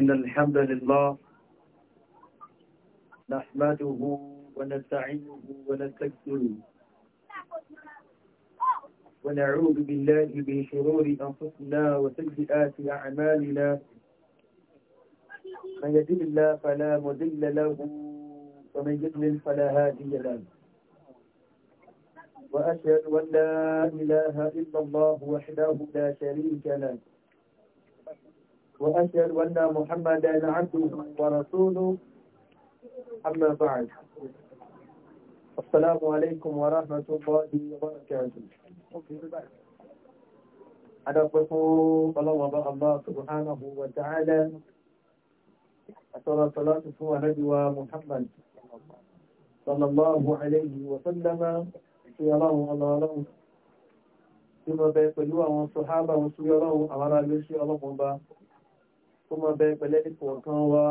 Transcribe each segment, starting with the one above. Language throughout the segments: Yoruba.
إن الحمد لله نحمده ونستعينه ونستكثره ونعوذ بالله من شرور أنفسنا وسيئات أعمالنا من يدل الله فلا مضل له ومن يضلل فلا هادي له وأشهد أن لا إله إلا الله وحده لا شريك له وأشهد أن محمدا عبده ورسوله أما بعد السلام عليكم ورحمة الله وبركاته أدقكم الله الله سبحانه وتعالى أترى صلاة هو نبي محمد صلى الله عليه وسلم في الله الله ثم بيقلوا عن صحابه وسوى الله أمر الوشي الله kó máa bẹ pẹ̀lẹ́dì kọ̀ọ̀kan wá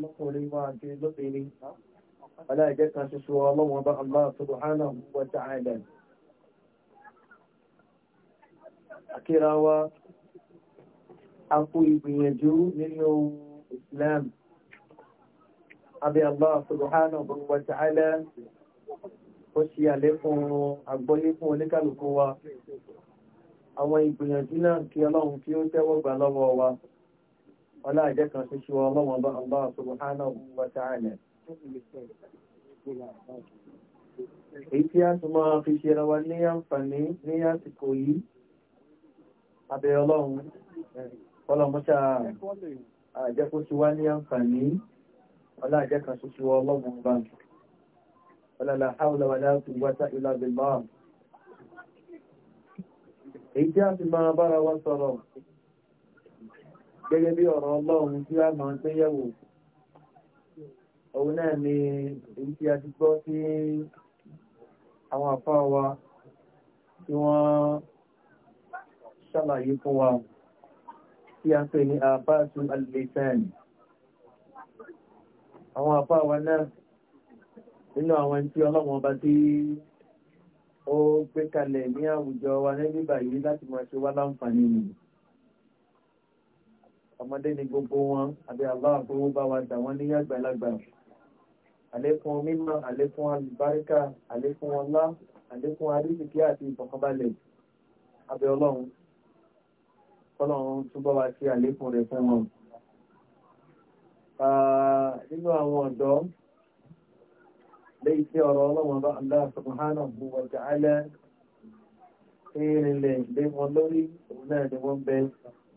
lọ́kùnrin wá àti lóbìnrin aláìjẹ́ kan ṣoṣo ọlọ́wọ́n bá Allah subhanahu wa ta'ala akíra wa akú ìgbìyànjú nínú Islam abẹ́ Allah subhanahu wa ta'ala ó ṣe àlékún àgbọ́yé fún oníkàlùkù wa àwọn ìgbìyànjú náà kí ọlọ́run kí ó tẹ́wọ́ lọ́wọ́ wa ọlá ìjẹ́ kan ṣíṣú ọlọ́wọ́n bá ọlá subhanahu wa ta'ala èyí tí a tún máa fi ṣe rawa ní àǹfààní ní àsìkò yìí abẹ́ ọlọ́run ọlọ́mọ́ṣà àjẹ́kó ti wá ní àǹfààní ọlá ìjẹ́ kan ṣíṣú ọlọ́wọ́n bá ọlá gẹ́gẹ́ bí ọ̀rọ̀ ọlọ́run tí a máa ń gbéyẹ̀wò òun náà ni èyí tí a ti gbọ́ sí àwọn àfá wa tí wọ́n ṣàlàyé fún wa tí a pè ní àbáṣu al-lisan àwọn àfá wa náà nínú àwọn tí ọlọ́run ọba tí ó gbé kalẹ̀ ní àwùjọ wa ní bíbà láti máa ṣe wá láǹfààní nìyí ọmọdé ni gbogbo wọn àbí aláà tó bá wa dà wọ́n ní àgbàlagbà àlékún mímọ̀ àlékún alùbáríkà àlékún ọlá àlékún arísìkí àti ìfọ̀kànbalẹ̀ abẹ́ ọlọ́run ọlọ́run túbọ̀ wá sí àlékún rẹ̀ fún wọn nínú àwọn ọ̀dọ́ léyìí tí ọ̀rọ̀ ọlọ́run bá Allah subhanahu wa ta'ala ìrìnlẹ̀ lé wọn lórí òun náà ni wọ́n bẹ́ẹ̀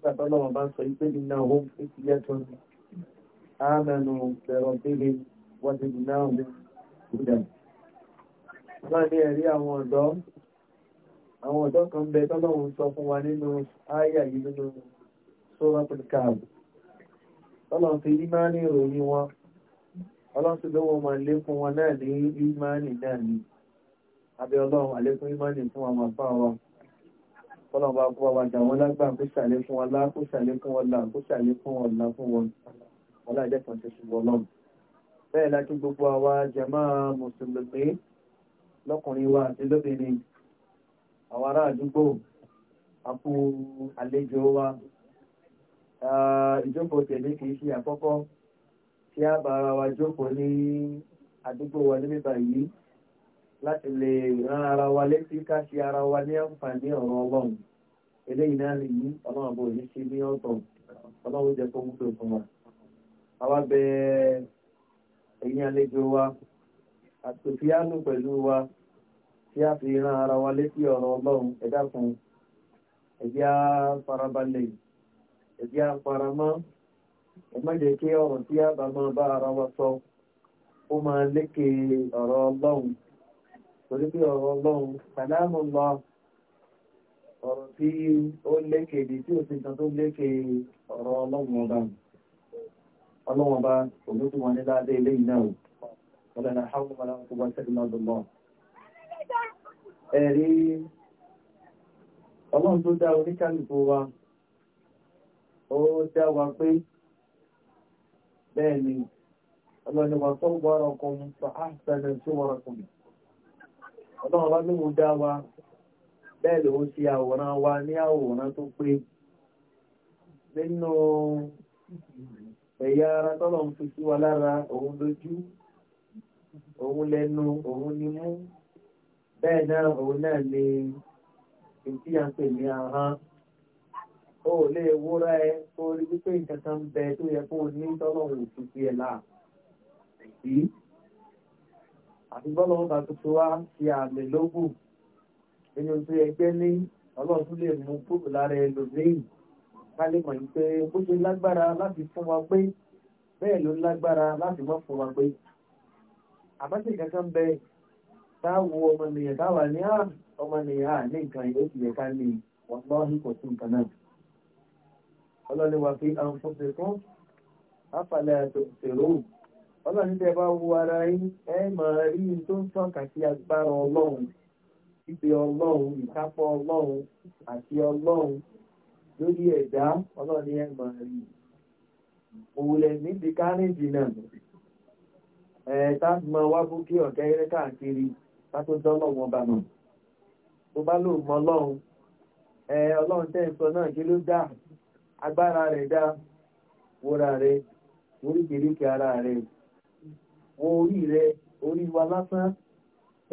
bàbá náà bá sọ pé iná ó fi ti yẹ́tọ́ ní àmẹ́nu bẹ̀rọ̀ bíi wọ́n ti dùn náà ní ìdá. Wọ́n ní ẹ̀rí àwọn ọ̀dọ́ àwọn ọ̀dọ́ kan bẹ tọ́lọ́run sọ fún wa nínú áyà yìí nínú sórapin káàbù tọ́lọ́run fi ìmáàní ìròyìn wọn ọlọ́run ti lówó ma lé fún wọn náà ní ìmáàní náà ní abẹ́ ọlọ́run àlékún ìmáàní fún àwọn àfáà wa kọ́lọ̀n bá kọ́ wa dàwọn lágbà kó ṣàlékún ọlá kó ṣàlékún ọlá kó ṣàlékún ọlá fún wọn ọlá ìjẹ́kan ti ṣùgbọ́n lọ́n bẹ́ẹ̀ láti gbogbo àwa jàmáà mùsùlùmí lọ́kùnrin wa àti lóbìnrin àwọn ará àdúgbò àpò àlejò wa ìjókòó tẹ̀lé kìí ṣe àkọ́kọ́ tí a bára wa jókòó ní àdúgbò wa níbí báyìí láti lè rán ara wa létí ká ṣe ara wa ní àǹfààní ọ̀rọ̀ ọlọ́run eléyìí náà lè yí ọlọ́run àbò yìí ṣe ní ọ̀tọ̀ ọlọ́run jẹ́ kó mú pé fún wa. àwa bẹ ẹ̀yin àlejò wa àtòfíánù pẹ̀lú wa tí a fi rán ara wa létí ọ̀rọ̀ ọlọ́run ẹ dákun ẹ̀jẹ̀ á farabalẹ̀ ẹ̀jẹ̀ ẹ má jẹ́ kí ọ̀rọ̀ tí a bá máa bá ara wa sọ ó máa lékè ọ̀rọ̀ ọlọ́run torí pé ọ̀rọ̀ ọlọ́run sàlámù lọ ọ̀rọ̀ tí ó lékè èdè tí ò sí kan tó lékè ọ̀rọ̀ ọlọ́run ọba ọlọ́run ọba òun tí wọ́n ní ládé ilé iná o ọ̀rẹ́ náà háwọn ọmọ aláwọ̀ tó wá sẹ́dùn náà lọ́mọ. ẹ̀rí ọlọ́run tó dá oníkálùkù wa ó dá wa pé bẹ́ẹ̀ ni ọlọ́run wa tó wọ́rọ̀ kan fa áṣà náà tó wọ́rọ̀ kan ọlọ́run bá lóhun dá wa bẹ́ẹ̀ lòun ṣe àwòrán wa ní àwòrán tó pé nínú ẹ̀yà ara tọ́lọ̀ ń fi sí wa lára òun lójú òun lẹ́nu òun ni mú bẹ́ẹ̀ náà òun náà ni ìtí à ń pè ní ahán ó lè wúra ẹ kó rí wípé nǹkan kan bẹ tó yẹ kó ní tọ́lọ̀ ń fi sí ẹ̀ láà àti bọ́lọ́wọ́ bá tuntun wá ti àmì lógún nínú tó ẹgbẹ́ ní ọlọ́run tó lè mú kúrò lára ẹlòmíì ká lè mọ̀ pé ó ṣe lágbára láti fún wa pé bẹ́ẹ̀ ló lágbára láti mọ́ fún wa pé àbáṣe kankan bẹ táwo ọmọnìyàn táwa ní à ah, ọmọnìyàn à ní nǹkan yóò ti yẹ ká ní wọn gbọ́ ní kò sí nǹkan náà ọlọ́run wà fi àwọn fọ́sẹ̀ fún àfàlẹ́ àtòṣèrò ọlọ́run níbẹ̀ bá wo ara yín ẹ máa rí i tó ń tọ́ka agbára ọlọ́run ìpè ọlọ́run ìkápọ̀ àti ọlọ́run lórí ẹ̀dá ọlọ́run ẹ máa rí i òwúlẹ̀ níbi wá eré káàkiri dánlọ́ wọn bá bá lò ọlọ́run ọlọ́run tẹ́ ń sọ orí rẹ orí wa lásán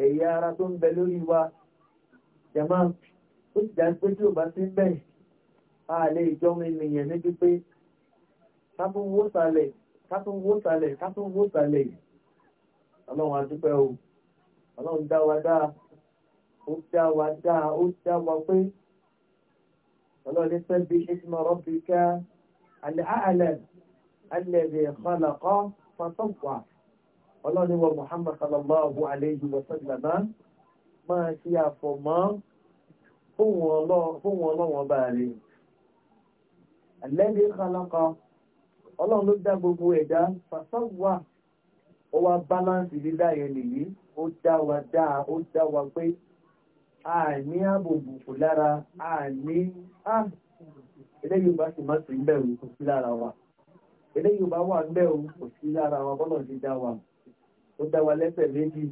ẹ̀yà ara tó ń bẹ lórí wa jama ó ti dájú pé tí ò bá sí ń bẹ̀ a lè jọ ènìyàn níbi pé ká tún wó sàlẹ̀ ká tún wó sàlẹ̀ ká tún wó sàlẹ̀ ọlọ́run adúpẹ́ o ọlọ́run dá wa dáa ó dá wa dáa ó dá wa pé ọlọ́run ní sẹ́bi ìṣẹ́sìmọ̀ rọ́bì ká alẹ́ àlẹ́ alẹ́ bẹ̀ẹ́ kọ́lọ̀kọ́ fọ́tọ̀wà ọlọ́niwọ̀ Muhammad sallallahu alayhi wa sallam máa ṣe àfọ̀mọ́ fún wọn ọlọ́wọ̀n bá rẹ̀ alẹ́lẹ́ kọlọ́kọ́ ọlọ́run ló dá gbogbo ẹ̀dá fàṣọ́wà ó wá báláǹsì dídá yẹn nìyí ó dá wa dáa ó dá wa pé àní àbòbùkù lára àní á eléyìí bá sì má sí ń bẹ̀rù kò sí lára wa eléyìí bá wà ń bẹ̀rù kò sí lára wa bọ́lọ̀ ti dá wa ó dá wa lẹ́sẹ̀ méjì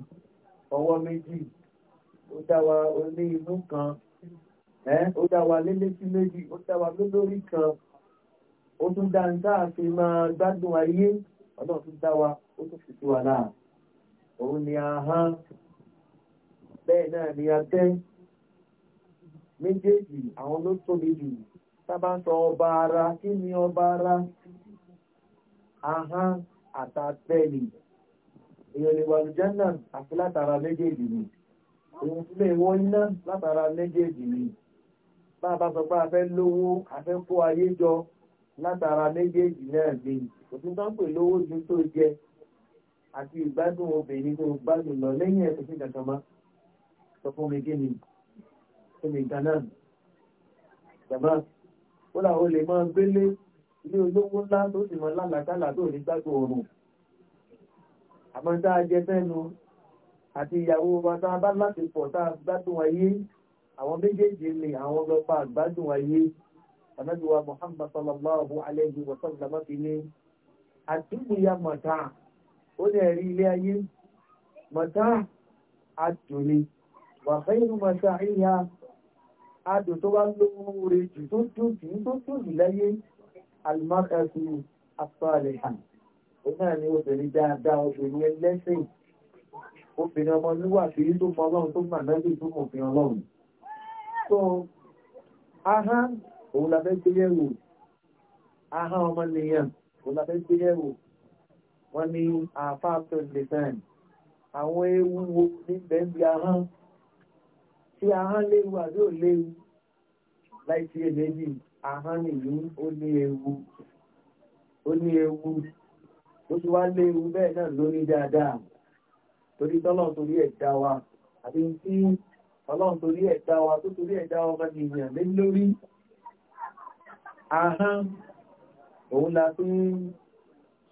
ọwọ́ méjì ó dá wa ní inú kan ó dá wa lélẹ́sí méjì ó dá wa lólórí kan ó tún dá ń dáa fi máa gbádùn ayé ọlọ́run tún dá wa ó tún fi sí wa náà òun ni ahán bẹ́ẹ̀ náà ni atẹ́ méjèèjì àwọn ló tóbi jù sábà ń sọ ọba ara kí ni ọba ara ahán àtàtẹ́lì èèyàn lè wà lùjánà àti látara méjèèjì ni òun sì lè wọ iná látara méjèèjì ni bá a bá sọ pé a fẹ́ lówó a fẹ́ kó ayé jọ látara méjèèjì náà ni òtún bá ń pè lówó ju tó jẹ àti ìgbádùn obìnrin tó gbádùn lọ lẹ́yìn ẹ̀sìn sí kankan sọ fún mi kí ni kí ni ìtàn náà jàmbá ó làwọn olè máa gbélé ilé olówó ńlá tó sì mọ lálàkálà tó ní gbádùn oorun àmọ́ tá a jẹ fẹ́nu àti ìyàwó wa tá a bá láti pọ̀ tá a gbádùn ayé àwọn méjèèjì ni àwọn ọlọ́pà àgbádùn ayé ànábìwá Muhammad sallallahu alayhi wa sallam fi ní àtúnyà mọ̀tá ó ní ẹ̀rí ilé ayé mọ̀tá àtúnyà náà ni obìnrin dáadáa obìnrin ẹlẹ́sìn obìnrin ọmọ níwà fi tó mọ ọlọ́run tó mà náà tó mọ̀ fi ọlọ́run so aha òun la fẹ́ gbé yẹ̀wò aha ọmọ nìyàn òun la fẹ́ gbé yẹ̀wò wọ́n ní àfá pẹ̀lú àwọn ewu wo ní bẹ̀ẹ̀bí ahán tí aha, léwu àbí ò léwu láìsí èméjì ahán nìlú ó ní ewu ó ní ewu tó ti wá léwu bẹ́ẹ̀ náà lórí dáadáa torí tọ́lọ́n torí ẹ̀dá wa àti tí ọlọ́run torí ẹ̀dá wa tó torí ẹ̀dá wa bá nìyàn lé lórí ahán òun la fi ń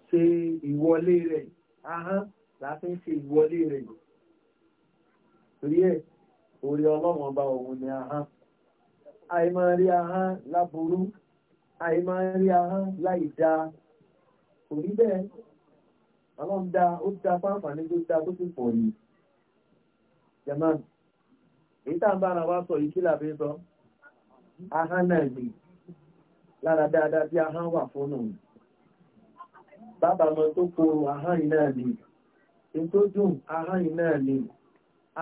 ṣe ìwọlé rẹ̀ ahán la fi ń ṣe ìwọlé rẹ̀ torí ẹ̀ orí ọlọ́run ọba òun ni ahán àìmọ̀ rí ahán láburú àìmọ̀ rí ahán láìdáa rí bẹ́ẹ̀ àwọn ń da ó da fáǹfààní tó da tó sì pọ̀ yìí jaman èyí tá ń bára wá sọ yìí kí làbí sọ ahán náà ni lára dáadáa bí ahán wà fún òun bàbá mọ tó koro ahán yìí náà ni ètò dùn ahán yìí náà ni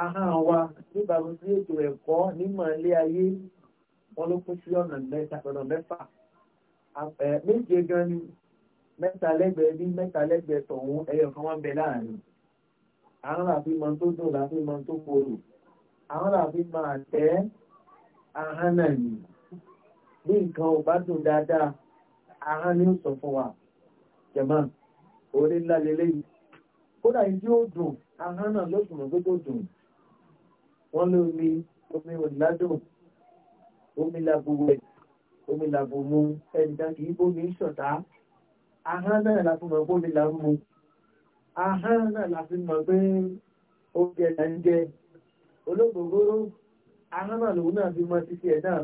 ahán wa níbàbí sí ètò ẹ̀kọ́ nímọ̀ ilé ayé wọn ló kún sí ọ̀nà mẹ́ta ọ̀nà mẹ́fà méje gan ni mẹ́ta lẹ́gbẹ̀ẹ́ bí mẹ́ta lẹ́gbẹ̀ẹ́ tọ̀hún ẹyọ kan wá ń bẹ láàrin àwọn làfi mọ tó dùn láfi mọ tó korò àwọn làfi máa tẹ́ ahánà yìí bí nǹkan ò bá dùn dáadáa ahán ni ó sọ fún wa jẹ̀mọ́ orí ńlá lélẹ́yìí kódà yìí tí ó dùn ahán náà ló sùn mọ́ tó dùn wọ́n lé omi omi òdìládùn omi làbùwẹ̀ omi làbùmú ẹnìkan kì í bómi ṣọ̀tá ahán náà láti mọ̀ bómi lárúmú ahán náà láti mọ̀ pé oúnjẹ là ń jẹ olóògbògbòrò ahán náà lòun náà fi mọ títí ẹ̀ náà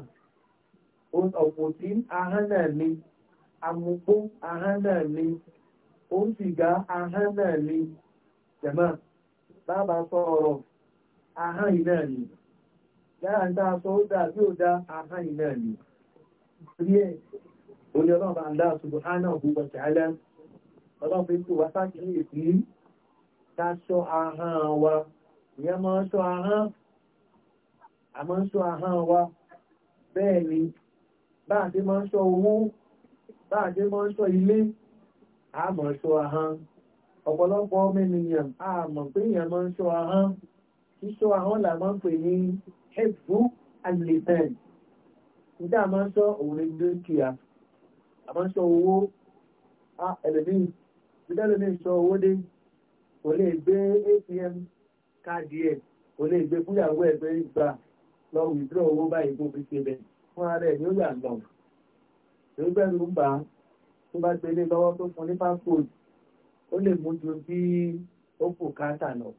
ọ̀pọ̀tí ahán náà ni amúgbó ahán náà ni òun sìgá ahán náà ni jẹ̀mọ́ bàbá sọ ọ̀rọ̀ ahán yìí náà ni yára ń dá aṣọ ó dáa bí ó dá ahán yìí náà ni òní ọlọ́ọ̀bá Allah subhanahu wa ta'ala ọlọ́ọ̀bá ikú wa sáàkiri ìpí ká ṣọ́ ahọ́n wa ìyẹn máa ń ṣọ́ ahọ́n àmọ́ ń ṣọ́ ahọ́n wa bẹ́ẹ̀ ni báàdé máa ń ṣọ́ owó báàdé máa ń ṣọ́ ilé àmọ́ máa ń ṣọ́ ahọ́n ṣíṣọ́ ìdá máa ń ṣọ́ òun ní dúkìá àmọ́ sọ owó ẹlòmíì ìdálòmíì sọ owó dé kò lè gbé atm káàdì ẹ̀ kò lè gbé fúyàwó ẹ̀ pé gbà lọ wìdúrọ̀ owó báyìí kó fi ṣe bẹ̀ fún ara ẹ̀ ni ó yà lọ. ìrúgbẹ́ ló ń bà á tó bá gbélé lọ́wọ́ tó fún ní passport ó lè mú ju bí ó kù káàtà lọ.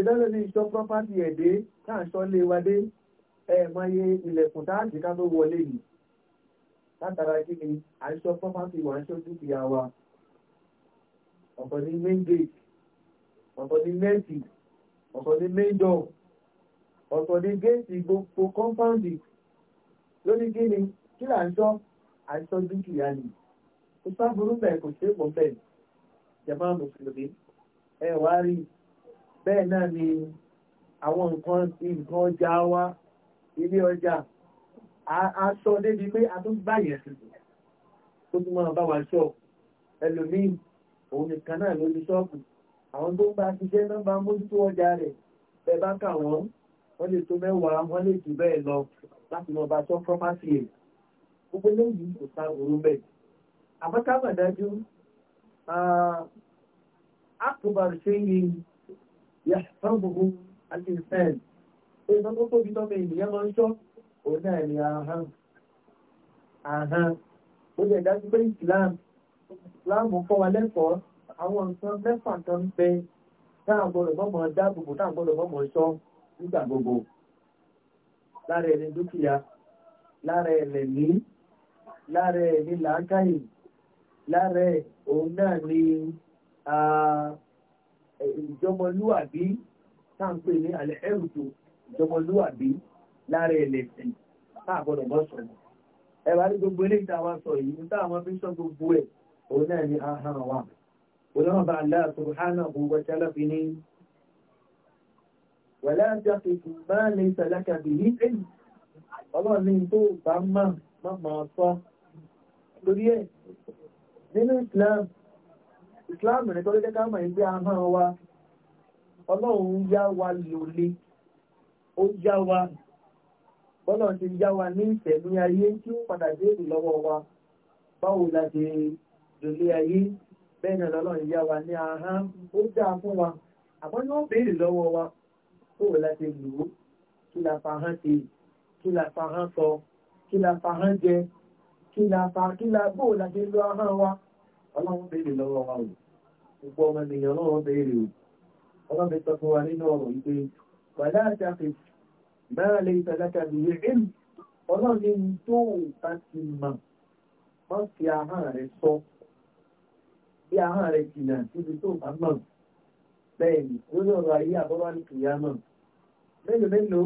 ìdálòmíì sọ property ẹ̀ dé lé wa dé ẹ̀ mọ iye ilẹ̀kùn táàtì ká tó wọlé yìí látara kí ni à ń sọ fọ́mátì wà ń sọ dúkìá wa ọ̀pọ̀ ní main gate ọ̀pọ̀ ní mẹ́ǹtì ọ̀pọ̀ ní main door ọ̀pọ̀ ní gate. gbogbo kọ́mpáǹdì lórí kí ni kí là ń sọ à ń sọ dúkìá ni kò sáburú bẹ́ẹ̀ kò ṣe é pọ̀ bẹ́ẹ̀ jẹ̀má mùsùlùmí ẹ wá rí bẹ́ẹ̀ náà ni àwọn nǹkan ọjà wa ilé ọjà aṣọ débi pé a tún báyẹ̀ sí tó tún máa bá wa ṣọ́ ẹlòmíì òun nìkan náà lórí ṣọ́ọ̀pù àwọn tó ń bá ṣiṣẹ́ náà bá mójútó ọjà rẹ̀ ẹ bá kà wọ́n wọ́n lè tó mẹ́wàá wọ́n lè jù bẹ́ẹ̀ lọ láti lọ bá ṣọ́ property ẹ̀ gbogbo lẹ́yìn kò sa òru bẹ́ẹ̀ àbákábà dájú akubar ṣéyìn yàtọ̀ gbogbo àti ìfẹ́ ẹ̀ ẹ̀ lọ́kọ́ tóbi tọ́mọ ènìyàn máa ń ṣọ́ọ̀pù òun náà ni ahán ahán ó jẹ́ ìdájú pé Islam Islam fọ́ wa lẹ́kọ̀ọ́ àwọn nǹkan mẹ́fà kan bẹ táà gbọ́dọ̀ mọ́mọ́ dáàbòbò táà gbọ́dọ̀ mọ́mọ́ ṣọ́ nígbà gbogbo lára ẹni dúkìá lára ẹlẹ̀mí lára ẹni làákàyè lára òun náà ni ìjọmọlúwàbí táà ń pè ní àlẹ́ ẹ̀rùtò ìjọmọlúwàbí lára ẹlẹ́sìn káàkọ́dọ̀ bọ́ sọ̀rọ̀ ẹwà ní gbogbo ilé ìtawà sọ yìí tá àwọn fi ń sọ gbogbo ẹ̀ òun náà ni ahọ́n wa olóhùn bá Allah subhanahu wa ta'ala fi ní wala taqifu ma laysa laka bihi ilm ọlọ́run ní tó Islam Islam tọ́lé jẹ́ mọ̀ ẹgbẹ́ ahọ́n ọlọ́run yá wa lòlé ó yá wa bọ́lọ̀ ti yá wa ní ìtẹ̀lú ayé tí ó padà déèdè lọ́wọ́ wa báwo la ti dòlé ayé bẹ́ẹ̀ náà lọ́lọ́ ìyá wa ní ahán ó dáa fún wa àmọ́ ní ó béèrè lọ́wọ́ wa báwo la ti lò ó kí la fa hán ti kí la fa hán sọ kí la fa hán jẹ kí la fa kí la bóò la ti lo ahán wa ọlọ́run béèrè lọ́wọ́ wa o gbogbo ọmọ ènìyàn ọlọ́run béèrè o ọlọ́run sọ fún wa nínú ọ̀rọ̀ yìí pé wàlá àti àfẹ́sí máa lè tẹ̀lẹ́kẹ̀ lè rìn ọlọ́run ní tó bá ti mọ̀ wọ́n fi ahọ́n rẹ̀ sọ bí ahọ́n rẹ̀ jìnà síbi tó bá mọ̀ bẹ́ẹ̀ ni lórí ọ̀rọ̀ ayé àbọ́wá ní kìyà mọ̀ mélòó mélòó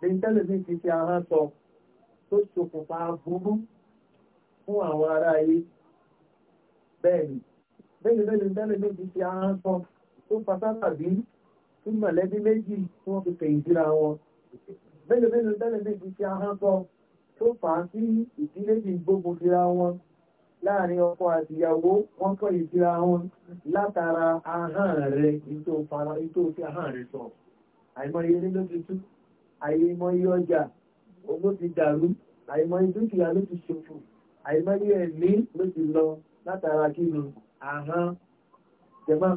lè tẹ́lẹ̀mí ti fi ahọ́n sọ tó ṣokùnfà burú fún àwọn ará ayé bẹ́ẹ̀ ni mélòó mélòó tẹ́lẹ̀mí ti fi ahọ́n sọ tó fasábàbí fún mọ̀lẹ́bí méjì tí wọ́n fi fèyí síra wọn mélòó mélòó tẹ́lẹ̀ méjì ti ahọ́n sọ tó fà á sí ìdílé ti gbógun síra wọn láàrin ọkọ àtìyàwó wọ́n kọ́ ìsíra wọn látara ahọ́n rẹ ìtò fara ìtò sí ahọ́n rẹ sọ àìmọye ilé ló ti tú àìmọye ọjà owó ti dàrú àìmọye dúkìá ló ti ṣòfò àìmọye ẹ̀mí ló ti lọ látara kí ni ahọ́n jẹ̀mọ́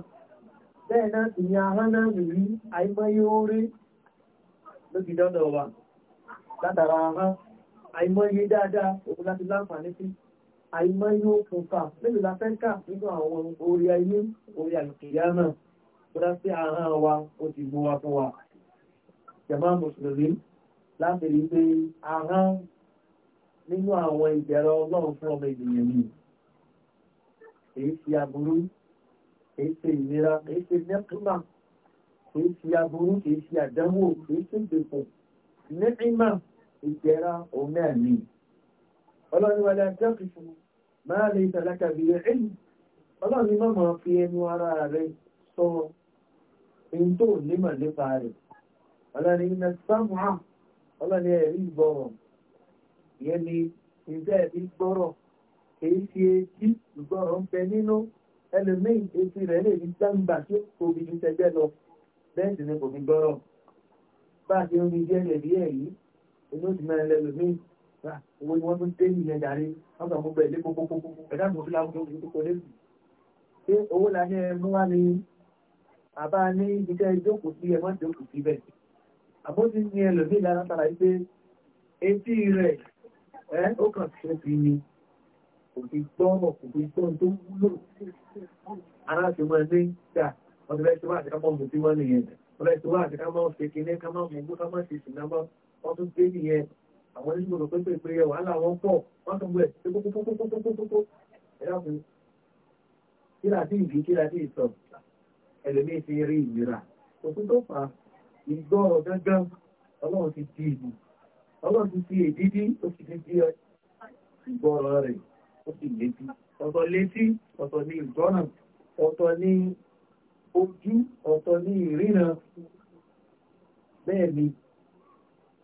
bẹ́ẹ̀ náà sì ni ahọ́n náà nìyí àìmọye oore ló fi dọ́dọ̀ wa látara ara àìmọye dáadáa òun láti láǹfààní sí àìmọye òkùnfà mélòó la fẹ́ kà nínú àwọn orí ayé orí àlùkìyà náà tó dá sí ara wa ó ti gbó wa fún wa jàmá mùsùlùmí láti rí pé ara nínú àwọn ìbẹ̀rẹ̀ ọlọ́run fún ọmọ ènìyàn ni èyí ti aburú èyí ti ìnira èyí ti nẹ́kùnmá kìí ṣe aburú kìí ṣe àdánwò kìí ṣe ìdìbò nígbìmọ̀ ìjẹra òun náà ni ọlọ́run wà láti dẹ́kun fún máa lè tàlákà bí rẹ̀ ẹ̀yìn ọlọ́run ni mọ́mọ́ fi ẹnu ara rẹ̀ sọ ohun tó nímọ̀ nípa rẹ̀ ọlọ́run iná sámúhà ọlọ́run ẹ̀rí ìgbọ̀rọ̀ ìyẹn ni ìjẹ́ ẹ̀rí gbọ́rọ̀ kìí ṣe etí ìgbọ̀rọ̀ ń bẹ nínú ẹlòmíì etí rẹ̀ lè ní dáńgbà tí ó tóbi ju tẹgbẹ́ lọ bẹ́ẹ̀ sì ni kò fi gbọ́rọ̀ bá a ti ń rí díẹ̀ díẹ̀ yìí inú ti mẹ́rin lẹ́nu mí owó ni wọ́n tún dé ìyẹn dàrí wọ́n kàn mú bẹ̀ lé kókókókó ẹ̀dá mú fúlà mú ní kókó lẹ́sì ṣé owó la ní ẹmú wá ní àbá ní iṣẹ́ ìjókòó sí ẹmọ́ ìjókòó sí bẹ̀ àbó ti ní ẹlòmíì lára tara pé etí rẹ̀ ẹ́ ó kàn tó fi ni kò fi gbọ́ kò fi gbọ́ tó wúlò ara ti mọ ẹni wọ́n ti bẹ́ẹ̀ tí wọ́n àti kápọ̀ mú tí wọ́n nìyẹn wọ́n bẹ́ẹ̀ tí wọ́n àti kápọ̀ ṣe kìíní kámọ́ mú kámọ́ ṣe sì náà wọ́n tún gbé nìyẹn àwọn oníṣòro pé pé yẹ wàhálà wọn pọ̀ wọ́n tún gbẹ̀ pé kókókókókókókó ẹ̀dá fún kí láti ìgbì kí láti ìsọ̀ ẹlòmíì ti rí ìlera òfin tó fà ìgbọ́ gángan ọlọ́run ti di ìbù ọlọ́run ti di èdídí ó ti di ìgbọ́rọ̀ rẹ̀ ó ti létí ọ̀tọ̀ létí ọ̀tọ̀ ní ìgbọ́ràn ọ̀tọ̀ ní ojú ọ̀tọ̀ ní ìrìnà bẹ́ẹ̀ ni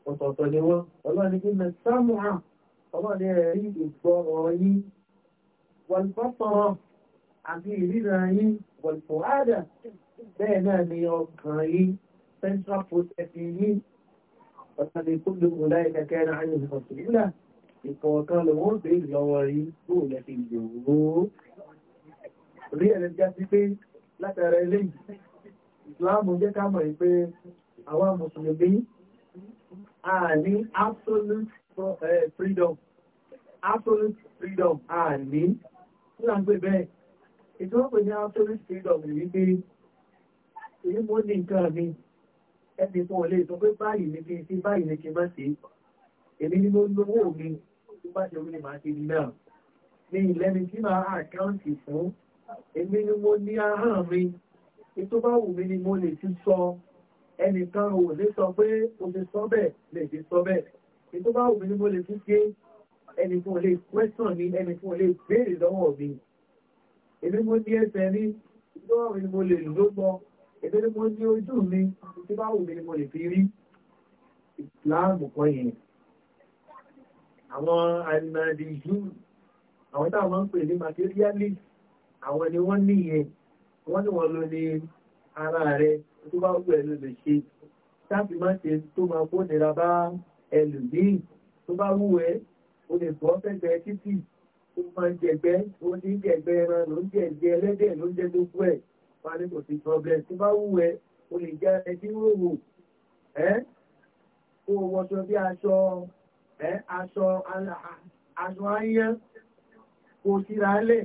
ọ̀tọ̀ọ̀tọ̀ ni wọ́n ọlọ́ni pé mẹ́sàmùhà ọlọ́ni ẹ̀rí ìgbọ́ ọ̀rọ̀ yín wọ̀lùpọ̀pọ̀rọ̀ àti ìrìnà yín wọ̀lùpọ̀ádà bẹ́ẹ̀ náà ni ọkàn yín central process yín ọ̀tọ̀ni tó lè mú láì kẹ́kẹ́ náà yóò sọ sílẹ̀ ìkọ̀ọ̀kan lòun bèèrè lọ́wọ́ yín tó lẹ́fi lòó rí ẹ̀rẹ́ látara eléyìí ìsìláàmù jẹ́ ká mọ̀ pé àwa mùsùlùmí a ní absolute eh, freedom absolute freedom a ní tí a ń pè bẹ́ẹ̀ ìjọba ní absolute freedom rí pé èyí mo ní nǹkan mi ẹni fún olè tó pé báyìí ní kí n sí báyìí ní kí n má sí èmi ni mo lówó mi tó bá ṣe orí màá ti ní náà ní ìlẹ́ni tí màá àkáǹtì fún èmi ni mo ní ahọ́n mi ní tó bá wù mí ni mo lè ti sọ ẹnìkan ò lè sọ pé o ti sọ bẹ́ẹ̀ lè ti sọ bẹ́ẹ̀ ní tó bá wù mí ni mo lè ti ṣe ẹnìkan ò lè question mi ẹnìkan ò lè béèrè lọ́wọ́ mi èmi mo ní ẹsẹ̀ mi ní tó bá wù mí ni mo lè lò lọ́gbọ́ èmi ni mo ní ojú mi ní bá wù mí ni mo lè fi rí ìsìláàmù kan yẹn àwọn àìmọ̀dìjú àwọn táwọn ń pè ní materialist àwọn ni wọ́n ní yẹn wọ́n ní wọ́n ló ní ara rẹ̀ tó bá wù ẹ́ ló lè ṣe tábì má ṣe tó máa kó nira bá ẹlòmíì tó bá wù ẹ́ o lè bọ́ fẹ́gbẹ́ títì ó máa ń jẹgbẹ́ ó ní jẹgbẹ́ ẹran ló ń jẹgbẹ́ ẹlẹ́dẹ̀ ló ń jẹ gbogbo ẹ̀ wọ́n á ní kò sí problem tó bá wù ẹ́ o lè jẹ ẹbí ròwò ẹ́ kó o wọṣọ bí aṣọ ẹ́ aṣọ aṣọ ayán kó síra lẹ̀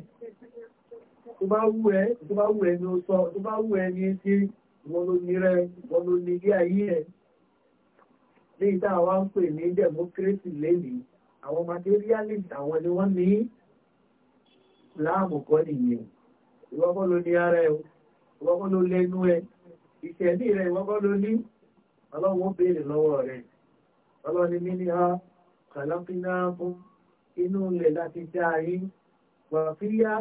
tó bá wù ẹ́ tó bá wù ẹ́ ni ó sọ tó bá wù ẹ́ ni etí wọn ló ní rẹ wọn ló ní ilé ayé ní ìta àwa ń pè ni ní nìyẹn ìwọ́kọ́ ló ní ara ìwọ́kọ́ ló lẹ́nu ìṣẹ̀lẹ̀ ìwọ́kọ́ ló ní ọlọ́run béèrè lọ́wọ́ ọlọ́ni mi ní a inú ilẹ̀ láti dá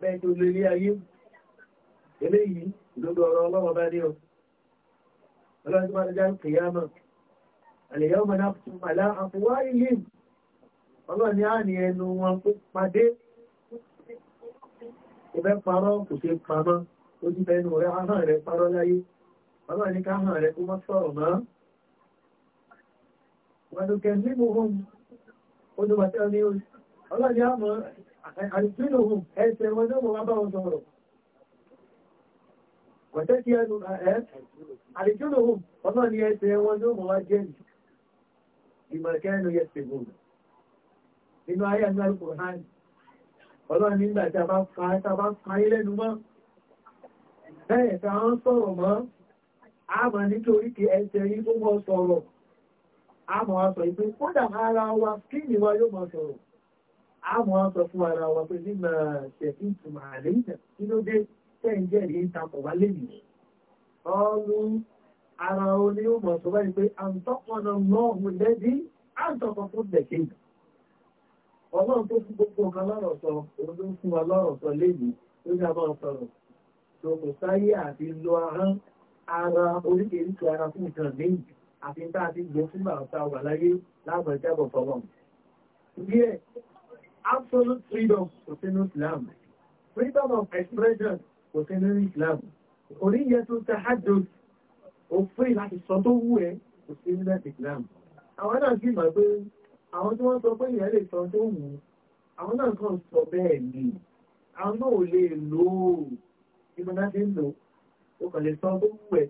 bẹ́ẹ̀ tó lè rí ayé eléyìí ìdodo ọ̀rọ̀ ọlọ́wọ́ bá ní ọ ọlọ́run tó bá dá kìyàmọ̀ ni a ní ẹnu wọn kó padé ìfẹ́ parọ́ kò ṣe pamọ́ ó ti fẹ́nu rẹ̀ ahọ́n rẹ̀ parọ́ láyé ọlọ́run ní káhọ́n àìsílòhùn ẹsẹ̀ wọn náà mọ̀ wá bá wọn sọ̀rọ̀ wọ̀tẹ́ kí ẹnu ẹ̀ àìsílòhùn ọmọ ni ẹsẹ̀ wọn náà mọ̀ wá jẹ́ ìmọ̀kẹ́ ẹnu yẹ sègùn nínú ayé àmì àrùkù hàn ọlọ́run nígbà tí a bá fa ẹta bá fa ayé lẹ́nu mọ́ bẹ́ẹ̀ tí a ń sọ̀rọ̀ mọ́ a mọ̀ nítorí kí ẹsẹ̀ yìí ó mọ̀ sọ̀rọ̀ a mọ̀ wa sọ̀rọ̀ àwọn sọ fún ara wa pé nígbà tẹ̀sí ìtumọ̀ àlẹ́ ìjà kí ló dé tẹ́ǹjẹ́ rí takọ̀ wá lè nìyí ọlú ara oní ọmọ tó bá yí pé àǹtọ́pọ̀nà lọ́hùn lẹ́bí àǹtọ́pọ̀ fún lẹ́kẹ́ ọlọ́run tó fún gbogbo ọ̀kan lọ́rọ̀ sọ òun tó fún wa lọ́rọ̀ sọ lẹ́yìn tó ní àbá ọ̀sọ̀rọ̀ tó sáyé àti lo ahọ́n ara oríkèéríkè ara fún ìtàn lẹ́yìn àti tá a ti gbé fún absolute freedom within Islam freedom of expression within Islam oníyẹ tó tahadud ó free láti sọ tó wù ẹ́ kò sínú Islam àwọn náà sì mọ̀ pé àwọn tí wọ́n sọ pé ìyẹn lè sọ tó wù àwọn náà kàn sọ bẹ́ẹ̀ ni àwọn náà ò lè lò ó ìmọ̀ náà ti ń lò ó kàn lè sọ tó wù ẹ́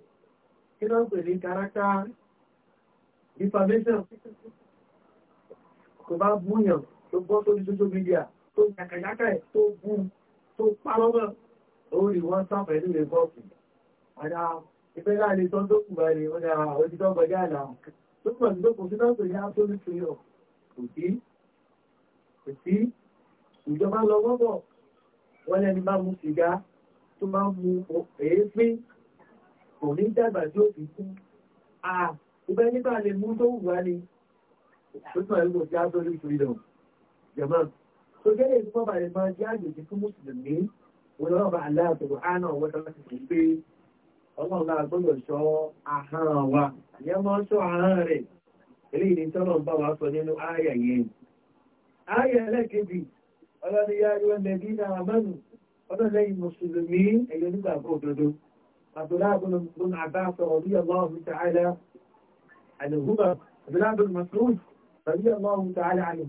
kí náà pè ní character defamation kò bá búyàn tó gbọ́ tó ní social media tó yàkàyàkà ẹ̀ tó bú tó parọ́mọ̀ orí wọ́n sá pẹ̀lú rẹ̀ bọ́ọ̀kì àdá ìfẹ́ láàrin tó tó kù báyìí wọ́n dá òtítọ́ gbọ́já àlà tó pọ̀ sí lókùn sínú ọ̀sẹ̀ yá tó ní tuyọ̀ kò sí kò sí ìjọba lọ wọ́pọ̀ wọ́n lẹ́ni bá mu sìgá tó bá mu èéfín kò ní dàgbà tí ó fi kú à ìfẹ́ nígbà lè mú tó wù wá ni tó pọ̀ sí lókùn sínú ọ̀sẹ̀ yá tó ní tuyọ̀ jẹ̀mọ́ tó jẹ́ lè fọ́ bàrẹ̀ máa jẹ́ àjòjì fún mùsùlùmí wọn lọ́wọ́ bá aláà tó wà náà wọ́n tó láti pè ọlọ́run náà gbọ́dọ̀ ṣọ́ ahọ́n wa àyẹ́ máa ṣọ́ ahọ́n rẹ̀ eléyìí ni tọ́lọ̀ ń bá wa sọ nínú ààyè yẹn ààyè ẹlẹ́kejì ọlọ́ni yá yọ nẹ̀bí náà mẹ́nu ọdún lẹ́yìn mùsùlùmí ẹ̀yọ́ nígbàgbọ́ òdodo àbúrà bùn àbáṣọ ọdún yọ lọ́wọ́ تعالى عنهما عبد الله بن مسعود رضي الله تعالى عنه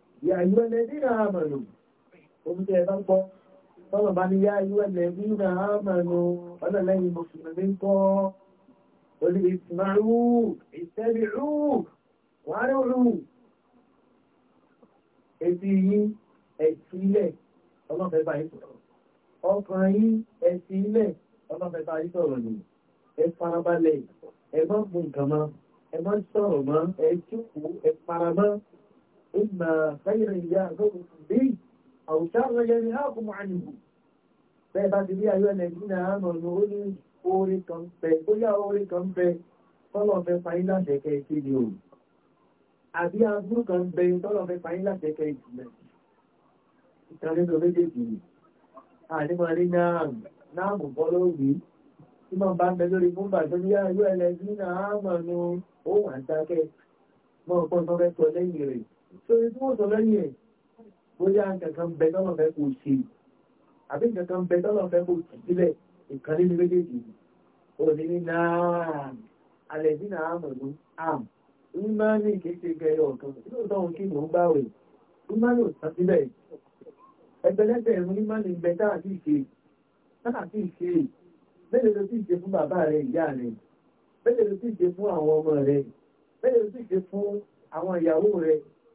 yà ìwẹ̀ lẹ́bí náà mọ̀nù omi tẹ́ ẹ bá ń gbọ́ tọ́lọ̀ bá ní yá ìwẹ̀ lẹ́bí náà mọ̀nù ọ̀nà lẹ́yìn mùsùlùmí ń kọ́ olú ìsìmáàrú ìtẹ́bìrú wàárùrù etí yín ẹ̀tí ilẹ̀ ọlọ́fẹ́ bá yín sọ̀rọ̀ ọkàn yín ẹ̀tí ilẹ̀ ọlọ́fẹ́ bá إما خيرا يعظكم به أو شرا ينهاكم عنه bẹ́ẹ̀ bá ti bí ayé ọ̀nà ìdúnà àmọ̀ ní ó ní orí kan pẹ̀ bóyá orí kan pẹ̀ tọ́lọ̀ fẹ́ fàyín láti ẹ̀kẹ́ ìké ni o àbí agbúrú kan bẹ tọ́lọ̀ fẹ́ fàyín láti ẹ̀kẹ́ ìjìnlẹ̀ ìtàlẹ́nà méjèèjì ni àdímọ̀lé náà náà mú bọ́ lórí tí mọ̀ bá ń bẹ lórí fún bàtọ́ bí ayé ọ̀nà ìdúnà àmọ̀ ní ó wà ń dákẹ́ mọ́ ọ̀pọ̀ tó fẹ́ sọ lẹ́yìn rẹ̀ torí tí wọ́n sọ lẹ́yìn ẹ̀ bóyá nǹkan bẹ tọ́lọ̀ fẹ́ kò ṣe àbí nǹkan bẹ tọ́lọ̀ fẹ́ kò tì sílẹ̀ ìkan nínú méjèèjì òní ní náà alẹ́ sí náà àmọ̀lú àm ní máa ní ìkéṣe gẹ̀yọ̀ ọ̀kan tí ó tọ́hun kí mò ń bá wẹ̀ ní máa lò sàn síbẹ̀ ẹgbẹ̀lẹ́gbẹ̀ ẹ̀rún ní máa ní bẹ táà sí ṣe táà sí ṣe bẹ́ẹ̀ ló sì ṣe fún bàbá rẹ̀ ìyá rẹ̀ bẹ́ẹ̀ ló sì ṣe fún àwọn ọmọ rẹ̀ bẹ́ẹ̀ ló sì ṣe fún àwọn ìyàwó rẹ̀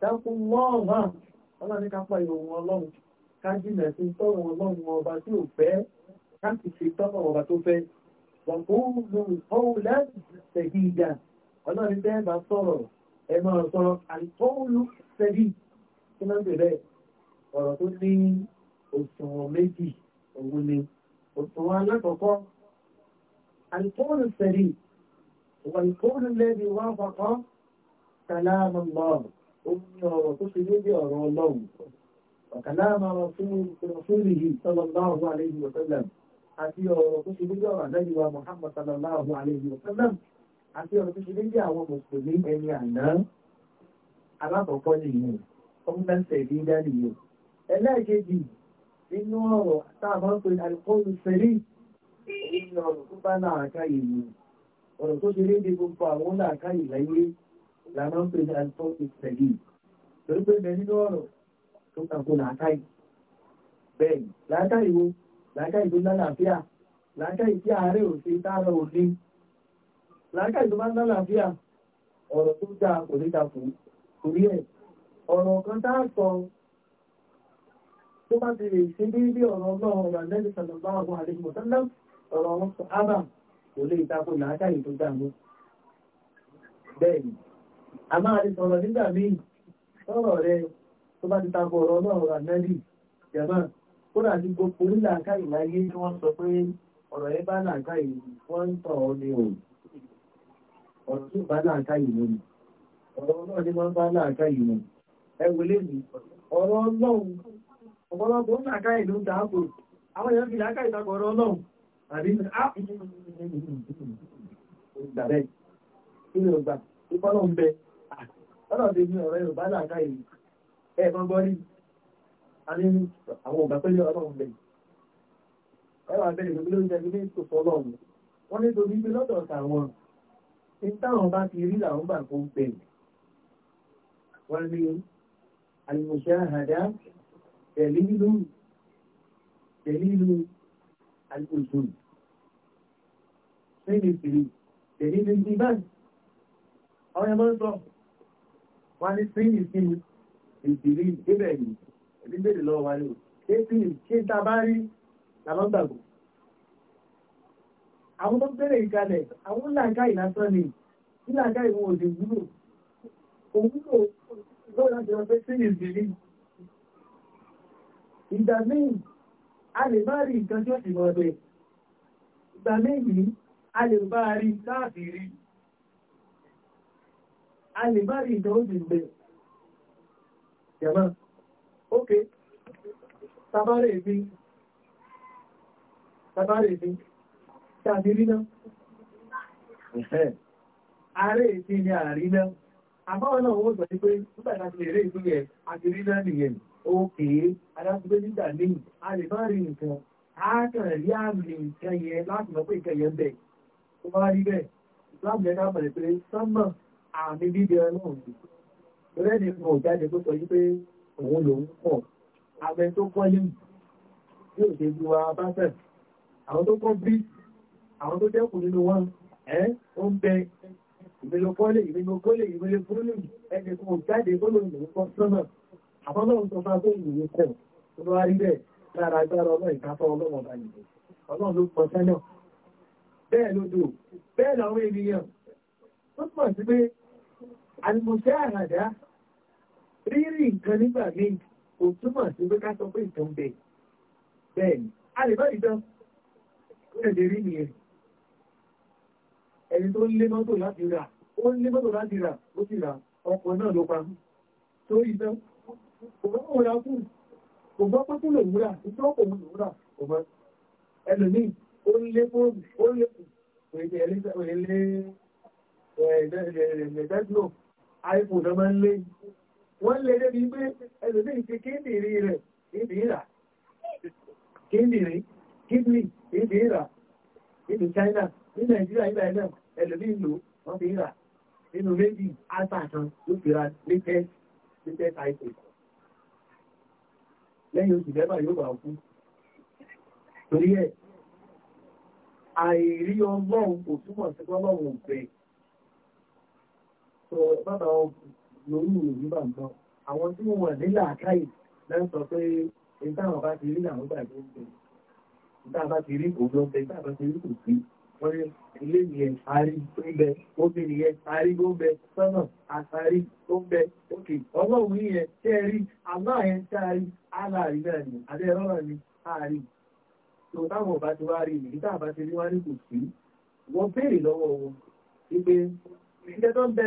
dákú mọ́ọ̀má ọlọ́ni ká pa ìròyìn ọlọ́run ká jìnà sí tọ́rọ ọlọ́run ọba tí ò fẹ́ láti fi tọ́rọ ọba tó fẹ́ wọ̀kúrú ọ̀húnlẹ̀ tẹ̀gíga ọlọ́ni tẹ́ bá sọ̀rọ̀ ẹ máa sọ àìkọ́ọ̀lù tẹ̀gí kí máa ń bẹ̀rẹ̀ ọ̀rọ̀ tó ní òṣùwọ̀n méjì òun wọ́n fọ́kọ́ kàlámù ó ní ọ̀rọ̀ tó fi lórí ọ̀rọ̀ sallallahu alayhi wa sallam àti ọ̀rọ̀ tó fi Muhammad sallallahu alayhi wa sallam àti ọ̀rọ̀ tó fi lórí àwọn mùsùlùmí ẹni àná alákọ̀ọ́kọ́ nìyẹn ọmọdé ní dání yẹn ẹlẹ́ẹ̀kejì nínú ọ̀rọ̀ táàbọ̀ pé alukóòlù fẹ́rí nínú ọ̀rọ̀ tó bá náà káyè yìí ọ̀rọ̀ tó fi lórí gbogbo àwọn náà káyè láyé làwọn ń pè ní alifọ́ọ̀tì pẹ̀lú lórí pé bẹ nínú ọ̀rọ̀ tó tako làákàyè bẹ́ẹ̀ ni làákàyè wo làákàyè tó lálàáfíà làákàyè tí ààrẹ ò ṣe tààrà ò ní làákàyè tó bá lálàáfíà ọ̀rọ̀ tó dáa kò ní takò torí ẹ̀ ọ̀rọ̀ kan tá a sọ tó bá ti lè ṣe déédé ọ̀rọ̀ ọlọ́run ọ̀rọ̀ àdẹ́lẹ̀ sọ̀lọ́gbà àwọn àlejò sọ́lá ọ̀rọ̀ wọn sọ ábà kò lè takò làákàyè tó dáa mú bẹ́ẹ̀ ni a máa ti sọ̀rọ̀ nígbà míì sọ̀rọ̀ rẹ tó bá ti takọ̀ ọ̀rọ̀ náà rà nẹ́bì jẹ̀mọ́ ó rà gbogbo nílà káyì láyé tí wọ́n sọ pé ọ̀rọ̀ yẹn bá náà káyì wọ́n ń tọ̀ ọ́ ní òun ọ̀rọ̀ bá náà mú ni ọ̀rọ̀ náà ni wọ́n bá náà mú ẹ mi ọ̀rọ̀ ọlọ́run ọ̀pọ̀lọpọ̀ ó náà ló ń dáàbò àwọn lọ́nà tó ní ọ̀rọ̀ yorùbá làkà yìí ẹ̀ kan gbọ́ rí a ní àwọn ògbà pẹ́lú ọlọ́run bẹ̀ ẹ wà bẹ̀rẹ̀ lórí lórí ẹni ní ìtòsọ ọlọ́run wọ́n ní torí pé lọ́dọ̀ tàwọn tí táwọn bá ti rí làwọn gbà kó ń pè wọ́n ní àlùmọ̀ṣẹ́ àhàdá wọ́n ní sílì sí ìdìrí ìbẹ̀ yìí ẹ̀bí bèèrè lọ́wọ́ wa ní ṣé sílì ṣé tá a bá rí làlọ́gbàgbọ́ àwọn tó bẹ̀rẹ̀ ìkalẹ̀ àwọn làǹkà ìlàsán ni tí làǹkà ìwọ̀n òdì wúlò òwúlò lọ́wọ́ láti wọ́n pé sílì ìdìrí ìgbà míì a lè bá rí nǹkan tí ó sì mọ̀ ọ̀dọ̀ ìgbà míì a lè bá rí láàbì rí a lè bá rí ìdánwò ti gbẹ̀ jẹ̀mọ́ ok tabárẹ̀ ìbí tabárẹ̀ ìbí tàbí rí náà ààrẹ ìbí ni ààrí náà àbáwọn náà wọ́n sọ sí pé nígbà láti lè rí ìbí yẹn àti rí náà nìyẹn ókè adájúgbé nígbà míì a lè bá rí nǹkan a kàn rí àmì nǹkan yẹn láti mọ̀ pé nǹkan yẹn bẹ̀ tó bá rí bẹ́ẹ̀ láti ẹ̀ká bẹ̀rẹ̀ pé sánmà àmì bíbẹ̀ náà ni lọ́rẹ́ni kan ò tó sọ yí pé òun lòun pọ̀ abẹ tó pọ́ lẹ́yìn tí ò ṣe ju wa bá fẹ̀ àwọn tó pọ́ bí àwọn tó dẹ́kun nínú wọn ẹ́ ó ń bẹ ìmìlòpọ́lẹ̀ ìmìlòpọ́lẹ̀ ìmìlòpọ́lẹ̀ ẹni kò jáde gbọ́lọ̀ ìlú pọ́ sọ́nà àwọn náà ń sọ fún agbó ìlú pọ̀ tó bá rí bẹ́ẹ̀ lára agbára ọlọ́ ìkápọ̀ ọlọ́wọ̀n bá nìyẹn ọlọ́run ló pọ̀ sẹ́nà bẹ́ẹ̀ lódò bẹ́ẹ̀ làwọn ènìyàn tó pọ̀ sí pé àlùmọ̀ṣáàdá rírì nǹkan nígbà míì kò túmọ̀ sí pé ká sọ pé nǹkan bẹ̀ bẹ́ẹ̀ ni a lè bá ìdán ẹ̀dẹ̀ rí nìyẹn ẹni tó lé mọ́tò láti rà ó lé mọ́tò láti rà ó sì rà ọkọ̀ náà ló pa tó ìdán kò gbọ́ òun ra fún kò gbọ́ pé kúlò ìwúrà ìjọ kò mú ìwúrà kò iphone náà máa ń lé wọ́n lè débi pé ẹlòmí ìṣe kíndìnrín rẹ̀ ìbí rà kíndìnrín kíndìnrín ìbí rà nínú China ní Nàìjíríà ìgbà ẹ̀ náà ẹlòmí ìlú wọ́n fi rà nínú méjì àtàkàn ló fi ra latest latest iphone lẹ́yìn oṣù mẹ́fà yóò wà fún torí ẹ̀ àìrí ọlọ́run kò túmọ̀ sí ọlọ́run bẹ́ẹ̀ sọ bàbá lórí ìlú bá ń bọ̀ àwọn tí wọ́n nílà káì lẹ́ ń sọ pé ìtàwọn bá ti rí làwọn gbà tó ń bẹ̀ ìtàwọn bá ti rí kò ló ń bẹ ìtàwọn bá ti rí kò sí wọ́n ní ilé yẹn àárí tó ń bẹ obìnrin yẹn àárí tó ń bẹ sọ́nà àtàrí tó ń bẹ òkè ọlọ́run yẹn tẹ́ ẹ rí àmọ́ yẹn tẹ́ ẹ rí aláàrí náà ni àbí ẹ̀rọ náà ni àárí tó táwọn ọba ti wá rí ìlú táwọn bá ti rí wá rí kò sí wọ́n béèrè lọ́wọ́ wọn wípé ìjẹ́ tó ń bẹ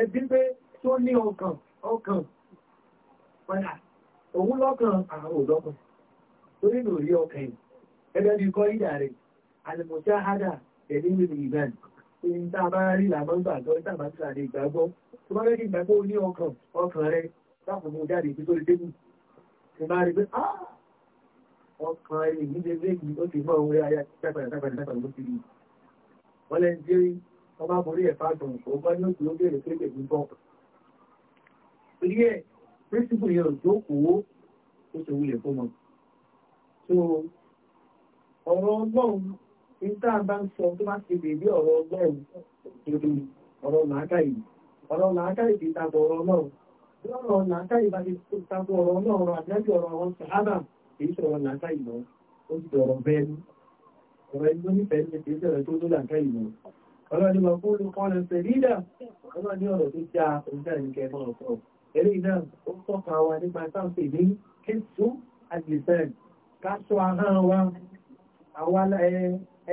ẹbí pé tó ní ọkàn ọkàn padà òun lọ́kàn àwọn òlọ́kàn torí nù rí ọkàn yìí ẹgbẹ́ bí kọ́ ìdà rẹ̀ alìmọ̀ṣá hádà ẹ̀mí nínú ìbẹ̀n ìyìn tá a bá rí làmọ́ gbà tó ìta bá tà lè gbàgbọ́ tó bá rẹ́kì gbàgbọ́ ní ọkàn ọkàn rẹ̀ lákòókò jáde ibi tó lè dé ti máa rí pé ọkàn rẹ̀ ìdílé méjì ó ti mọ́ òun rẹ̀ ọba borí ẹ̀fà àtọ̀nù kò bá ní òkú ló bèèrè pé pẹ̀lú ẹ̀ pírísìpù yẹn ò jókòó ṣe wulẹ̀ fún wọn so ọ̀rọ̀ ọgbọ́n ní tá bá ń sọ tó bá ti bèbí ọ̀rọ̀ ọgbọ́n ìrìn ọ̀rọ̀ làákàyè ọ̀rọ̀ làákàyè ti tako ọ̀rọ̀ náà lọ́rọ̀ làákàyè bá ti tako ọ̀rọ̀ náà ọ̀rọ̀ àjájú ọ̀rọ̀ àwọn sàhábà kì í sọ̀rọ̀ làákàyè lọ ó ti dọ̀rọ̀ bẹ́ẹ̀ ọ̀rọ̀ ẹni tó nífẹ̀ẹ́ ní kì í sọ̀rọ̀ tó tó làákàyè lọ ọlọ́ni wà fún olùkọ́nà sẹ̀rídà ọlọ́ni ọ̀rọ̀ tó já òjá ìkẹ́ mọ́ ọ̀sọ̀ eré iná ó tọ́ka wa nípa sáǹpì ní kíntù àgbẹ̀sẹ̀n káṣọ ahọ́n wa àwa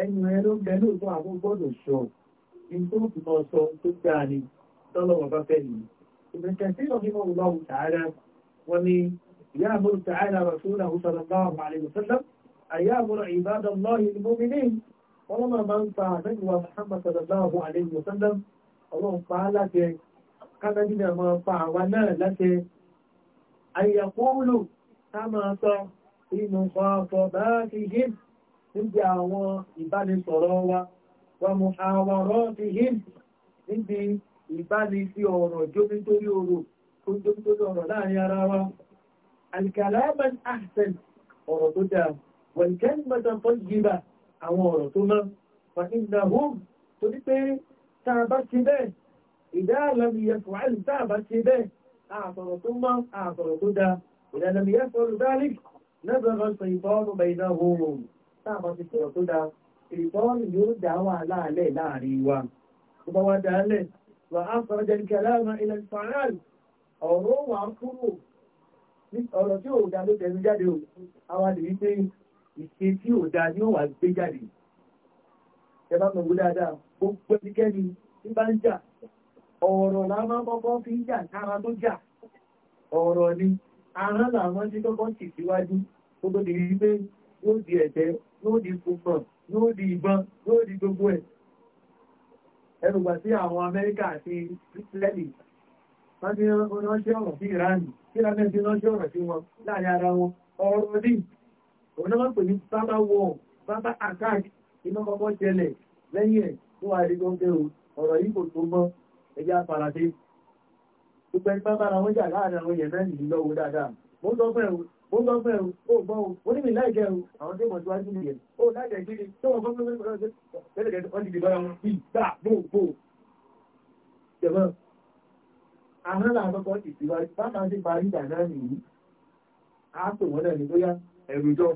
ẹnu ẹ ló ń bẹ lóòótọ́ àwọn gbọ́dọ̀ sọ ìgbóòtù náà sọ tó já ni tọ́lọ́wọ́ bá fẹ́ yìí ìbẹ̀kẹ̀ sí ọ̀hìnmọ̀ ọlọ́run tààrà wọn ni ìyá àmúrù tààrà rasulahu sallallahu alaihi wasallam àyà àmúrù ìbádọ́ lọ́hìn mọ́mìnì wọ́n lọ́mọ máa ń pa àdéhùwà Muhammad sallallahu alayhi wa sallam ọlọ́run pa á láti kánájú náà máa pa àwa náà láti àyàkóòlù ká máa sọ inú ọ̀pọ̀ bá ti hìm níbi àwọn ìbánisọ̀rọ̀ wa wà mú àwọ̀rọ̀ ti hìm níbi ìbánisí ọ̀rọ̀ jómi torí tó jómi ọ̀rọ̀ láàrin ara wa alkalaman ahsan ọ̀rọ̀ tó dáa wọ̀nkẹ́ mẹ́ta fọ́ àwọn ọ̀rọ̀ tó mọ́ fàtíńdà home tó ní pé tàbá ti bẹ́ẹ̀ ìdáàlàmìyà fòhálì tàbá ti bẹ́ẹ̀ àtọ̀rọ̀ tó mọ́ àtọ̀rọ̀ tó dáa ìdáàlàmìyà fòhálì dáàlìk lẹ́bẹ̀rẹ̀ sọ ìbọ́ọ̀rọ̀ bẹ̀ẹ̀dá home tàbá ti sọ̀rọ̀ tó dáa ìbọ́ọ̀rọ̀ yóò dá wà láàlẹ̀ láàrin wa tó bá wá dáálẹ̀ wà á sọ̀rọ̀ jẹ́ ìṣe tí ò dáa ni ó wà gbé jáde ẹ bá mọ̀ wó dáadáa gbogbo ẹnikẹ́ni tí bá ń jà ọ̀rọ̀ la kọ́kọ́ fi ń jà kára tó jà ọ̀rọ̀ ni ara làwọn tí kọ́kọ́ sì síwájú gbogbo ní rí pé yóò di ẹ̀tẹ́ yóò di funfun yóò di ìbọn yóò di gbogbo ẹ̀ ẹrùgbà sí àwọn Amẹ́ríkà àti Israeli wọ́n ti ránṣẹ́ ọ̀rọ̀ sí Iran kí lámẹ́ ti ránṣẹ́ ọ̀rọ̀ sí wọn láàrin ara wọn ọ̀rọ̀ ní òun náà pè ní bábá wọ bábá attack iná kọ́kọ́ jẹlẹ̀ lẹ́yìn ẹ̀ tó wà rí gbọ́ngẹ́ o ọ̀rọ̀ yìí kò tó mọ́ ẹjẹ́ àfàràdé gbogbo ẹni bábá àwọn jà láàrin àwọn èèyàn náà lọ́wọ́ dáadáa mo sọ fẹ́ o mo sọ fẹ́ o ó gbọ́ o ó ní mi láìjẹ́ o àwọn tí wọ́n tíwájú nìyẹn ó láìjẹ́ kiri tó wọ́n fọ́n fọ́n fọ́n fọ́n fọ́n fọ́n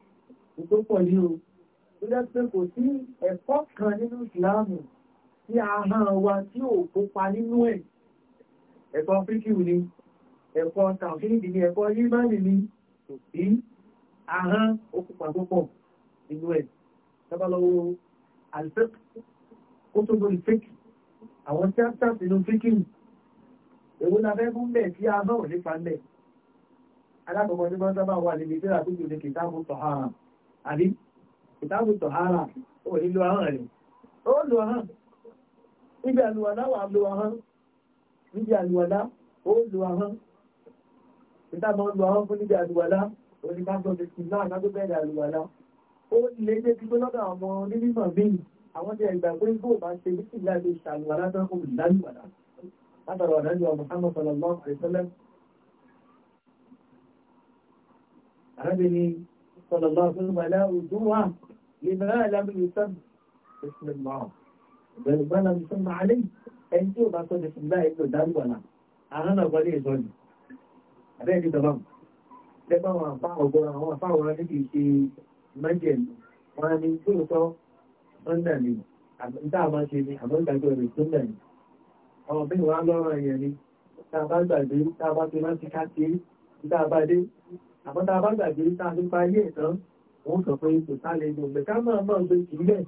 tó pọ̀ ní o tó jẹ́ pé kò sí ẹ̀kọ́ kan nínú ìsìláàmù tí ahọ́n wa tí ò kópa nínú ẹ̀ ẹ̀kọ́ fíkìú ni ẹ̀kọ́ tàwíìdì ni ẹ̀kọ́ yímánì ni kò sí ahọ́n okùnpà tó pọ̀ nínú ẹ̀ tábàlọ́wọ́ alifẹ́kù kó tó lórí fíkì àwọn chapters nínú fíkìú èwo la fẹ́ fún bẹ́ẹ̀ tí ahọ́n ò nípa bẹ́ẹ̀ alákọ̀ọ́kọ́ ní wọ́n sábà wà níbi tí àbí ìtàbùtọ̀ ara ò nílò ahọ́n rẹ̀ ó lò ahọ́n níbi àlùwàdá wà lò ahọ́n níbi àlùwàdá ó lò ahọ́n ìtàbọ̀ lò ahọ́n fún níbi àlùwàdá onígbàgbọ́ bẹ̀rẹ̀ náà lágbó bẹ̀rẹ̀ àlùwàdá ó lè dé ti gbọ́lọ́dọ̀ àwọn onímọ̀ bíi àwọn jẹ́ ìgbà pé bó bá ṣe bí ìlà lè ṣàlùwàdá tán kò lálùwàdá sallallahu alaihi wasallam صلى الله عليه وسلم لا وجوه لما لم يسمى بسم الله بل لم يسمى عليه ẹnjú bá tó bẹ̀sùn láì ló dárúwàlá àránà wọlé ìzọ́lù abẹ́ ìlú dọ̀bọ̀n lẹ́gbọ́n wọn àpá ọgbọ́n àwọn àpá ọ̀rọ̀ níbi ìṣe mẹ́jẹ̀lú wọn ni tó sọ ọ́ndà ni ìta àmá ṣe ni àmọ́gbàgbọ́ rẹ̀ tó ń dà ní ọmọ bí wọn lọ́rọ̀ ẹ̀yẹ̀ ni tá a bá gbàgbé tá a bá ti rántí ká kiri dábàdé àbọ́dá bá gbàgbé sáájú parí ẹ̀tàn wọ́n sọ pé kò sálẹ̀ inú ọ̀gbẹ̀ ká máa máa gbé ìpínlẹ̀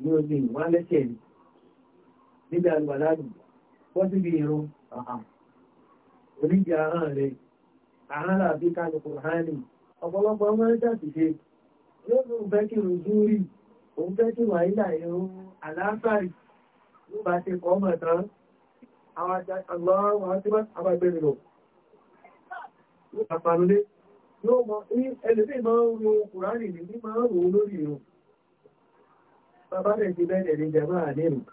ní omi ìwá lẹ́sẹ̀ ni níbi àlùbàdàdù bọ́ síbi irun oníjì ahọ́n rẹ̀ ahọ́n làbí kálukú hánì ọ̀pọ̀lọpọ̀ ọmọ ẹja ti ṣe yóò tún fẹ́ kí irun dúrì òun fẹ́ kí wàhálà irun àlàáfàì ló bá ṣe kọ́ mọ̀ tán àwọn àgbẹ̀rẹ̀ lọ àpàrọlé yóò mọ̀ ní ẹlùmí máa ń ro kùránì ní ní máa ń ro lórí irun bàbá rẹ̀ ti bẹ́ẹ̀ ní jẹmọ́ àdéhùn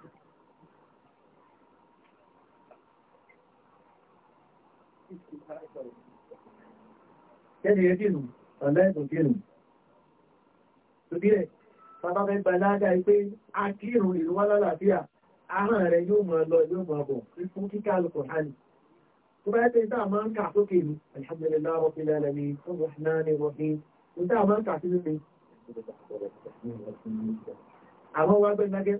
kẹ́ni ẹdínù ọ̀lẹ́dùnkínù tóbílẹ̀ bàbá fẹ́ gba ládá ipé wálálàáfíà rẹ̀ yóò mọ̀ lọ yóò mọ̀ bọ̀ kíkà وبعد انت عمان كعفو كيلو الحمد لله رب العالمين الرحمن الرحيم انت عمان كعفو كيلو مين عمو وابا المجل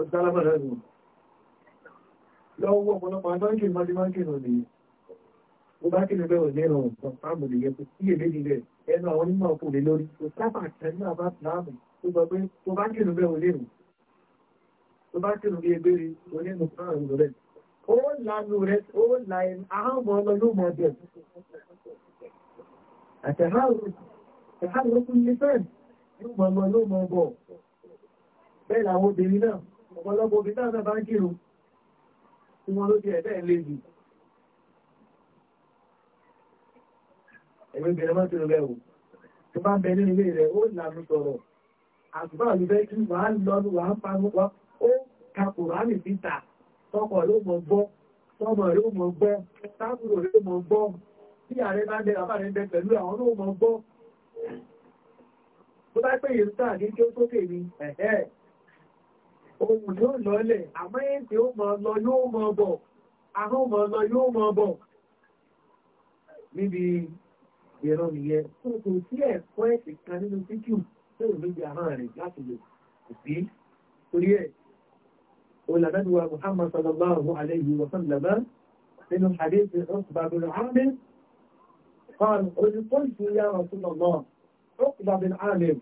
الظلم الهدوم لا هو ولا ما يمكن ما يمكن ودي وباقي اللي بيقول لي انه طعمه دي هي دي دي انا وين ما اقول له لي وصفع كان ما بعرف نعمل tó sọ pé tó bá kìlù bẹ́ẹ̀ olè nù tó bá kìlù bí ebèrè olè nù fún àwọn ìlú rẹ̀ ó lanu rẹ̀ ó la ẹni àwọn ọmọ ọmọ ló mọ bẹ́ẹ̀ àtẹ̀hárò ló kún ní fẹ́ẹ̀ ní mọ ọmọ ló mọ bọ̀ bẹ́ẹ̀ làwọn obìnrin náà ọ̀pọ̀lọpọ̀ obìnrin náà bá kìlù tí wọ́n ló tí ó bẹ̀rù tó bẹ nínú ilé rẹ̀ ó lànà sọ̀rọ̀ àgbà ìfẹ́ kí wà á lọ́nu wà á panu wà ó ka kùránì síta tọkọ ló mọ gbọ́ tọmọ ló mọ gbọ́ tábùrò ló mọ gbọ́ tí ààrẹ bá dẹ bàbá rẹ bẹ pẹ̀lú àwọn ló mọ gbọ́ tó bá pè yìí sáà ní kí ó sókè ni ẹ̀ẹ́ ohun yóò lọlẹ̀ àmọ́ èdè ó mọ lọ yóò mọ bọ̀ àwọn mọ lọ yóò mọ bọ̀ níbi ìrọ̀ nìyẹn kò sí ẹ̀kọ́ ẹ̀sìn kan nínú fíjù tó ń lóbi àwọn rẹ̀ láti lò kò sí torí ẹ̀ olùdádùwà Muhammad sallallahu alayhi wa sallam nínú hadith Uqba bin Amir قال قلت يا رسول الله عقبة بن عامر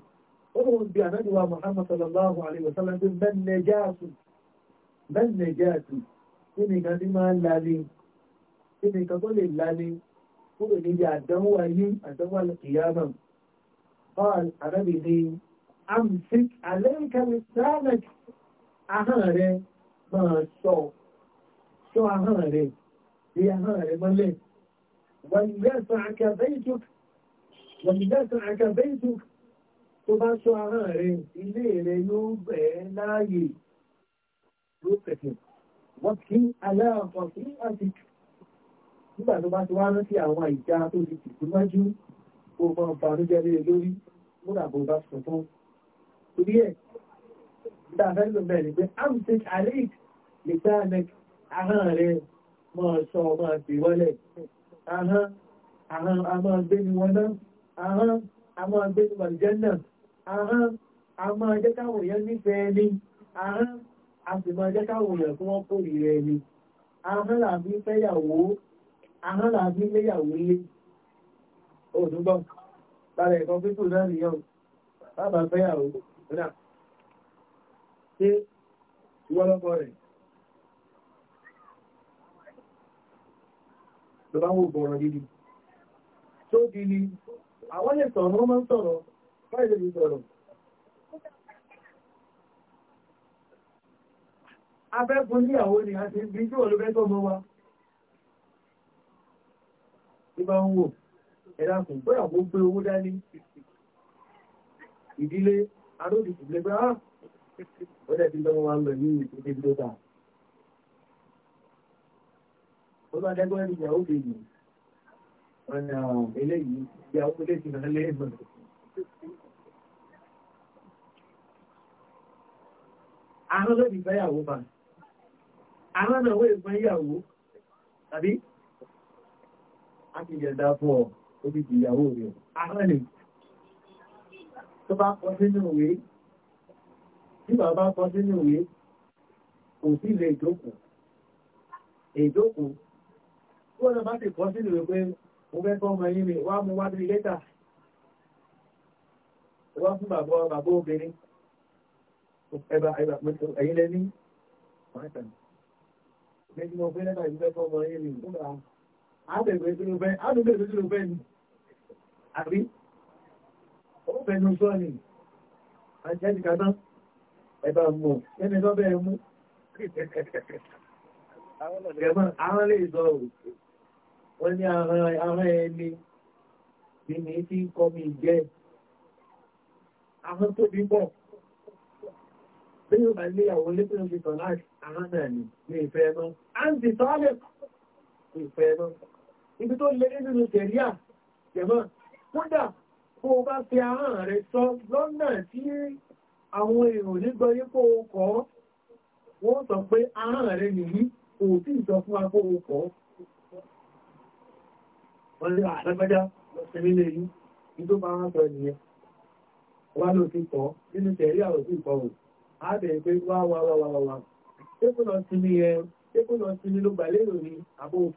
أمر بأمدها محمد صلى الله عليه وسلم من نجاة من نجاة kíni kan tí máa ń lani kíni kan tó lè lani kúrò níbi قال أبدي أمسك عليك لسانك أهاري ما شو شو أهاري هي أهاري ملي وليسعك بيتك وليسعك بيتك tó bá ṣọ́ ara rẹ̀ ilé rẹ̀ yóò bẹ̀ ẹ́ láàyè ló pẹ̀tẹ̀ wọ́n kí aláàpọ̀ sí àti nígbà tó bá ti wá rántí àwọn ìjà tó ti tìtúmájú kó o máa bàánú jẹ́rí lórí múnà bó bá sọ fún torí ẹ̀ níta fẹ́lú mẹ́rin pé amtik alik lè tá àmẹ́ ahọ́n rẹ̀ máa sọ máa gbé wọlẹ̀ ahọ́n ahọ́n a máa gbé ni wọn náà ahọ́n a máa gbé ni wàlìjẹ́ náà ahọ́n a máa jẹ́ káwọn èèyàn nífẹ̀ẹ́ ni ahọ́n a sì máa jẹ́ káwọn èèyàn fún wọn kórìíra ẹni ahọ́n làbí fẹ́yàwó ahọ́n làbí léyàwó lé òdúgbọ́ lára ẹ̀kan pípò náà nìyàn bàbá fẹ́yàwó náà ṣé ìwọ́lọ́pọ̀ rẹ̀ ló bá wò bọ̀rọ̀ gidi tó di ni àwọn lè sọ̀rọ̀ wọ́n máa ń sọ̀rọ̀ báyìí lè sọ̀rọ̀ afẹ́kùn níyàwó ni a ti bí tí wọ́n ló fẹ́ tọ́ mọ́ wa ìbá ń wò ẹ̀dá kò gbọ́dọ̀ kó gbé owó dání ìdílé aróòdì kò lè gbá ó dẹ̀ ti lọ́wọ́ wa ń lọ ní ìpínlẹ̀ tó ta ó bá dẹ́gbọ́n ní ìyàwó kejì ọ̀nà ah, eléyìí ìyàwó kejì ti hàn lé ìmọ̀ àwọn lọ́dì fẹ́yàwó bá àwọn náà wọ́n èèyàn fẹ́yàwó tàbí a ti yẹ̀dá fún ọ orí ìyàwó rẹ̀ arẹ́lẹ̀ tó bá kọ́ sínú ìwé tí bàbá kọ́ sínú ìwé kò sí ilé ìjókòó ìjókòó wọ́n bá ti kọ́ sínú ìwé pé mo fẹ́ kọ́ ọmọ yìí mi wá mú wá bí lẹ́tà wá ọmọ yìí mi àbẹ̀bẹ̀ tí mo fẹ́ àdúgbò tí mo fẹ́ ni àbí ó fẹnu sọ ni àjẹ́jì kan náà ẹ̀bà mọ̀ ẹni tó bẹ́ẹ̀ mú àwọn lè sọ wọ́n ní àwọn ẹni bí mi ti ń kọ́ mi jẹ́ àwọn tó bí bọ̀ bí yóò bá ní àwọn olóṣèlú ti sọ láti àwọn náà ní ìfẹ́ náà á ń ti sọ́ọ́lẹ̀ ibi tó lé nínú tẹ̀ríà jẹ̀mọ́ kódà kó o bá fi ahọ́n rẹ sọ lọ́nà tí àwọn èrò nígbọ́ yípo ọkọ̀ wọ́n sọ pé ahọ́n rẹ nìyí kò tí ì sọ fún apó ọkọ̀ wọ́n lé àlágbájá lọ́sẹ̀mí lè yí ní tó bá wọ́n sọ nìyẹn wá ló ti kọ́ nínú tẹ̀ríà ò sí ìkọ̀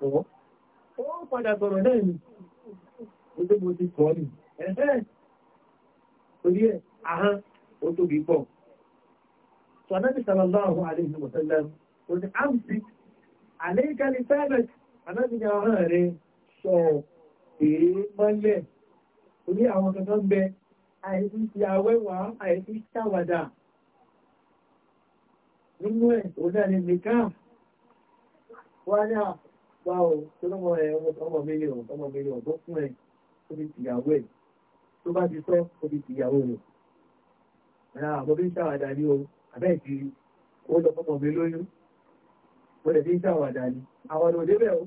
òun ó padà sọ̀rọ̀ náà ni ojú mo ti kọ́ ni ẹ̀ẹ́ torí ẹ̀ ahán ó tóbi pọ̀ sọ̀nàbí sallallahu alaihi wa sallam ó ní àmì àlékalì sábẹ̀t anábìnrin ahán rẹ̀ sọ èé mọ́lẹ̀ orí àwọn kankan bẹ àìsí ti àwẹ́wà àìsí ṣàwàdà nínú ẹ̀ òun ni nìkan wọ́n ní ah, báwo tó lọ́mọ ẹ ọmọ mílíọ̀n ọmọ mílíọ̀n tó fún ẹ tó fi tìyàwó ẹ tó bá ti sọ tó fi tìyàwó rẹ ẹ̀rọ àbọ̀ bí ń ṣàwàdà ní o àbẹ́ẹ̀ ti ó lọ fọmọ mi lóyún mo lè fi ń ṣàwàdà ní àwọn ọ̀nà òdébẹ̀ o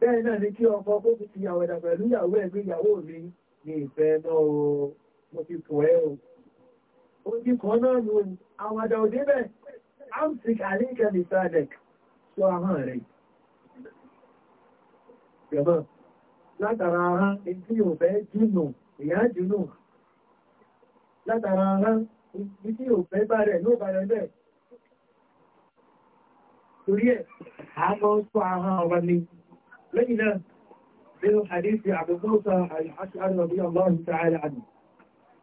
bẹ́ẹ̀ náà ni kí ọkọ kó ti fi àwẹ̀dà pẹ̀lú ìyàwó ẹ̀ pé ìyàwó mi ni ìfẹ́ náà o mo ti kọ̀ ẹ́ o ó ti kọ́ náà lóyún àwàdà òdébẹ̀ amsic àríkẹ́ nìfẹ́ àdẹ̀k sọ jẹ̀mọ́ látara ara tí ò fẹ́ jùnù ìyá jùnù látara ara tí ò fẹ́ bá rẹ̀ ló bá rẹ̀ bẹ́ẹ̀ torí ẹ̀ a mọ́ sọ ara ọba ni lẹ́yìn náà nínú àdíṣì àbúgbọ́sà àṣírí ọ̀bí ọlọ́run tààrà àdì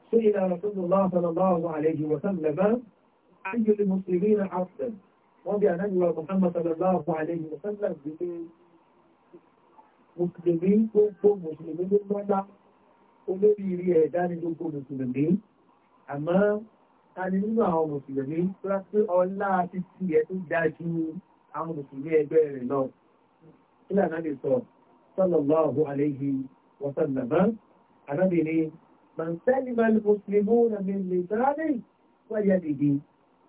سئل رسول الله صلى الله عليه وسلم أي المسلمين عصر وبأن محمد صلى الله عليه وسلم بكل mùsùlùmí gbogbo mùsùlùmí ló mọ́lá olórí ilé ẹ̀dá ní gbogbo mùsùlùmí àmọ́ ta ni nínú àwọn mùsùlùmí tó rá sí ọlá ti ti ẹ̀ tó dá ju àwọn mùsùlùmí ẹgbẹ́ rẹ̀ lọ kí lànà lè sọ sallallahu alayhi wa sallam arábìnrin man salima al-muslimuna min lisanihi wa yadihi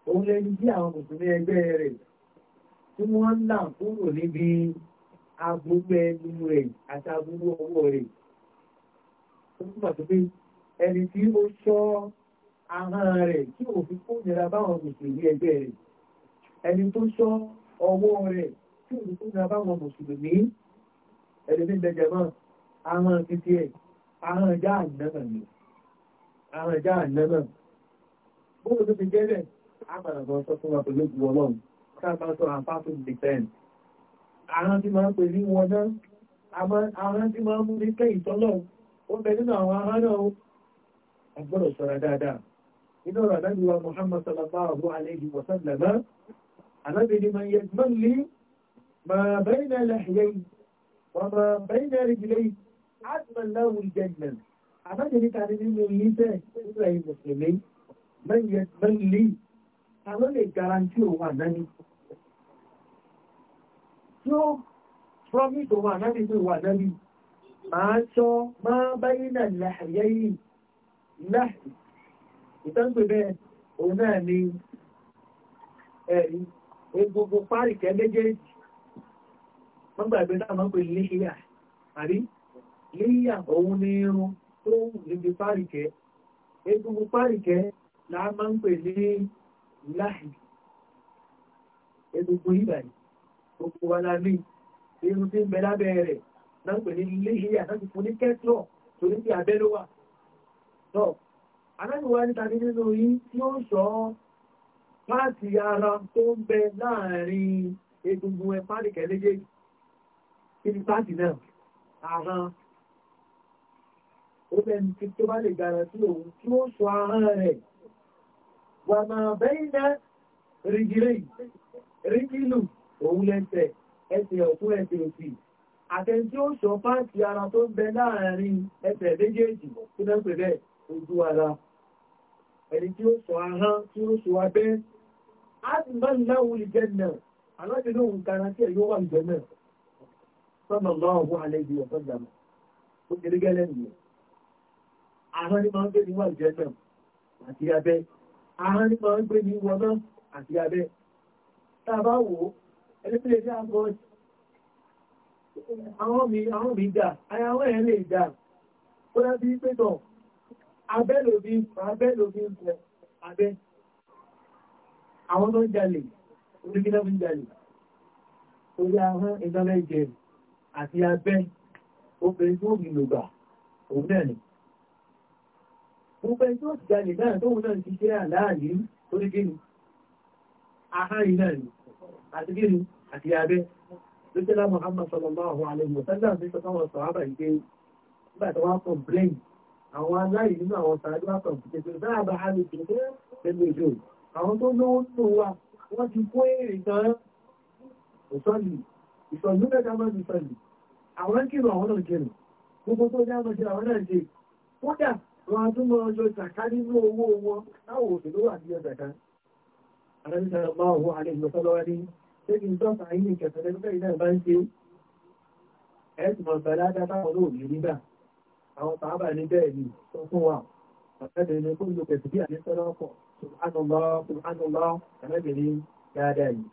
òun lẹni bí àwọn mùsùlùmí ẹgbẹ́ rẹ̀ tí wọ́n ń là kúrò níbi aburú ẹnu rẹ̀ àti aburú ọwọ́ rẹ̀. Ó túnmọ̀ tó pé ẹni tí ó ṣọ́ ahọ́n rẹ̀ tí ò fi kó nira báwọn mùsùlùmí ẹgbẹ́ rẹ̀. Ẹni tó ṣọ́ ọwọ́ rẹ̀ tí ò fi kó nira báwọn mùsùlùmí ẹni tí ń bẹ jẹmọ́ ahọ́n títí ẹ̀ ahọ́n já ànánà ni. Ahọ́n já ànánà. Bóòlù tó ti jẹ́ bẹ́ẹ̀, á padà sọ fún wa pẹ̀lú ìgbìmọ̀ náà. Ká bá sọ àpá àwọn tí máa ń pè ní wọn náà àwọn tí máa ń mú ní pé ìtọ́lọ̀ ó bẹ nínú àwọn ará náà a gbọ́dọ̀ ṣọ́ra dáadáa inú ọ̀rọ̀ adájúwa Muhammad sallallahu alayhi wa sallam alábìnrin máa yẹ gbọ́n lé máa bẹ́ẹ̀ náà lẹ́yìn wọ́n máa bẹ́ẹ̀ náà rí jùlẹ̀ àtìmọ̀láwù jẹ́nà alábìnrin tí ó promise òun ànábì pé wà nábì ma tọ́ máa báyé náà láàyè yìí láàyè bẹ́ẹ̀ òun náà ni ẹ̀rí egungun párìkẹ́ méjèèjì wọ́n náà máa ń pè àrí léyà òun ni irun tó níbi gbogbo wa la ní irú tí ń bẹ lábẹ́ rẹ̀ náà pè ní ilé ìyá láti fún ní kẹ́tọ̀ tó ní ti abẹ́ ló wà. tọ́ aláìwá níta ní nínú yìí tí ó sọ páàtì ara tó ń bẹ láàrin egungun ẹ páàtì kẹ́lẹ́jẹ́ kí òun lẹ́sẹ̀ ẹsẹ̀ ọ̀tún ẹsẹ̀ òsì àtẹ̀ntí ó ṣọ páàkì ara tó ń bẹ láàrin ẹsẹ̀ méjèèjì tó náà pè bẹ́ẹ̀ ojú ara ẹni tí ó sọ ahán tí ó sọ abẹ́ á sì máa ń láwùn ìjẹ́ náà aláṣẹ ló ń kara sí ẹ̀yọ́ wà ìjẹ́ náà sọ́nà máa ń wọ́n alẹ́ ìdíyẹ̀ sọ́jà mọ́ ó ti rí gẹ́lẹ́ nìyẹn ahán ni máa ń gbé ní wà ìjẹ́ náà àti abẹ́ ahán ni máa ń gbé ní wọ́n àti abẹ́ tá a Àwọn mi dà, àyàwó ẹ̀ lè dà, ó dá bí pẹ́tọ̀, abẹ́ ló bí abẹ́ ló bí ẹ̀ abẹ́. Àwọn tó ń jalè, orí kí lọ́bí ń jalè, orí ahọ́n ìdánlẹ́ ìjẹ àti abẹ́, obìnrin tó bí lògbà, òun náà ni. Gbogbo ẹ̀ tó jalè náà tó wùn náà ti ṣe àláàrí, orí kí ni? àti gíru àti abẹ́ ló jẹ́ láwọn Muhammad sallallahu alaihi wa sallam ní sọ́kàwọn sọ̀hábà yìí pé nígbà tó wá pọ̀ blame àwọn aláì nínú àwọn sàájú wá pọ̀ pé pé bá bá a tó fẹ́ pẹ̀lú ìjọ àwọn tó lówó tó wa wọ́n ti kó èrè gan-an òsọ́lì ìsọ̀lú mẹ́ta máa ń sọ̀lì àwọn kìrò àwọn náà kìrò gbogbo tó ní àmọ́ sí àwọn náà ṣe kódà wọn tún mọ ọjọ́ ìsàká nínú owó wọn láwọn òṣèlú wà ní Ṣébi ìjọba yìí ní ìkẹ̀tẹ̀lẹ́ tó fẹ́yìn náà bá ń ṣe ẹ̀sùn ọ̀gbà ládá táwọn olóògbé nígbà. Àwọn sàábà ní bẹ́ẹ̀ ni tó fún wa. Ọ̀sẹ̀dẹ̀ ni kó lo pẹ̀sì bí àdéṣọ́lá ọkọ̀. Subhanallah, Subhanallah, ẹ̀mẹ́bẹ̀ ni dáadáa yìí.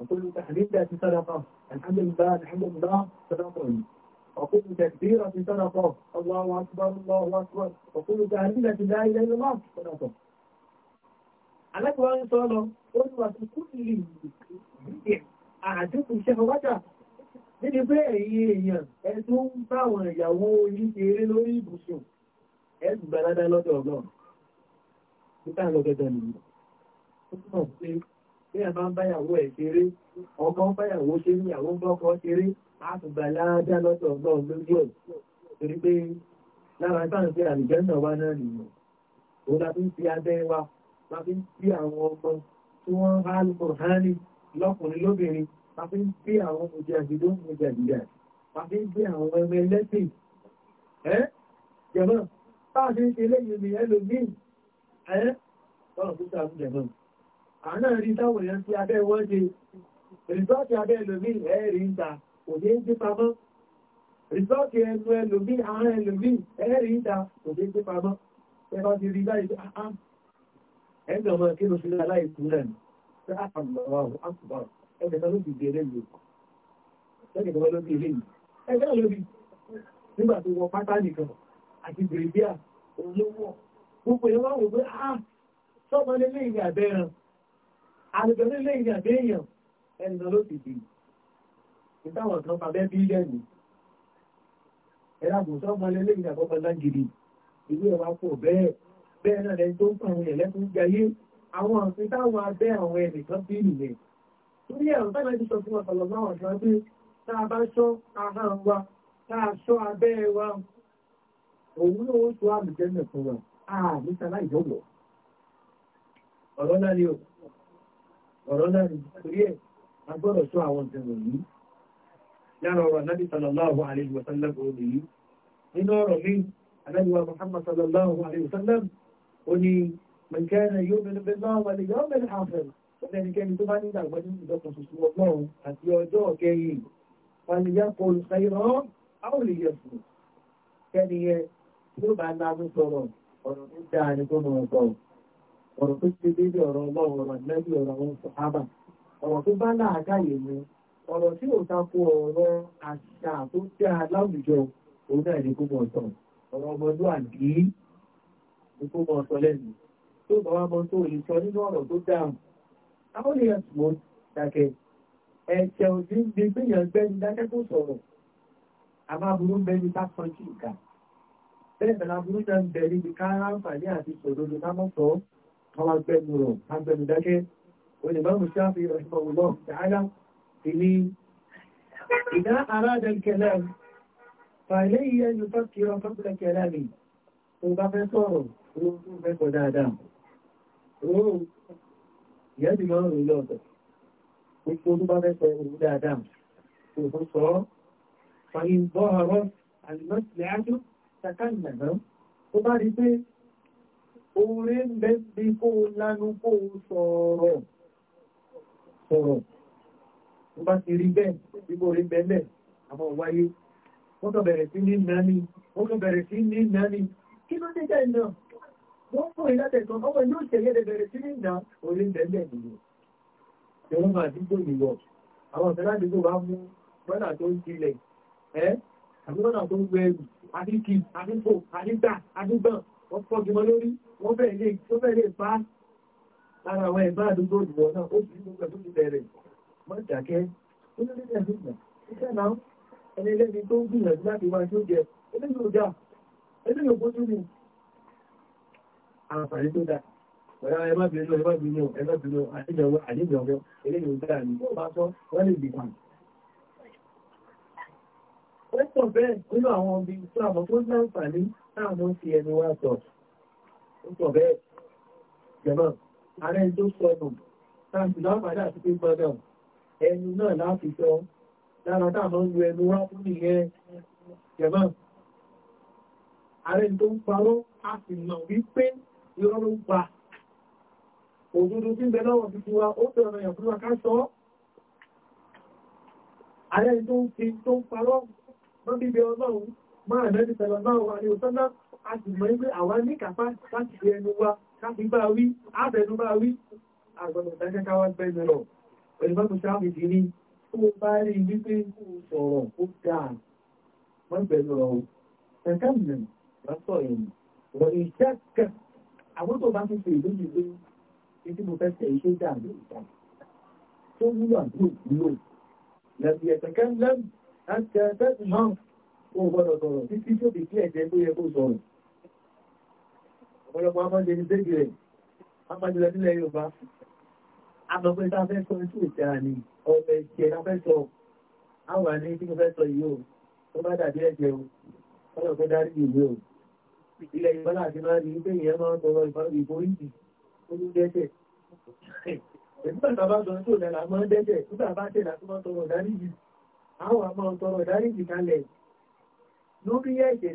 Ọ̀pọ̀lù tàbídà ti sọ́dọ̀kọ̀, alhamdulillah, alhamdulillah, sọ́dọ̀kọ̀ yìí. Ọ̀pọ̀lù tàbídà ti sọ́dọ̀kọ̀, Allah wa akbar, Allah wa akbar. Ọ̀pọ̀lù tàbídà ti dá ilẹ̀ ìlú náà sọ́dọ̀kọ̀ alákọ̀ọ́ sọ lọ ó ní wà tún kúrò lè rìn àdínkù iṣẹ́ níbi pé ẹ̀yin èèyàn ẹ ń báwọn ìyàwó yín lórí ibùsùn ẹ sì lọ́dọ̀ ọ̀gbọ́n níta lọ́gẹ́dẹ́ nìyí torí pé lára táǹsì àlùjẹ́ náà náà nìyẹn òun la fi fi abẹ́ wa la fi ń bí àwọn ọmọ tí wọ́n ń hálù hánì lọ́kùnrin lóbìnrin la fi ń bí àwọn mọ̀jì àjìdó mọ̀jì àjìdá la fi ń bí àwọn ọmọ ẹlẹ́sìn ẹ́ jẹ̀mọ́ táà fi ń ṣe lẹ́yìn mi ẹlòmíì ẹ́ lọ́nà tó sáà fún jẹ̀mọ́ àná rí táwọn èèyàn ti abẹ́ wọ́n ṣe rìsọ́ọ̀tì abẹ́ ẹlòmíì ẹ́ rí ń ta kò ní ń dípa mọ́ rìsọ́ọ̀tì ẹnu ẹlòmíì àárín ẹlòmíì ẹ́ rí ń ta kò ní ń dípa mọ́ ẹ bá ti rí báyìí ah, ah, ẹgbẹ́ ọmọ kí ló fi rí aláìkú rẹ̀ ní ṣé àpàlọ́ àpùpà ẹgbẹ́ tó ló fi gbé eléyìí ẹgbẹ́ tó ló fi eléyìí ẹgbẹ́ ló fi nígbà tó wọ pátá nìkan àti bèrèbíà olówó gbogbo ẹ̀ wá wò pé a ah, sọ́mọ lélẹ́ ìrìn àbẹ́ ẹran àlùkò lélẹ́ ìrìn àbẹ́ èèyàn ẹni tó ló fi dì ìtàwọn kan pàbẹ́ bílíọ̀nù ẹ̀rọ àbùsọ́mọ lélẹ́ ìrìn àbọ́mọ lágidi ìlú ẹ̀ pọ̀ bẹ́ẹ̀ bẹ́ẹ̀ náà tó ń pa àwọn ẹ̀lẹ́kùn jayé àwọn àfin táwọn abẹ́ àwọn ẹnìkan bí nìyẹn torí ẹ̀rọ táwọn sọ fún wọn sọ̀rọ̀ máa bá ṣọ́ ahọ́n wa tá ṣọ́ abẹ́ wa òun ló ń sọ àlùjẹ́ mẹ́ fún wa a ní sàlá ìjọ́wọ̀ ọ̀rọ̀ náà ni o ọ̀rọ̀ náà ni torí ẹ̀ a ṣọ́ àwọn nǹkan wọ̀nyí lára ọ̀rọ̀ anábì sallallahu alayhi wa sallam ó ní mẹ̀kẹ́rin yóò bẹ̀rẹ̀ bẹ̀rẹ̀ náà wà lè yọ́ bẹ̀rẹ̀ àfẹ́rù ẹnikẹ́ni tó bá ní ìgbàgbọ́ ní ìjọkan ṣoṣo ọlọ́run àti ọjọ́ ọ̀kẹ́yìn wàlìyàpọ̀ ìṣàìrán áwòlìyẹ̀fù kẹ́niyẹ tí ó bá lábú sọ̀rọ̀ ọ̀rọ̀ tó dáa ní kó mọ̀ sọ̀rọ̀ ọ̀rọ̀ tó ti dédé ọ̀rọ̀ ọlọ́run ọ̀rọ̀ tó bá láàkáyè mu ọ̀rọ̀ tí ò tako ọ̀rọ̀ àṣà tó dáa láwùjọ òun náà ní kó mọ̀ sọ̀rọ̀ ọ̀rọ̀ ọmọdún àbí nípò wọn sọ lẹ́nu tó bá wọn mọ tó lè sọ nínú ọ̀rọ̀ tó dáhùn àwọn èèyàn tó mọ dàkẹ́ ẹ̀ṣẹ̀ òdì ń gbé gbéyàn gbẹ́ni dákẹ́ tó sọ̀rọ̀ àmọ́ aburú ń bẹ ní sáfọ́n kí ìka bẹ́ẹ̀ bẹ̀rẹ̀ aburú náà ń bẹ níbi ká ráǹfààní àti ìṣòdodo ká mọ́ sọ ọmọ agbẹnu rọ̀ agbẹnu dákẹ́ olùmọ̀mù sáfì ọ̀ṣọ́wọ́lọ́ tààlà tó bá fẹ́ sọ̀rọ̀ oòrùn tó fẹ́ sọ dáadáa oòrùn ìyá ti máa ń rìn lọ́dọ̀ gbogbo tó bá fẹ́ sọ oòrùn dáadáa oòrùn sọ ọ́ fàyín bọ́ ọ̀rọ̀ àlùmọ́sílẹ̀ ájú ṣàkà ìgbàgbọ́ tó bá rí pé oore ń bẹ bí kó lánú kó sọ̀rọ̀ sọ̀rọ̀ tó bá ti rí bẹ́ẹ̀ bíbó rí bẹ́ẹ̀ àwọn wáyé wọ́n kàn bẹ̀rẹ̀ sí ní nání wọ́n kàn bẹ̀rẹ̀ sí ní nání kí ló dé jẹ́ náà wọ́n fún ìlàtẹ̀ kan ọmọ yóò tẹ̀lé bẹ̀rẹ̀ sí ní ìdá orí bẹ̀rẹ̀ nìyẹn ìwọ́n máa dígbò nìyọ àwọn ọ̀sẹ̀ láti tó bá mú brọ́dà tó ń tilẹ̀ ẹ́ àbí brọ́dà tó ń gbé ẹrù àdíkì àdíkò àdígbà àdígbọ̀n wọ́n fọ́ gímọ lórí wọ́n fẹ́ lè bá lára àwọn ẹ̀bá àdúgbò ìwọ náà ó sì gbogbo ẹ̀ tó ti bẹ̀rẹ̀ mọ́ ìdàkẹ́ ó ní ẹgbẹ́ yóò bójú mú àǹfààní tó dá ọ̀rẹ́ ẹgbà bínú ẹgbà bínú ẹgbà bínú àdíjọwọ́ àdíjọwọ́ ilé yóò dára ní ó bá sọ wọ́n lè gbìgbà ó pọ̀ bẹ́ẹ̀ nínú àwọn ibi tó àwọn tó ní àǹfààní táwọn fi ẹnu wá sọ ó pọ̀ bẹ́ẹ̀ jẹ̀mọ́ ààrẹ tó sọ nù táàbì láǹfààní àti pé gbọ́dọ̀ ẹnu náà láti sọ lára táwọn ń lu ẹnu wá fún nìyẹn jẹ̀mọ́ ààrẹ tó ń parọ́ a sì mọ̀ wípé irọ́ ló ń pa òdodo tí ń bẹ lọ́wọ́ ti fúnra ó bẹ̀rẹ̀ ọ̀nà ìyàfúnra ká sọ ààrẹ tó ń fi tó ń parọ́ wọ́n bíbẹ ọlọ́run máa lẹ́ni tẹ̀lọ náà wà ní òtọ́lá a sì mọ̀ wípé àwa ní kàpá láti fi ẹnu wa káfí bá wí ábẹ̀nu bá sọ̀rọ̀ ó dáa wọ́n gbẹ̀nu lọ ẹ̀kẹ́ mìíràn lọ́sọ̀ yìí wọ́n ìṣe kẹ́ àwọn tó bá ti ṣe ìlú yìí pé títí mo fẹ́ ṣe iṣẹ́ dà ló ìta tó wúlò àti òwúlò lẹ́bi ẹ̀sẹ̀ kẹ́ lẹ́m àti ẹ̀sẹ̀ ti hàn ó gbọ́dọ̀ sọ̀rọ̀ títí tó fi kí ẹ̀jẹ̀ tó yẹ kó sọ̀rọ̀ ọ̀pọ̀lọpọ̀ amájẹ ní bẹ́ẹ̀gì rẹ̀ amájẹ nílẹ̀ Yorùbá àmọ́pẹ́ tá a fẹ́ sọ ètò ìtara ni ọ̀pẹ ìṣẹ̀ la fẹ́ sọ àwọn àní tí mo fẹ́ sọ yìí o tó bá dàbí ẹ̀jẹ̀ o ọlọ́pẹ́ dárí ìwé o ilẹ̀ ìbọ́lá àti máa ní pé ìyẹn máa ń tọrọ ìforíjì ó ní dẹ́ṣẹ̀. Ẹ̀gbọ́n bàbá sọ tó lẹ́la máa ń dẹ́ṣẹ̀ nígbà bá tẹ̀lá tó máa tọrọ ìdáríjì. Àwọn àmọ́ tọrọ ìdáríjì kalẹ̀ lórí ẹ̀jẹ̀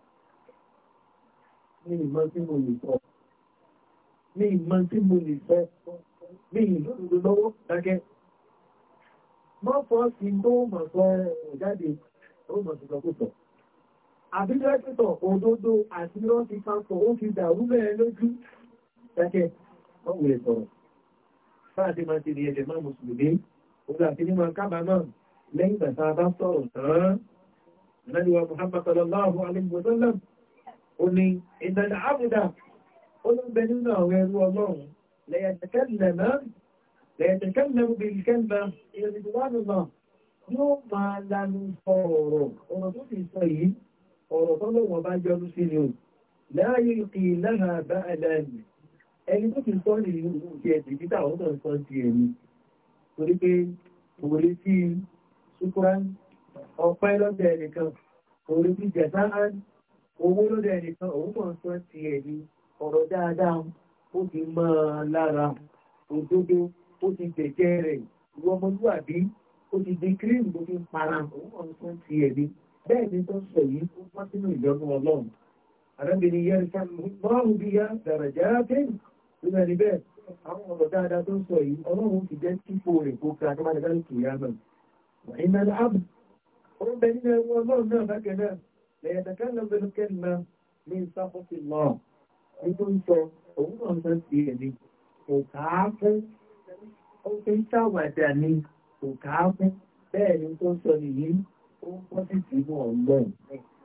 ní ìmọ̀ tí mo lè sọ ní ìmọ̀ tí mo lè sọ ní ìlú lọ́wọ́ dákẹ́ mọ́ fọ́ sí tó mọ̀ sọ jáde ó mọ̀ sí sọkúsọ àbíjẹ́kítọ̀ òdodo àti wọ́n ti pàpọ̀ ó fi dàrú mẹ́rin lójú dákẹ́ mọ́ wùlẹ̀ sọ̀rọ̀ fáàdé máa ti di ẹ̀jẹ̀ máa mùsùlùmí òun àti ní máa kábàámọ̀ lẹ́yìn ìgbà tá a bá sọ̀rọ̀ tán Nàìjíríà Muhammad sallallahu alaihi wa sallam ó ní ìdàdà àbúdà olóńgbẹ nínú àwọn ẹrú ọlọ́run lẹ́yẹ̀tẹ̀kẹ́lẹ̀mù bìlìkẹ́lẹ̀mù ìrìnlẹ́wọ̀nà yóò máa lanu sọ ọ̀rọ̀ ọ̀rọ̀ tó ti sọ yìí ọ̀rọ̀ tó lọ́wọ́ bá jọrú sí ni o láàyè kì í lára bá ẹlẹ́ni ẹni tó ti sọ ní ìlú ti owó ló dẹ̀ nìkan òun mọ̀ ń sọ ti ẹ̀ ní ọ̀rọ̀ dáadáa ó ti mọ́ ọ lára òdodo ó ti jẹ̀jẹ̀ rẹ̀ ìwọ ọmọlúwàbí ó ti di kírìm tó fi ń para òun mọ̀ ń sọ ti ẹ̀ ní bẹ́ẹ̀ ni tó ń sọ yìí ó pọ́ sínú ìjọba ọlọ́run àrẹ́bìnrin yẹn ká márùn bí yá dàràjà kéèmù nínú ẹni bẹ́ẹ̀ àwọn ọ̀rọ̀ dáadáa tó ń sọ yìí ọlọ́run ti jẹ́ kíkó rẹ̀ kó kí akọ́mọdé dá lókè yá náà wà ní nàlẹ́ àbù ليتكلم بالكلمة من سخط الله nítorí sọ òun náà sọ sí ẹni kò káá fún ó fi ń ṣàwàdà ni kò káá fún bẹ́ẹ̀ ni tó sọ nìyí ó kọ́ sí tìmọ̀ ọlọ́run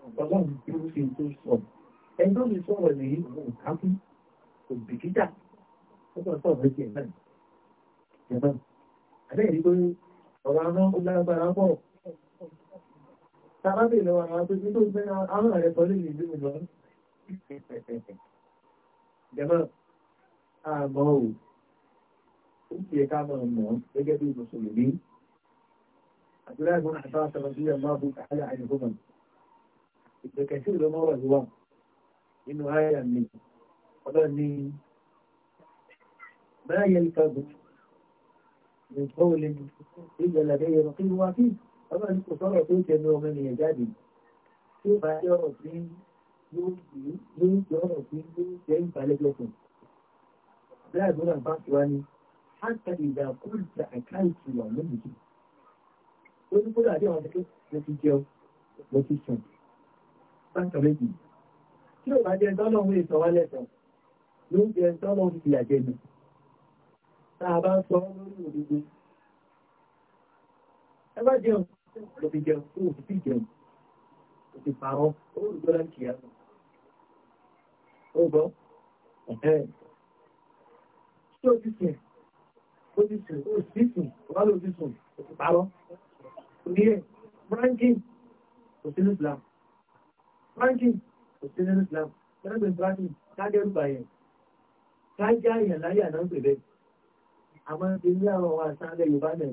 ọlọ́run tí ó fi tó sọ ẹni tó sọ̀rọ̀ nìyí kò káá fún kò bìkítà ó kọ́ sọ̀rọ̀ méjì náà jẹ̀mọ́ àbẹ́ẹ̀ pé ọ̀rọ̀ aná ó lágbára pọ̀ Tàbábì lọ àwọn akẹ́kọ̀ọ́ tó gbé àwọn ààrẹ sọ lè ìlú lọ. Jẹ́mọ́, àmọ́ ò, ó fi ẹ̀ka mọ̀ mọ̀ gẹ́gẹ́ bí Mùsùlùmí. Àdúrà ìgbọ́n àtàwọn àtàwọn sí ọmọ àbú àhálà àyẹ̀kọ́mọ̀. Ìgbẹ̀kẹ̀ sí ìlú mọ́wọ̀ ìwọ̀n nínú àyà mi. Ọlọ́run ní ما يلفظ من قول إلا لديه رقيب وعتيد ọlọ́run ní kò sọ̀rọ̀ tó jẹnu ọmọ ènìyàn jáde tí ó bá jẹ́ ọ̀rọ̀ tí yóò jẹ́ ọ̀rọ̀ tí yóò jẹ́ ìbálẹ́gbẹ̀kùn bí àdúrà bá ti wá ní hátà ìdàkúrìtà àkáǹtì wà lónìí ó ní kódà bí àwọn akẹ́kẹ́ mo ti jẹun mo ti sùn bákan méjì tí ó bá jẹ́ tọ́lọ́run lè sọ wá lẹ́sàn ló ń jẹ tọ́lọ́run ti àjẹnu tá a bá sọ lórí òdodo ẹ bá jẹun ló fi jẹun fún òbí jẹun kò sì parọ́ ó ń gbọ́dọ̀ kì í àná. ó gbọ́ ṣé o ti sìn o ti sìn o sì sìn o bá lọ sí sùn kò sì parọ́ orí ẹ̀ brankin kò sí ní Islam brankin kò sí ní Islam ẹgbẹ́ brankin kájẹ́rù bàyẹ̀ kájẹ́ àyàn náà ń pè bẹ́ẹ̀ àmọ́ ní àwọn àṣà ilẹ̀ Yorùbá náà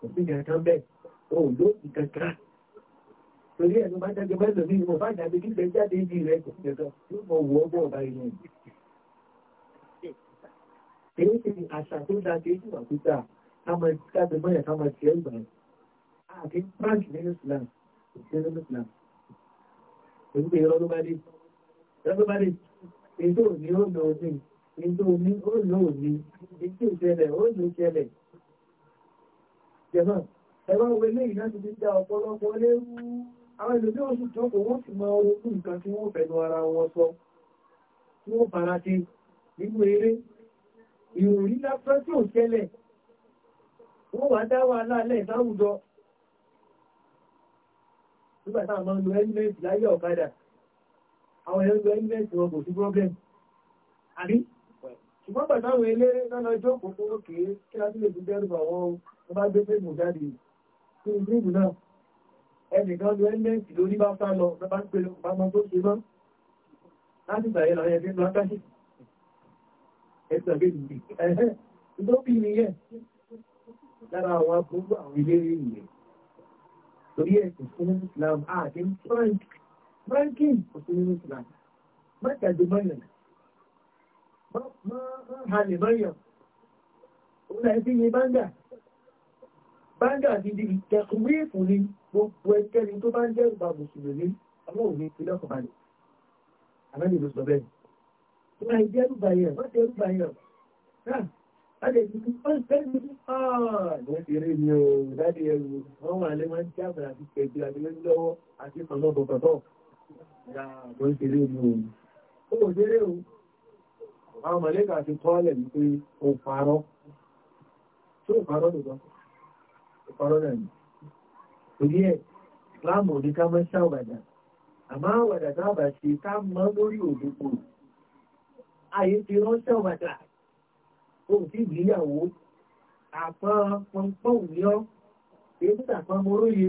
kò sí kankan bẹ́ẹ̀ o ò lóògùn kankan torí ẹ̀ ló bá jáde bẹ́ẹ̀ lómi mo bá jáde kí bẹ́ẹ̀ jáde ibi rẹ̀ kò sí kankan yóò mọ wọ́ bọ́ ọ̀bá inú ẹ̀. èyí ti àṣà tó dáa kí èyí wà pípa káma káàdì mọ́yà káma tiẹ̀ gbà ẹ̀ àti frank nínú Islam kò sí nínú Islam èyí pé irọ́ ló bá dé irọ́ ló bá dé èyí tó ní ó lò ó ní èyí tó jẹ̀mọ́ ẹ̀rọ òwe ní ìdájú ti dá ọ̀pọ̀lọpọ̀ léwu àwọn ìlú oṣù tó kò wọ́n sì máa owó fún nǹkan tí wọ́n ara wọn sọ tí wọ́n bára ti nínú eré ìròyìn lápẹ́ tí ò ṣẹlẹ̀ wọ́n wá dá wà láàlẹ́ ìsáwùjọ nígbà táwọn ṣùgbọ́n pàtàkì eléré lọ́nà ọjọ́ òkùnkùn òkè kí a sílè fún dẹ́rù àwọn ọba gbé fíìmù jáde sí fíìmù náà ẹnìkan lu ẹ́ndẹ́ǹtì lórí bá sá lọ bá ń pèlú bá mọ́ tó ṣe mọ́ láti ìgbà yẹn lọ yẹn fi ń lọ káṣí ẹ̀sọ̀ kejì ẹ̀hẹ́ tó bí nìyẹn lára àwọn agbóngbò àwọn eléré nìyẹn torí ẹ̀sìn fún Islam àti frank frankin òsínú Islam mẹ́tàdínmọ́yàn halè mọ́yàn òun náà fi yin báńgà báńgà di ìtẹ̀kùnwé ìfún ni gbogbo ẹkẹ́ni tó bá ń jẹ́ ìgbà mùsùlùmí ọlọ́run ní ìpínlẹ̀ ọ̀kọ̀balẹ̀ àmẹ́lì ló sọ bẹ́ẹ̀ tó náà jẹ́ ẹrúbà yẹn wọ́n ti ẹrúbà yẹn náà láti ẹ̀sìn tí wọ́n fẹ́ mi ní ààrùn ti rí mi ò láti ẹrù wọ́n wà lé wọ́n àwọn mọ̀lẹ́kà ti kọ́ọ̀lẹ̀ wípé o parọ́ tó parọ́ tó tọ́ o parọ́ náà ni torí ẹ̀ láàmù ní ká mọ́ ṣàwàdà àmọ́ àwàdà tá a bá ṣe ká mọ́ lórí òdòdó ayé ti rán ṣàwàdà o ti gbéyàwó àpọn pọnpọ́n ní ọ́ èyí tó tàpọn mo róye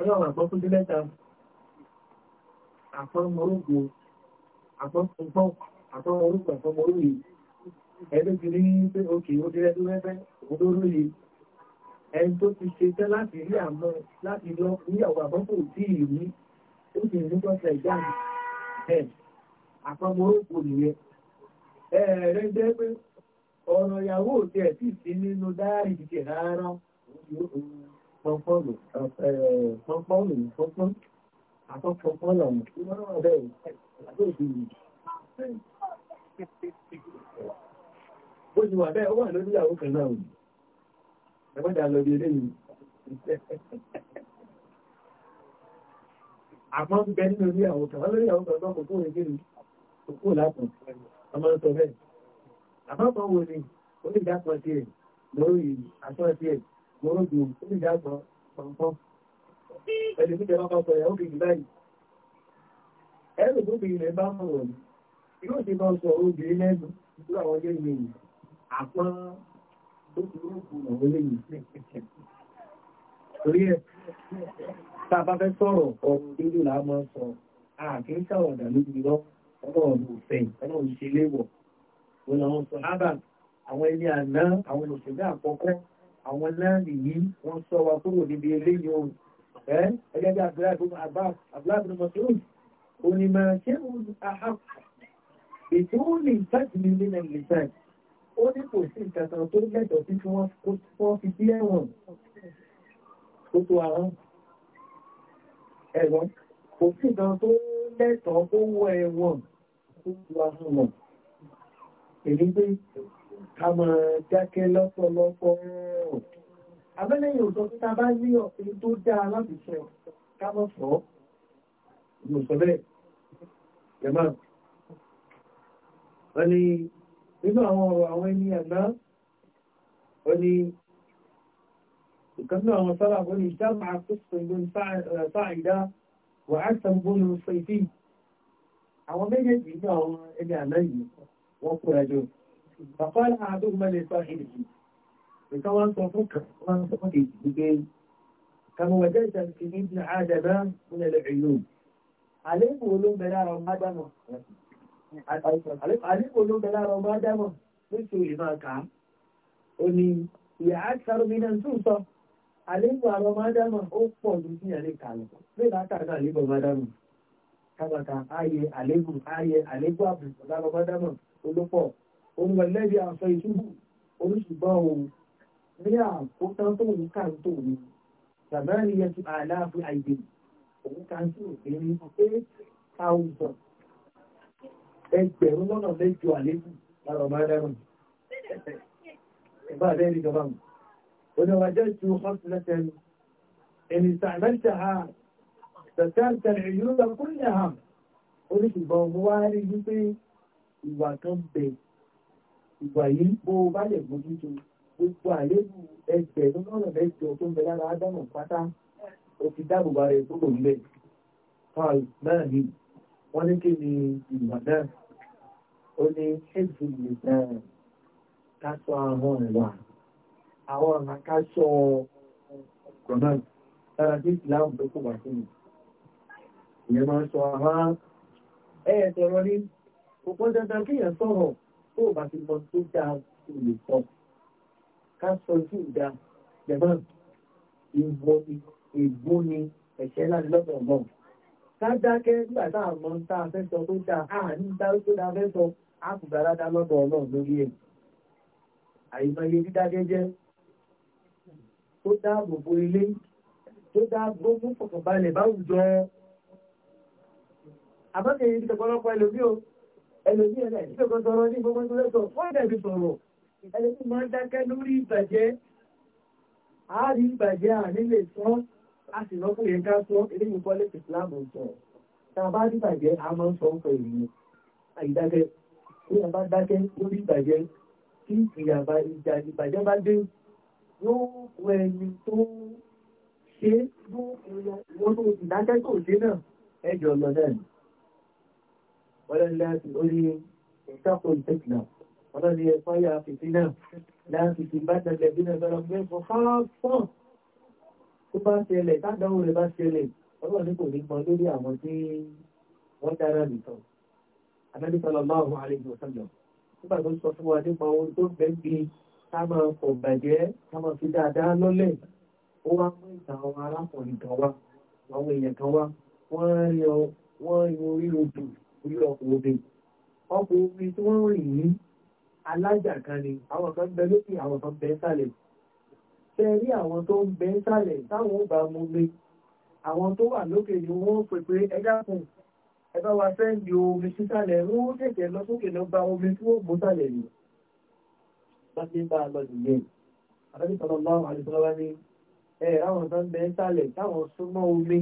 ọlọ́run àpọn fún dé mẹ́ta àpọn mo rógo àtọ́wọ́ orúkọ àtọ́wọ́ orí ẹ̀dọ́ ti rí pé òkè ó ti rẹ́dú rẹ́fẹ́ òdóró yìí ẹni tó ti ṣe tẹ́ láti rí àmọ́ láti lọ níyàwó àbọ́kù tí ì rí ó sì ní kọ́sẹ̀ ìjáàmù ẹ̀ àpamọ́ orúkọ nìyẹn ẹ̀ẹ̀rẹ́ jẹ́ pé ọ̀rọ̀ ìyàwó òtí ẹ̀ sì sí nínú dáárì ìdíje rárá pọ́npọ́nù pọ́npọ́nù pọ́npọ́n àtọ́pọ́npọ́n lọ́wọ́ Ó ti wà bẹ́ẹ̀, ó wà lórí ìyàwó kan náà. Ẹgbẹ́ta lọ bí eléyìí. Àmọ́ ń bẹ nínú orí ìyàwó kan, wọ́n lórí ìyàwó kan náà kò tó rẹ̀ kéré, kò kúrò lápò, ọmọ sọ bẹ́ẹ̀. Àmọ́ kan wo ni, ó lè dápọ̀ sí ẹ̀, lórí aṣọ sí ẹ̀, lórí ìdùn, ó lè dápọ̀ pọ̀npọ̀n. Ẹni tó jẹ́ bá bá sọ ìyàwó yóò ti lọ sọ obìnrin lẹ́nu ìlú àwọn ilé ìwé yìí àpọ́n tó ti rúkú àwọn ilé yìí torí ẹ̀ tá a bá fẹ́ sọ̀rọ̀ ọ̀rọ̀ dúdú là á máa sọ àkíní sáwọn ọ̀dà ló ti lọ ọlọ́run ló fẹ́ ọlọ́run ṣe léwọ̀ wọn làwọn sọ ábà àwọn ilé àná àwọn òṣèlú àkọ́kọ́ àwọn láàrin yìí wọ́n sọ wa kúrò níbi eléyìí ohun ẹ́ ẹgbẹ́ bí abúlé àbúlé àbúlé mọ̀síwò ó ní máa ṣé àhàkù ètí ó lè jáde ní ilé nàìjíríà jáde ó ní kò sí ìkàtà tó lẹ́tọ̀ọ́ sí kí wọ́n fi sí ẹ̀wọ̀n tó tó ara ẹ̀wọ̀n kò sí ìkàtà tó lẹ́tọ̀ọ́ tó wọ ẹ̀wọ̀n tó tó ara wọn èyí pé ká máa dákẹ́ lọ́pọ̀lọpọ̀ abẹ́lẹ́yìn òsọ tí ta bá rí ọ̀pẹ́ tó dáa láti ṣe ká mọ̀ sọ́ ìlú sọ bẹ́ẹ̀ wọ́n ni nínú àwọn ọ̀rọ̀ àwọn ẹni àgbá wọ́n ni ìkànnà àwọn sábà wọ́n ni ìjábà àkóso sáàìdá wà á sàmbónú sẹ́fì àwọn méjèèjì nínú àwọn ẹni àná yìí wọ́n kóra jọ bàbá àádọ́ mẹ́lẹ̀ sọ èdèjì nǹkan wọ́n sọ fún kan wọ́n sọ fún kejì ìtàkì ní ìdí àdàbà nílẹ̀ ẹ̀yọ́ àléébù àwọn mádàmù àdínkù ló bẹ lára ọmọ ádámọ̀ lóṣù ìmọ̀ ká ó ní ìyá àṣàrò mi náà tún sọ àléébù àrọ ọmọ ádámọ̀ ó pọ̀ ju sí ìyàlẹ̀ kàlẹ̀ bẹ́ẹ̀ bá kàkà àléébù ọmọ ádámọ̀ kábàkà ayé àléébù ayé àléébù àbùkù lára ọmọ ádámọ̀ olópọ̀ òun wẹ̀lẹ́bí àṣọ ìṣubú oríṣùgbọ́n òun ní àkótán tó ń kà ń tò ní sàbẹ́rì yẹn ti àlàáfíà ìgbè òun kà ń tò ní eight thousand ẹgbẹ̀rún lọ́nà lẹ́jọ àlékù lára ọmọ ẹlẹ́rùn ìbá rẹ̀ rí gaba oníwàjẹ́ tí ó kọ́ sí lẹ́tẹ̀ẹ́nu ẹni sàmẹ́ta ha tẹ̀tẹ̀ẹ̀tẹ̀ ìlú lọ́kùnrin ha oníṣùgbọ́n mo wá rí wípé ìwà kan bẹ ìwà yìí bó bá lè mójútó gbogbo àlékù ẹgbẹ̀rún lọ́nà lẹ́jọ tó ń bẹ lára ádámù pátá òfin dáàbò rẹ̀ tó kò ń bẹ̀ wọ́n ní kí ni ìmọ̀ náà ó ní ṣéèjì ìlẹ̀ káṣọ àwọn ìwà àwọn ọ̀nà káṣọ ọ̀nà lára tí ìsìláàmù tó kò wà sí mi ìyẹn máa ń sọ àwọn ẹ̀yẹ̀ tẹ̀rọ ní òpó dandan kí èèyàn sọ̀rọ̀ tó bá ti mọ tó dáa tó lè sọ káṣọ tí ò jẹ̀mọ́ ìbò ni ẹ̀ṣẹ̀ láti lọ́sọ̀ọ̀gbọ̀n ká dákẹ́ nígbà tá a mọ̀ tá a fẹ́ sọ tó dáa a ní dáwọ́ tó dáa fẹ́ sọ a kù dára dá lọ́dọ̀ ọlọ́run lórí ẹ̀ àìmọye dídákẹ́ jẹ́ tó dáàbò bo ilé tó dáàbò mú fọ̀kànbalẹ̀ báwùjọ àbákẹ́ yìí ti tọ̀pọ̀lọpọ̀ ẹlòmí o ẹlòmí ẹ̀rẹ̀ tí kò sọ̀rọ̀ ní gbogbo tó lẹ́sọ̀ fún ìdẹ̀bí sọ̀rọ̀ ẹlòmí máa ń dákẹ́ lórí a sì lọ́kùn yẹn ká sọ eléyìí kọ́lé ìsìláàmù sọ tá a bá rí bàjẹ́ a máa ń sọ ń pẹ̀ ìlú àìdákẹ́ tí a bá dákẹ́ lórí ìbàjẹ́ tí ìyàbá ìjà ìbàjẹ́ bá dé yóò kọ ẹni tó ṣe wọ́n tó ìdákẹ́ tó ṣe náà ẹjọ́ lọ náà ni wọ́n lẹ́nu tó bá ń ṣẹlẹ̀ tádánwò rẹ̀ bá ṣẹlẹ̀ ọlọ́run ní kò ní gbọ́n lórí àwọn tí wọ́n dára nìkan anábì sallallahu alaihi wasallam nígbà tó sọ fún wa nípa ohun tó bẹ́ẹ̀ bí ká máa pọ̀ bàjẹ́ ká máa fi dáadáa lọ́lẹ̀ ó wá mú ìta àwọn arákùnrin kan wá àwọn èèyàn kan wá wọ́n rí ọ wọ́n rí orí odò orí ọkọ̀ obì ọkọ̀ tí wọ́n rìn yìí alájà kan ni àwọn kan bẹ lókè àwọn kan bẹ sálẹ̀ tẹ́rí àwọn tó ń bẹ sálẹ̀ táwọn ò bá mú lé àwọn tó wà lókè ni wọ́n pè pé ẹdákùn ẹbá wa fẹ́ ń di omi sísàlẹ̀ wọ́n ó tètè lọ sókè lọ bá omi tí ó gbó sálẹ̀ ni láti bá lọ nìyẹn àdájútọ́lọ́ bá àwọn àdìsọ́lọ́wá ní ẹ̀ ráwọn tó ń bẹ sálẹ̀ táwọn súnmọ́ omi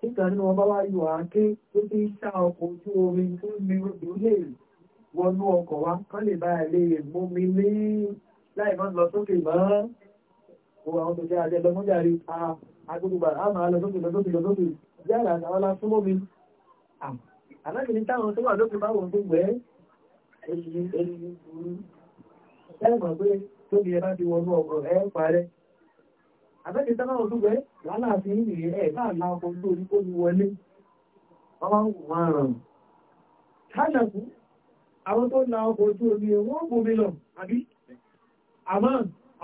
nígbà nínú ọba wá yóò àáké tó ti ń sá ọkọ̀ ojú omi tó ń mi odò lè wọnú ọkọ̀ wa kán lè bá ẹ̀ lè mú mi ní láì má lọ sókè mọ́ gbogbo àwọn tó jẹ́ ajẹ́ lọ mọ́jàrí agbógbà àmà alọ́dókè lọ́dókè lọ́dókè yára àwọn lásúmọ́ mi alágbèrè táwọn tó wà lókè bá wọn gbogbo ẹ́ ẹ̀mọ̀ pé tó bí ẹ bá ti wọnú ọkọ̀ ẹ parẹ́ abẹ́kẹ̀ táwọn tó gbẹ́ wàhálà sí ní ẹ̀ bá la ọkọ̀ lórí kó ní wọlé ọmọ ń wà ràn kájàkú àwọn tó la ọkọ̀ ojú omi wọ́n bomi lọ àbí àmọ́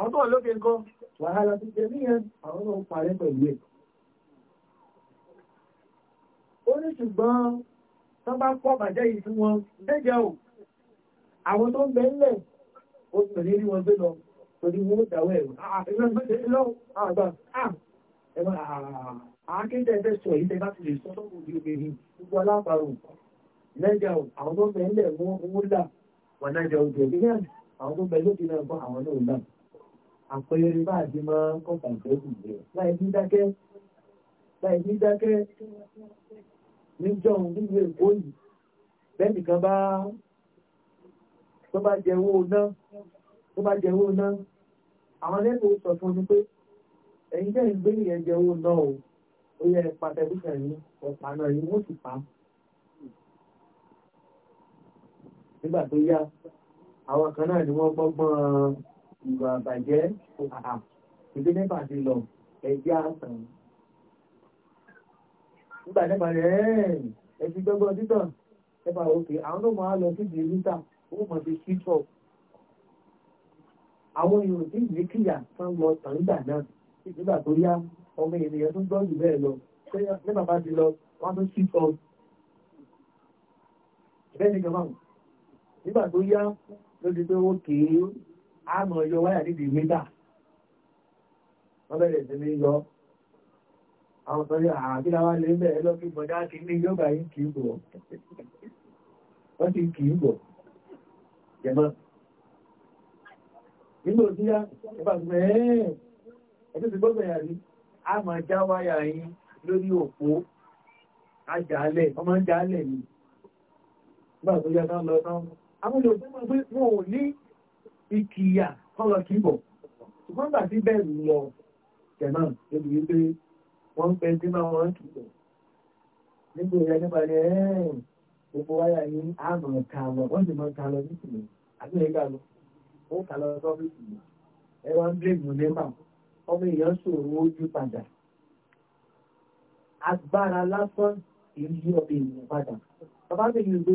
àwọn tó wà lókè nǹkan wàhálà ti jẹ níyẹn àwọn náà parẹ́ pẹ̀lú ẹ̀ ó ní ṣùgbọ́n tán bá pọ̀ bàjẹ́ yìí fún wọn dẹ́jẹ́ ò àwọn tó ń bẹ ó pẹ̀lú rí wọn gbé lọ torí wọn ó dáwọ́ ẹgbẹ́ ah, ah, ah, àwọn tó bẹ lókè náà bọ́ àwọn náà náà àpẹẹrẹ bá àti máa ń kọ́ pàǹtẹ́kù jẹ láì ní dákẹ́ láì ní dákẹ́ níjọ́ nínú èkó yìí bẹ́ẹ̀nì kan bá tó bá jẹ owó náà tó bá jẹ owó náà àwọn ẹ̀kọ́ sọ fún ni pé ẹ̀yin jẹ́ ìgbé ìyẹn jẹ owó náà o ó yẹ pàtẹ́kùsẹ̀ yìí ọ̀pá náà yìí wọ́n sì pa nígbà tó yá àwọn kan náà ni wọ́n gbọ́gbọ́n ìwà àbàjẹ́ àà ìdí nípa ti lọ ẹ̀jẹ̀ àtàn. nígbà nípa rẹ̀ ẹ̀ ti gbọ́gbọ́ títàn ẹ̀fà òkè àwọn náà máa lọ sí di lítà ó mọ̀ sí títọ̀. àwọn èèyàn tí ìlú kìyà kan lọ tàn nígbà náà nígbà tó yá ọmọ ènìyàn tó gbọ́ jù bẹ́ẹ̀ lọ ní bàbá ti lọ wọ́n tó títọ̀. bẹ́ẹ̀ ni kàmáà nígbà tó yá ló di pé ó kéé àmọ̀ yọ wáyà nídi mítà wọ́n bẹ̀rẹ̀ sí ní yọ àwọn sọ yọ àbíláwá lè bẹ̀rẹ̀ lọ kí bọ̀dá kí ní yọ́gbà yìí kì í bọ̀ wọ́n ti kì í bọ̀ jẹ̀mọ́ nígbò tí yá ẹbà mẹ́ẹ̀ẹ́ ẹ̀tọ́ ti gbọ́gbẹ̀ yà rí a máa já wáyà yìí lórí òpó ajálẹ̀ ọmọ jálẹ̀ ni nígbà tó yá tán lọ tán amúlò fún ọgbẹ́ wọn ò ní ìkìyà kọ́lọ̀ kíbọ̀. Ṣùgbọ́n gbà tí bẹ́ẹ̀ lọ tẹ̀mọ́ níbi wípé wọ́n ń pẹ́ tí máa wọ́n kíbọ̀. Nígbà ìyá nípa ni ẹ́ẹ̀ gbogbo wáyà yín àmọ̀ ká lọ, wọ́n sì máa ká lọ ní ìsìn àti ìgbà lọ. Ó ká lọ sọ́fíìsì yìí. Ẹ wá ń bírèmù nípa. Ọmọ èèyàn ṣòro ojú padà. Agbára lásán ìlú ọ̀bẹ ìlú padà. Bàbá mi ní gbé,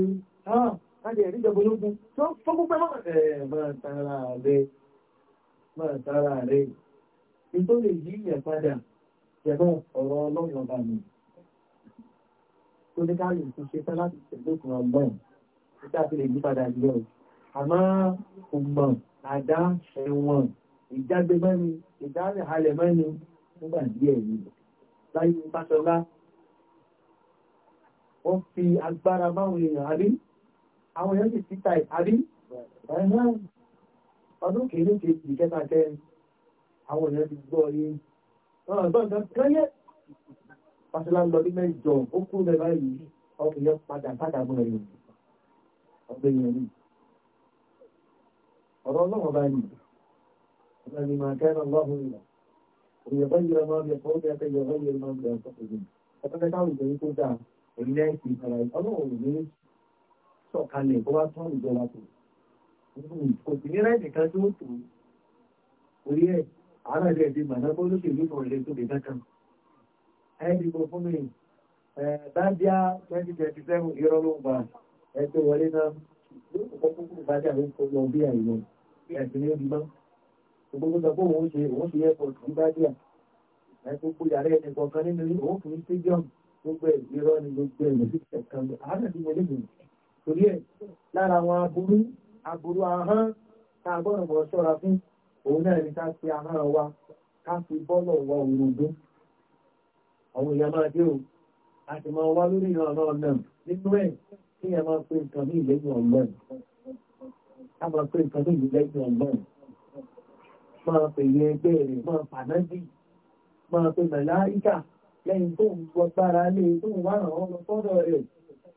láti ẹ̀rí ìjọba ológun tó fún púpẹ́ mọ́ ẹ̀ máa tara rẹ̀ máa tara rẹ̀ tó lè yí ìyẹ̀ padà yẹ̀mọ́ ọ̀rọ̀ ọlọ́run ọba mi tó ní ká lè ṣe tán láti ṣẹ̀dókun ọgbọ́n nígbà tó lè yí padà yọ àmọ́ ọgbọ̀n àdá ẹ̀wọ̀n ìjágbe àwọn èèyàn títà àbí ẹ̀hán ọdún kìíní kejì kẹta kẹrin àwọn èèyàn ti gbọ́ yé ọ̀dọ́ǹkan kẹ́yẹ́ pàṣẹlá lọ ní mẹ́jọ ó kú lẹ báyìí ọkùnrin padà padà mọ́ ẹ̀yìn ọgbẹ̀yìn ẹ̀yìn ọ̀rọ̀ ọlọ́wọ́ báyìí ọ̀rọ̀ ni máa sọ̀kalẹ̀ kó wá tán ìjọba tó kò sí ní láì nìkan tó tó orí ẹ̀ ara ilẹ̀ ti gbàdá bó ló ṣèlú kan ilé tó lè dákan ẹni kò fún mi dájá 2027 irọ́ ló gbà ẹgbẹ́ wọlé náà yóò kọ́ kúkú dájá ló kọ́ lọ bí àìlọ ẹ̀sìn ní ọdún náà gbogbo sọ pé òun ṣe òun ṣe ẹ̀kọ́ torí ẹ̀ lára àwọn aburú aburú ahọ́n tá a gbọ́dọ̀ bọ̀ ṣọ́ra fún òun náà ní ká fi ahọ́n wa ká fi bọ́lọ̀ wọ òrùndún àwọn èèyàn máa dé o a sì máa wá lórí ìran náà náà nínú ẹ̀ kí ẹ máa pe nǹkan ní ìlẹ́yìn ọ̀gbọ́n ká máa pe nǹkan ní ìlẹ́yìn ọ̀gbọ́n máa pè ní ẹgbẹ́ rẹ̀ máa pàdánjì máa pe màláíkà lẹ́yìn tó ń gbọ́ gbára lé e, tó ń wá àwọn ọmọ sọ́dọ̀ rẹ̀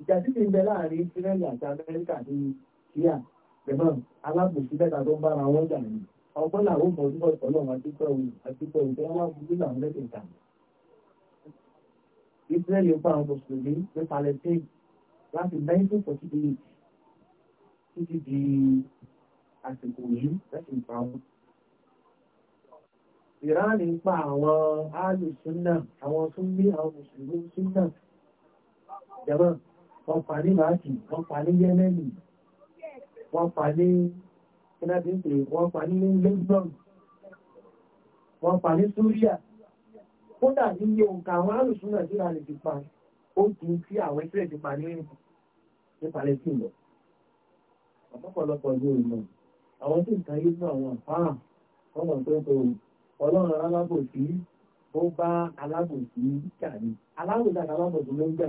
ìjà títí ń bẹ láàrin Ísírẹ́lì àti Amẹ́ríkà àti Kíà pẹ̀lú alábòsí tó ń bára wọn jà ní ọgbọ́n làwọn ọmọ ọdún bọ̀ọ̀tọ̀ lọ́wọ́ àdúgbò àdúgbò ìfẹ́ wọn mú nílò àwọn mẹ́tẹ̀ẹ̀ta Ísírẹ́lì ń pa àwọn mùsùlùmí ní Palestine láti 1948 títí di àsìkò yìí láti ń pa wọn. Ìránì ń pa àwọn áàlù súnnà àwọn súnmí àwọn mùsùlùmí súnnà wọ́n pa ní máàkì wọ́n pa ní yẹ́mẹ́lì wọ́n pa ní kínábíńpé wọ́n pa ní lẹ́gbọ̀n wọ́n pa ní súríà kódà níye òǹkà àwọn arùsùn náà síra lè ti pa ó ju tí àwọn ẹgbẹ́ ti pa ní ní palestine lọ ọ̀pọ̀lọpọ̀ ní ìmọ̀ àwọn tí nǹkan yìí fún àwọn àfáà wọ́n mọ̀ pé kò ọlọ́run alábòsí ó bá alábòsí jà ní alábòsí àti alábòsí ló ń jà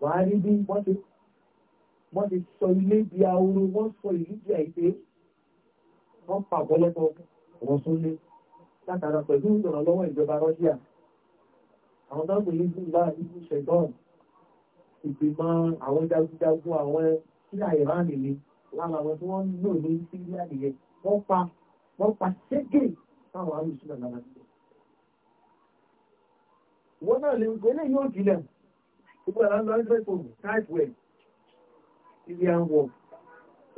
wà á rí bí wọ́n ti wọ́n ti sọ ilé di ahoro wọ́n sọ ìlú di àìpé wọ́n pa ọ̀pọ̀lọpọ̀ wọ́n sún lé látara pẹ̀lú ìrànlọ́wọ́ ìjọba Russia àwọn dáàbò yìí fún ìlà ìlú ṣẹ̀gbọ́n ìgbìmọ̀ àwọn jagunjagun àwọn sílà ìránì ni lára àwọn tí wọ́n ń lò ní síríà nìyẹn wọ́n pa wọ́n pa ségè fáwọn arúgbó sílẹ̀ lára nílẹ̀ wọ́n náà lè gbé lẹ́yìn òjìlẹ̀ Gbogbo àwọn lọ ẹgbẹ́ fún Káìpẹ́, ilé àwọ̀,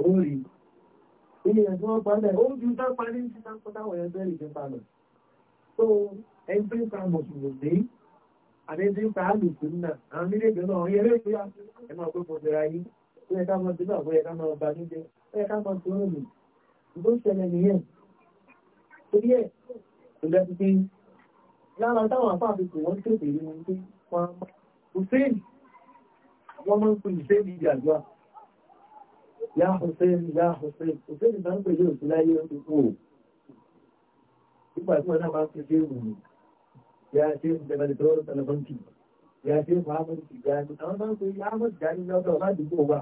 orí, ilé ẹ̀ tí wọ́n pa lẹ̀, ó ju sápa ní ti sápa táwọn ẹ̀ bẹ́ẹ̀ ìjẹ́ pa lọ. So, ẹni tí ń pa Mùsùlùmí, àti ẹni tí ń pa Alùpùpù náà, àwọn méjèèjì náà, ọ̀yẹ́ lè fi ẹ̀ máa pé fòṣèrà yìí, ó yẹ ká máa ti bàbá, ó yẹ ká máa bà níjẹ́, ó yẹ ká máa tó rìn. Ìgbó ṣẹlẹ̀ nìyẹn. Torí ẹ̀, ìjẹ́ ti lára táwọn àpá àfikún wọn tètè rí wọn pé wọ́n á máa Hussein, wọ́n mọ́ ń pè Hussein ìdí àjọ́. Yá Hussein, yá Hussein, Hussein bá ń pè yóò sí láyé ó ti kú o. wọ́n náà ń fi ṣe ìrùn yá ṣe ń bẹ̀rẹ̀ lè tọ́rọ tẹlifọ́ǹkì. Yá ṣe ń Muhammad àwọn máa ń pè yá Ahmad Tijani wa,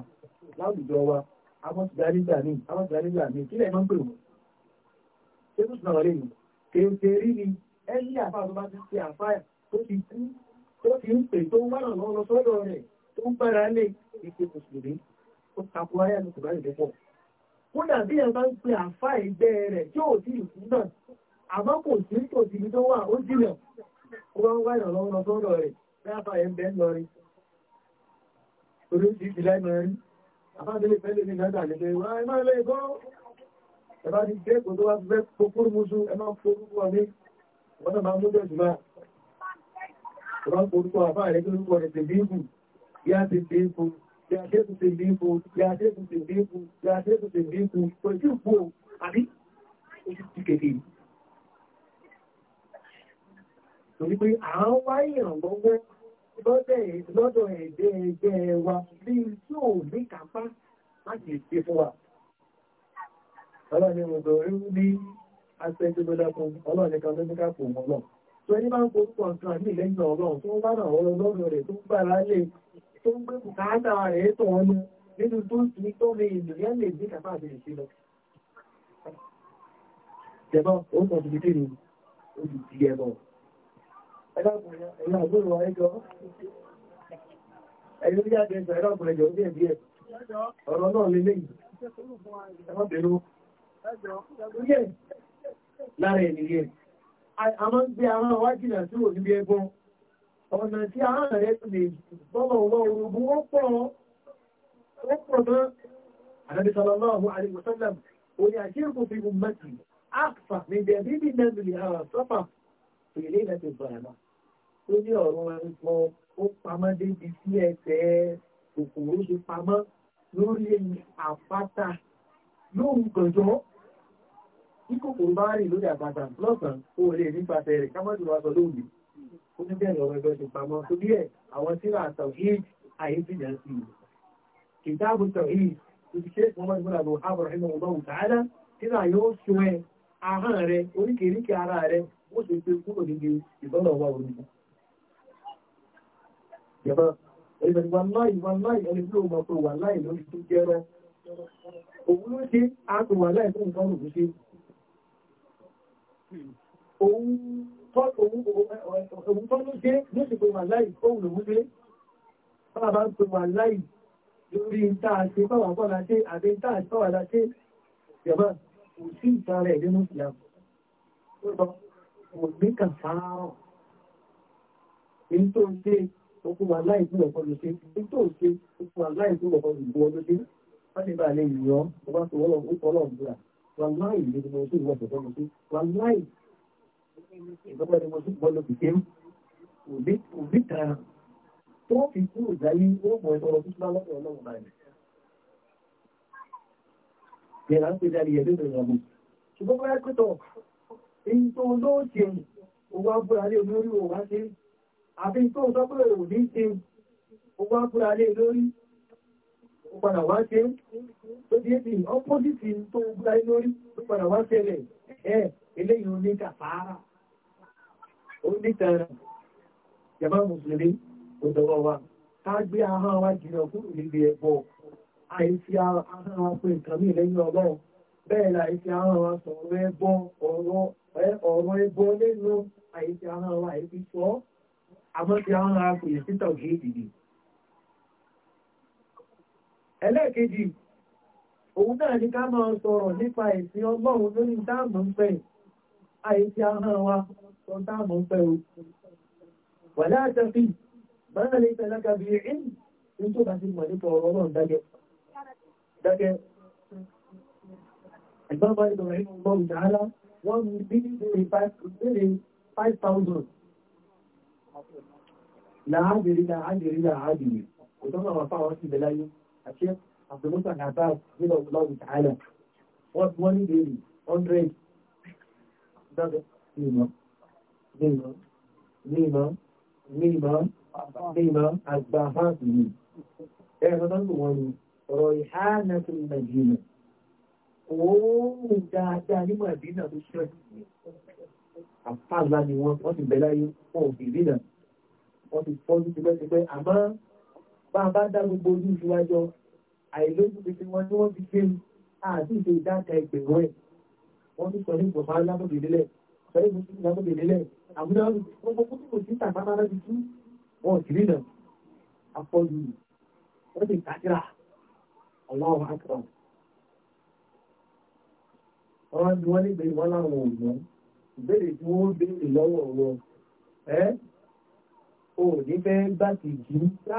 láwùjọ wa, Ahmad Tijani gbà mí, Ahmad Tijani gbà mí, kílẹ̀ máa ń pè tó fi ń pè tó wọ́nà lọ lọ sọ́dọ̀ rẹ̀ tó ń gbára lé ìpè mùsùlùmí ó takò ayé àti kò bá lè dẹ́pọ̀. ó dàbí ẹ̀ bá ń pe àfa ẹgbẹ́ rẹ̀ tí ò tí ì fún náà àmọ́ kò sí tòsí ibi tó wà ó jìnà ó bá ń wá ìrànlọ́wọ́ lọ sọ́dọ̀ rẹ̀ láàbà ẹ̀ ń bẹ́ lọrin. orí ti ti láì mẹ́rin àbádélé fẹ́lẹ́ ní gàdà lè lè wá ẹ máa lè gbọ́ ẹ bá ti gbé kò tó wá fẹ́ kókóró musu ẹ máa fọ́ orúkọ mi wọ́n náà máa mú bẹ́ẹ̀ jù máa ọba orúkọ àbá rẹ̀ tó rúkọ rẹ̀ tẹ̀lébù yá ti tẹ̀lébù yá tẹ́kù tẹ̀lébù yá tẹ́kù tẹ̀lébù yá tẹ́kù tẹ̀lébù pẹ̀lú ìpò àbí oṣù ti kèké torí pé àwọn wáyé ìrànlọ́wọ́ lọ́dọ̀ ẹ̀dẹ́ ẹgbẹ́ wa bí tí ò ní kápá láti ṣe fún wa ọlọ́ni mo bẹ̀rẹ̀ ní aṣẹ́jú lọ́dọ̀ fún ọlọ́ni kan lọ́dọ̀ fún ọlọ́ni tó bá ń gbórúkọ nǹkan ní ìlẹ́yìn ọlọ́run tó ń bá náà ọlọ́ lọ́rọ̀ rẹ̀ tó ń gbà láyé tó ń gbé bùkátà rẹ̀ tó ọnu nínú tó ti tó mi ènìyàn lè ní kàfà àti ìsìn lọ. Ìjọba ó sọ ti kéde olùdí ẹbọ. Ẹ̀yà àgbòrò ẹjọ́ ẹ̀yọ́ bí jáde ẹjọ́ ẹ̀rọ ọ̀pọ̀lẹ̀jọ́ bí ẹ̀bí ẹ̀ ọ̀rọ̀ náà lè léyìn ẹ̀mọ́ bẹ̀rù. Lára ènìyàn a àmọ́ gbé àwọn wájìnà tí ò níbi ẹgbọ́n ọ̀nà tí àwọn rẹ̀ lè bọ́bọ̀ wọ orogún ó pọ̀ ó pọ̀ tán àdàbí sallallahu alaihi wasallam òní àṣírkù fi ummati àkfà níbi ẹbí bí mẹ́rin àwọn sọ́fà fèrè lẹ́tẹ̀ bàrà ó ní ọ̀rọ̀ ẹ̀kọ́ ó pamọ́ débi sí ẹsẹ̀ kòkòrò ṣe pamọ́ lórí àpáta lóhun gànjọ́ tí kòkòrò bá rìn lórí àpáta lọ́sàn-án ó lè nípasẹ̀ rẹ̀ ká mọ́jú wáṣọ lóògbé ó ní bẹ́ẹ̀ lọ́wọ́ ẹgbẹ́ ìpamọ́ tó bí ẹ̀ àwọn tí ra àtọ̀ yìí àyè sì yàn sí i kìtàbù tọ̀ yìí tó ti ṣe é fún ọmọ ìgbọ́nà bò ábọ̀ rẹ̀ mọ̀ ọgbọ́n tààdá tí ra yóò ṣe pé kúrò wà láì lórí fún ṣe òun tó ló jẹ́ ní ṣe pé wà láì òun lòun lé bá bá ń pè wà láì lórí táà ṣe pàwà pọ̀ láṣẹ àti táà ṣe pàwà láṣẹ ìjọba kò sí ìta rẹ̀ nínú ìyàwó òní kan sáárọ̀. Èyí tó ń ṣe okun wà láì fún ọ̀pọ̀ ló ṣe, èyí tó ń ṣe okun wà láì fún ọ̀pọ̀ ló ṣe, wọ́n ti bá lè yọ̀ ọ́, ọba tó wọ́lọ̀ ń kọ́ lọ́ọ̀ wọn láì lè ní ìwọ̀n tẹ̀tẹ̀ mo sí wọn ni mo sí bọ́ọ̀lù kìkẹ́ òbí kan tó fi kú ìdáyé ó mọ̀ ìtọ́rọ tó bá lọ́pọ̀ ọlọ́run báyìí. Yẹ̀rà ń pè dárí ẹ̀dẹ́ ìrìn àbò. Ṣùgbọ́n bá kútọ̀, èyí tó lóò ṣe owó abúralé olórí òwá ṣe, àbí tó sọ́pọ̀ òní ṣe owó abúralé olórí padà wá ṣe tó di èdè ọ́pọ́sìtì tó gbá lórí tó padà wá ṣẹlẹ̀ ẹ̀ eléyìí ní kàfàárà ó ní tẹ̀rẹ̀ jàmá mùsùlùmí kò dọ̀wọ́ wa ká gbé ahọ́n wa jìnnà kúrò níbi àìsí ahọ́n wa pé nǹkan mí lẹ́yìn bẹ́ẹ̀ la àìsí ahọ́n wa ọ̀rọ̀ ẹlẹ́ẹ̀kejì òun náà ní ká máa sọ̀rọ̀ nípa ẹ̀sìn ọlọ́run lórí dáàmù ń pẹ̀ àìsí ahọ́n wa sọ dáàmù ń pẹ̀ o wà láàtẹ́fì bọ́nà lè tẹ̀lé kàbí ìrìn ní tó bá ti mọ̀ nípa ọ̀rọ̀ náà dágẹ́ dágẹ́ ẹ̀gbọ́n bá ìdọ̀rọ̀ ìrìn mọ́ ìdáhálá wọ́n láàbìrí láàbìrí láàbìrí kò tọ́nà fáwọn sí ìbẹ̀láyé àṣẹ àbúrúkọ nàbà nílò lọ́wọ́ ìtàlẹ̀ wọ́n wọ́n ní bèèrè hundred dọ́dọ̀ mímọ́ mímọ́ mímọ́ mímọ́ mímọ́ àgbà fáàkì mi ẹ̀rọ tó ń lò wọ́n ni ọ̀rọ̀ ìhá náà oh, ń nàìjíríà oòrùn dáadáa ní màdínà tó ṣẹ́ àpáàlá ni wọ́n wọ́n ti bẹ̀lá yìí wọ́n oh, bèèrè náà wọ́n ti fọ́ sí tipẹ́tipẹ́ àmọ́ bá a bá dá gbogbo ojú ìṣúwájọ́ àìlójú títí wọn tí wọ́n ti gbé àti ìṣe ìdáka ẹgbẹ̀rún ẹ̀ wọ́n tún sọ ní ìgbọ̀nmọ́ alábòdèlélẹ̀ sọ ní ìgbọ̀nmọ́ alábòdèlélẹ̀ àbúrò gbogbo kúkú kò sí tàbátà láti tú wọn ò kìrì náà apọ́jú wọ́n ti kájírà ọlọ́run akọ̀rọ̀ ọ̀rọ̀ ni wọ́n nígbè wọ́n láwọn òògùn ìbéèrè tí wọ́n béèrè lọ́wọ́ wọn ò ní fẹ́ gbà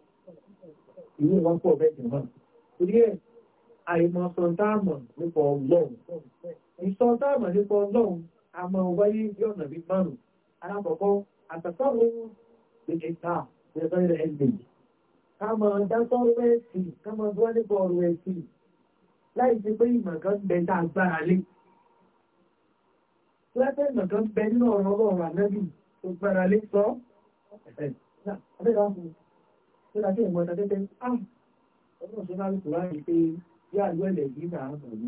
ìwé wọn pọ̀ bẹ́ẹ̀ jù náà torí ẹ̀ àìmọ̀ sọ̀tàmọ̀ nípa ọlọ́run ìsọ̀tàmọ̀ nípa ọlọ́run a máa wáyé bí ọ̀nà bí márùn alákọ̀ọ́kọ́ àtàkọ́rọ̀ ìgbà ìrẹ̀lẹ̀ ẹgbẹ̀ ká máa dásọ́rọ̀ ẹ̀sìn ká máa bọ́ nípa ọ̀rọ̀ ẹ̀sìn láì ṣe pé ìmọ̀ kan bẹ tá a gbára lé lẹ́pẹ́ ìmọ̀ kan bẹ nínú ọ̀rọ̀ ọlọ́run ànábì tó gbára lé sọ ẹ̀ẹ́ nígbà tí ìwọ ẹ̀ta tẹ́tẹ́ ah ọdún ọ̀sán láti kùrá yìí pé yá àlú ẹ̀lẹ̀ yìí nà á mọ̀ ní.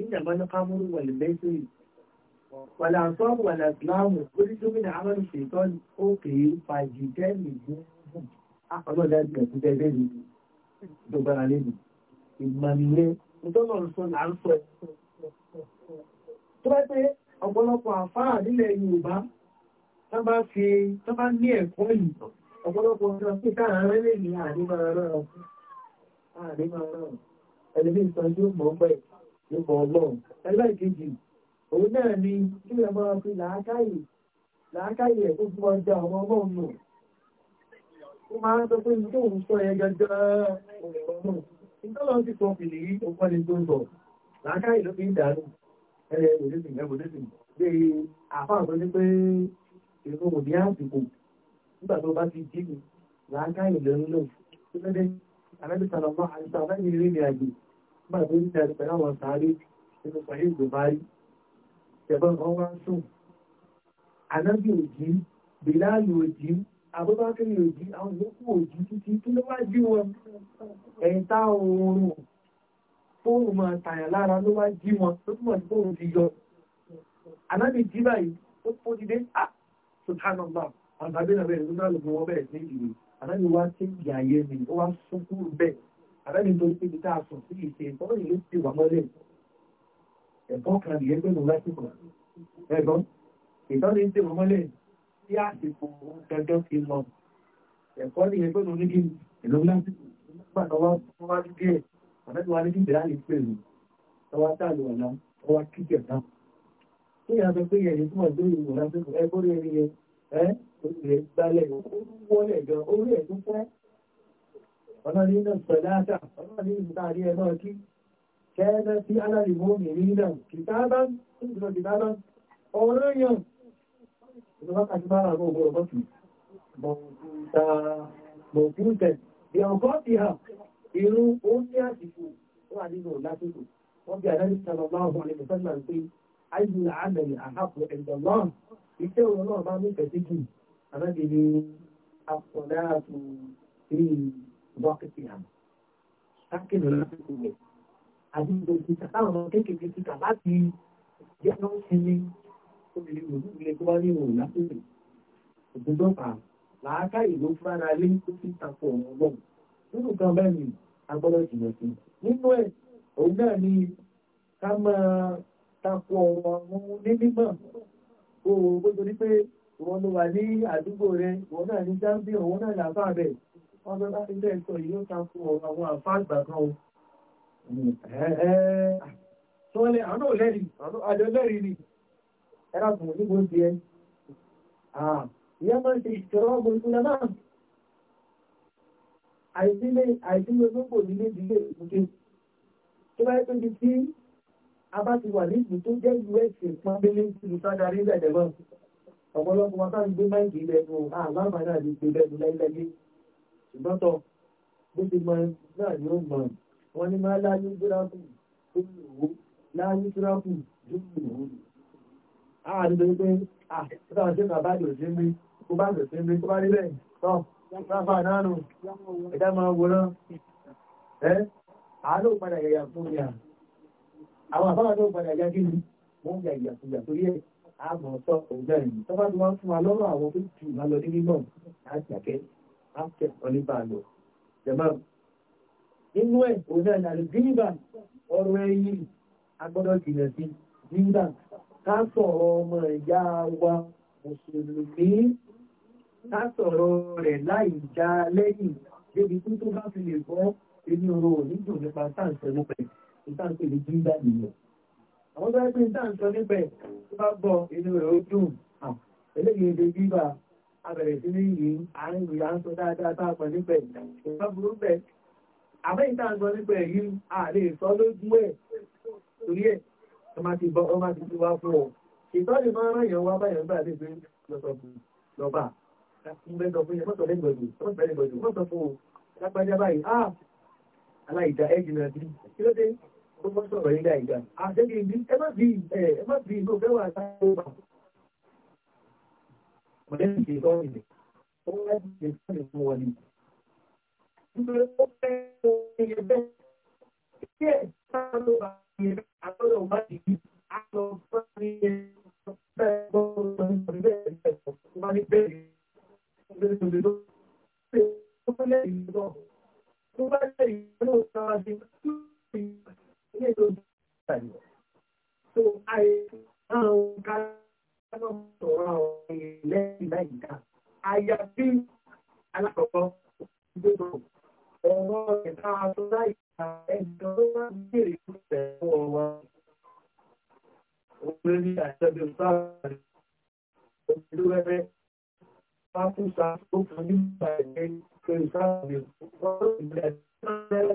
ìjà máa ń ká múrú wà lẹ́sẹ̀ wàlà àtọ́mù wàlà ìsìláàmù orí gómìnà amadu ṣètọ́ òkè fàjìjẹ́ nìyí ọlọ́dà ìgbẹ̀kú tẹ́tẹ́ ni ìjọba lẹ́nu ìmọ̀nìyẹ nítorí ọ̀sán là ń sọ tó bá pé ọ̀pọ̀lọpọ̀ àfáà nílẹ̀ Yorùbá tó bá ní ẹ̀kọ́ ọ̀pọ̀lọpọ̀ ọjọ́ sí káàárẹ̀ lè ní àdímára rọrùn àdímára rọrùn ẹlẹ́bí yóò mọ̀ pẹ̀ yóò mọ̀ ọlọ́run ẹlẹ́ẹ̀kejì òun náà ni kí ẹ máa fi làákàyè làákàyè tó fún wọn jẹ àwọn ọmọ ọ̀nà ó máa ń sọ pé ní tóun sọ ẹ gẹ́gẹ́ ọ̀nà ìtọ́lọ́ ti sọ fìlì yìí ó kọ́ni tó ń bọ̀ làákàyè ló fi ń dàrú ẹ̀rẹ̀ ẹ̀bùdẹ́sìn ẹ̀bùdẹ́sìn bí àfáà tó ní pé ìrùn òní àsìkò nígbà tó bá ti jí mi làákà ìlú ńlò tó fẹ́ dé anábìsàlọ́ bá àìsàn láti rí ní àjò nígbà tó ń tẹ̀lé pẹ̀lú àwọn sáré nínú pẹ̀lú ìgbòmárí ẹ̀bọ́n kan wá sùn anábì òjì bìláàlì òjì abúbákẹ́lì òjì àwọn ìlókù òjì títí tó ló wá jí wọn ẹ̀ta oòrùn fóòrùn máa tààyà lára ló wá jí wọn tó túnmọ̀ sí fóòrùn ti yọ anábì jí báyìí ó tó ah sùkánà náà àtàbí náà bẹ̀rẹ̀ nígbà lòpọ̀ wọn bẹ̀rẹ̀ sí ìlú àdáni wá sí ìyà ayé mi ó wá sún kúrò bẹ́ẹ̀ àdáni tó ti ti táà sùn sí ìṣe ìtọ́rọ̀ yìí ló ti wà mọ́lẹ̀ ẹ̀kọ́ kan nìyẹn pẹ̀lú lásìkò ẹ̀gbọ́n ìtọ́ni ti wà mọ́lẹ̀ tí àsìkò gẹ́gẹ́ fi lọ ẹ̀kọ́ nìyẹn pẹ̀lú níbi ìlú lásìkò nígbà tó wá fún wá díẹ̀ àdáni wá níbi ìlà yìí pẹ̀lú ọwá táàlù ọ̀la ọwá kíkẹ̀ náà. Ní ìyàtọ̀ pé yẹ̀yẹ̀ fún ọ̀dọ́ ìwòrán tó ẹgbórí ẹni yẹn ẹ́ òṣèré gbalẹ̀ wọlé gan orí ẹ̀ tún fẹ́ ọ̀nà ní iná sọ̀dáàtà ọ̀nà ní ìtàrí ẹ̀ náà kí kẹ́ẹ̀ẹ́nà sí alárìmọ́ mìírí náà kìtàbá ìjọ kìtàbá ọ̀rọ̀ yàn ìjọba kàtí bára àwọn ògbò ọ̀gọ́ kì mọ̀kúntẹ̀ bí ọkọ̀ ti hà irú ó ní àsìkò wà nínú lásìkò wọ́n bí adájú sọ̀rọ̀ máa wà nínú sọ́nà pé ayé àmẹ́lẹ̀ àhàpọ̀ ẹ̀dọ̀ náà iṣẹ́ òun náà bá ní pẹ̀síkì àmẹ́bìrì àpọ̀dáàtù sí bọ́kìtì àmọ́ sákìlì lásìkò rẹ̀ àti ìdòkì táwọn ọmọ kékeré ti kà láti jẹ́ lọ́ sinmi obìnrin òun lè kó wá ní òun lásìkò òdodo pa làákà ìlú fúnra lé tó fi tako ọ̀rọ̀ lọ nínú kan bẹ́ẹ̀ ni agbọ́dọ̀ jìnnà sí nínú ẹ̀ òun náà ni ká máa tako ọ̀rọ̀ àwọn onímọ̀ O gbogbo ní pé wọ́n ló wà ní àdúgbò rẹ̀ wọ́n náà ní jámbí ọ̀wọ́n náà làbá rẹ̀ wọ́n bẹ́ bá ilé ẹ̀kọ́ yìí ó tako ọ̀rọ̀ àwọn àfá àgbà kan o tó àánú lẹ́rì àjọ lẹ́rì ni ẹ̀rọ kùn níbo ti ẹ ìyá máa ń ṣe ìṣòro náà àìsílẹ̀ àìsílẹ̀ nílé ìdílé tó bá yẹ a bá ti wà nílùú tó jẹ́ ìlú ẹ̀sìn pọ́nbélé ìlú sádàrí bẹ̀rẹ̀ mọ́ ọ̀pọ̀lọpọ̀ wọn sáré gbé máìkì lẹ́nu àlámà náà lè gbé lẹ́nu láíláyé ṣùgbọ́n tọ́ bó ti mọ náà ni ó mọ̀ wọn ni máa láyé gíráfù tó lù wó láyé gíráfù tó lù wó. àwọn àdúgbò pé àtúntà ṣe bàbá yóò ṣe ń rí kó bá yóò ṣe ń kó bá rí bẹ́ẹ̀ tọ́ ráfà náà nù ẹ̀dá máa wòran ẹ́ àálò padà yẹ̀yà fún mi à àwọn àbára tó padà já kí ni wọ́n gba ìyàkúyà torí ẹ̀ àmọ̀ sọ ọ̀gbẹ́ yìí tó bá ti wá fún wa lọ́rọ̀ àwọn tó jù wá lọ nínú náà á jàkẹ́ á kẹ́kọ̀ọ́ nípa àlọ́ jẹ̀mọ́ inú ẹ̀ òun náà ní àlùgínìbà ọ̀rọ̀ ẹ̀yìn agbọ́dọ̀ jìnà sí nígbà ká sọ̀rọ̀ ọmọ ìyá wa mùsùlùmí ká sọ̀rọ̀ rẹ̀ láì já lẹ́yìn débi tó bá fi lè bọ́ inú oró onídùn nípa sáǹsẹ̀ ìtànkì ní jíńdà nìyẹn àwọn tó yẹ pé ìtànkì níbẹ̀ tó bá gbọ́ inú rẹ̀ ó dùn eléyìí ìdè bíbà abẹ̀rẹ̀ sí ní yìí àárín ìrìn àńsọ dáadáa tá a pọ̀ níbẹ̀ ìgbà burú bẹ̀ àmọ́ ìtànkì níbẹ̀ yìí a lè sọ lójú ẹ̀ torí ẹ̀ tó máa ti bọ́ ọ máa ti ti wá fún ọ ìtọ́jú máa ràn yàn wá báyàn gbà lè gbé lọ́sọ̀kù fún yẹn mọ́tò lẹ́gbẹ̀dù mọ́tò fún ọ lápájá ah aláìjà ẹ̀ jìnnà sí kí ló ó mọ́ sọ̀rọ̀ ilé àìgbà àtẹ́bí ibi ẹ má fi ẹ má fi ìlú fẹ́ wà sáyé wà. mọ̀lẹ́bí ti sọ ìlẹ̀ ó wá ìlẹ̀ sọ̀rọ̀ fún wọn ni. nítorí ó fẹ́ kó iye bẹ́ẹ̀ kí ẹ̀ sáà ló bá iye àtọ́lọ̀ wá ìdí àtọ̀ fún mi ẹ̀ bẹ́ẹ̀ kó sọ̀rọ̀ bẹ́ẹ̀ bẹ́ẹ̀ kó wá ní bẹ́ẹ̀ bẹ́ẹ̀ tó lè lọ sí ẹ̀ tó fẹ́ lẹ́yìn lọ tó bá lẹ́yìn lọ́wọ́ sára sí i ilé tó dé ìgbàlẹ̀ tó àìsàn àwọn kárọ̀ sọ̀rọ̀ àwọn ilẹ̀ ìlà ìdá àyàfi alákọ̀ọ́kọ́ gbogbo ọ̀rọ̀ ìta àtúndá ìta ẹ̀jọ̀ ló máa ń béèrè fún ẹ̀fọ́ wa. Òpin ní àjọyọ̀ sáà òṣèlú rẹ̀ bá fún sa ó fún nígbà ẹ̀jẹ̀ kẹrìsà rẹ̀ wọ́n ìgbà ẹ̀jẹ̀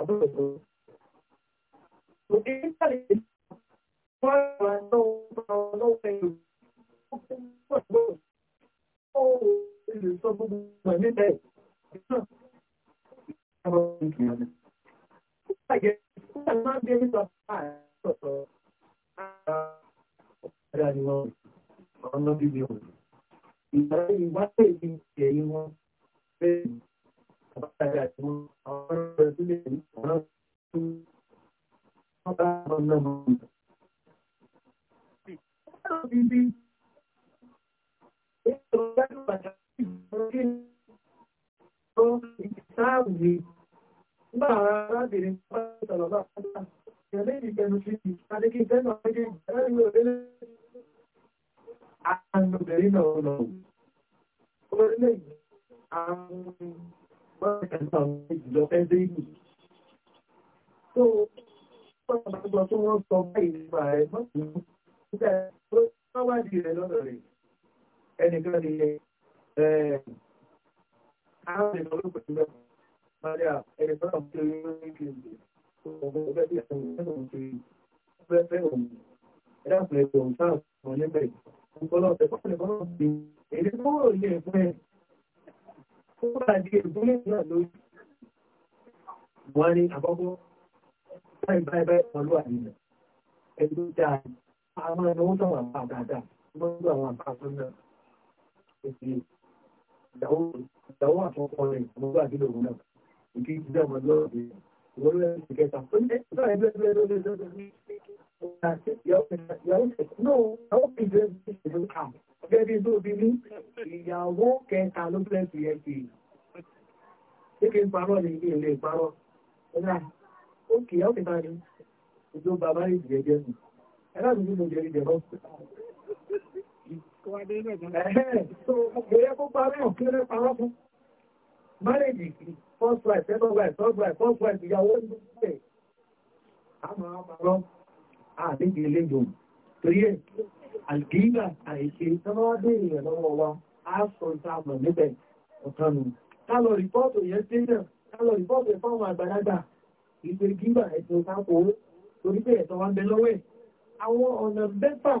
adulto. Ọ̀nà bíbí ọ̀nà. Ìgbà yìí wá pè ní ẹ̀yìn wọn. Bẹ́ẹ̀ni báyìí àti wọn àwọn ọ̀rọ̀ tó lè ní ọ̀rọ̀ Ẹnìkan ni àwọn ìrìnàlò pẹ̀lú ẹ̀kọ́, Maria, ẹni tó ń tẹ́lẹ̀ ní ìgbìyànjú, ọgbọ̀n ọgbẹ́ bí ẹ̀sùn ìrìnàlò ti fẹ́ fẹ́ òun, ẹ̀dá pẹ̀lú ẹ̀kọ́ òun sáà kóra di ìgbóni náà lórí wọ́n ní àkọ́kọ́ báyìí báyìí báyìí pẹ̀lú àníyàn ẹgbẹ́ dáa àwọn ẹni wọ́n sọ̀rọ̀ àpá dáadáa wọ́n gbọ́ àwọn àpá tó náà èsì ìdáwó àtọ́kọ́ rẹ̀ wọ́n gbà òun náà ìdí ìdí ọmọ lọ́ọ̀dẹ̀ wọ́n lọ́ọ̀ ti kẹta ó ní ẹgbẹ́ ẹgbẹ́ ẹgbẹ́ lórí ẹgbẹ́ Gẹ́gẹ́ bí tó bí ní ìyàwó kẹta ló fẹ́ fi ẹ sí. Ṣé kí n parọ́ ní ilé ilé ìparọ́? Ẹ̀dá, ó kì í ọ́kìta ni, ìjọ bàbá rí ìjẹ́ jẹ́ nù. Ẹ̀dá mi ní mo jẹ́ ìjẹ́ lọ. Ẹ̀hẹ́ tó gbèrè kó parí òkèrè parọ́ fún. Márèjì first wife, second wife, third wife, first wife, ìyàwó ń bẹ̀rẹ̀. Àmọ́ àmọ́ àrọ́ àdéjì ilé ìjọ torí ẹ̀ àgbígbà àìṣe tọ́lá dèrè rẹ̀ lọ́wọ́ wa á sọ ìtààmà níbẹ̀ ọ̀tánù kálọ̀ rìpọ́ọ̀tù yẹn tí náà kálọ̀ rìpọ́ọ̀tù fáwọn àgbàlagbà ìgbé gígbà ẹ̀sìn ìtàkò torí pé ẹ̀tọ́ wa ń bẹ lọ́wọ́ ẹ̀ àwọn ọ̀nà mẹ́fà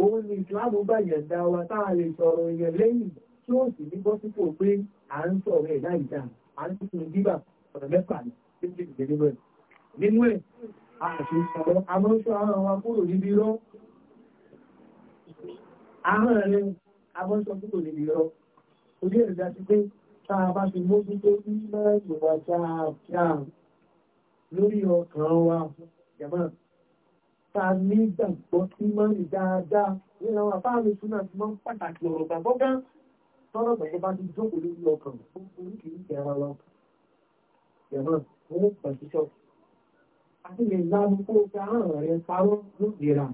òun ni ìsìláàmù bá yẹ̀ǹda wa tá a lè sọ̀rọ̀ yẹn lẹ́yìn tí ó sì ní bọ́ sípò pé à ń sọ̀rọ̀ ẹ̀ láì dáa à ń tuntun gígbà ọ̀nà mẹ́fà ní tí ó ti dìde nínú ẹ̀ nínú ẹ̀ àti ìsọ̀rọ̀ amọ́ṣọ́ ara wa níbi rọ́ àwọn ẹ̀rẹ́ abọ́sọ tó lè lè rọ orí ẹ̀rẹ́ dájú pé tá a bá fi mójú tó ní mẹ́rin wà dáadáa lórí ọkàn wa jẹ̀mọ́ ta ní gbàgbọ́ sí mẹ́rin dáadáa nínú àwọn afáàmì súnà tí wọ́n pàtàkì ọ̀rọ̀ gbàgbọ́ gan tọ́rọ̀ gbàgbọ́ bá ti jókòó lórí ọkàn fún oríkèéríkèé ara lọ jẹ̀mọ́ owó pẹ̀síṣọ́ àti lè lánú kó o fi ahọ́n rẹ̀ parọ́ lóde rà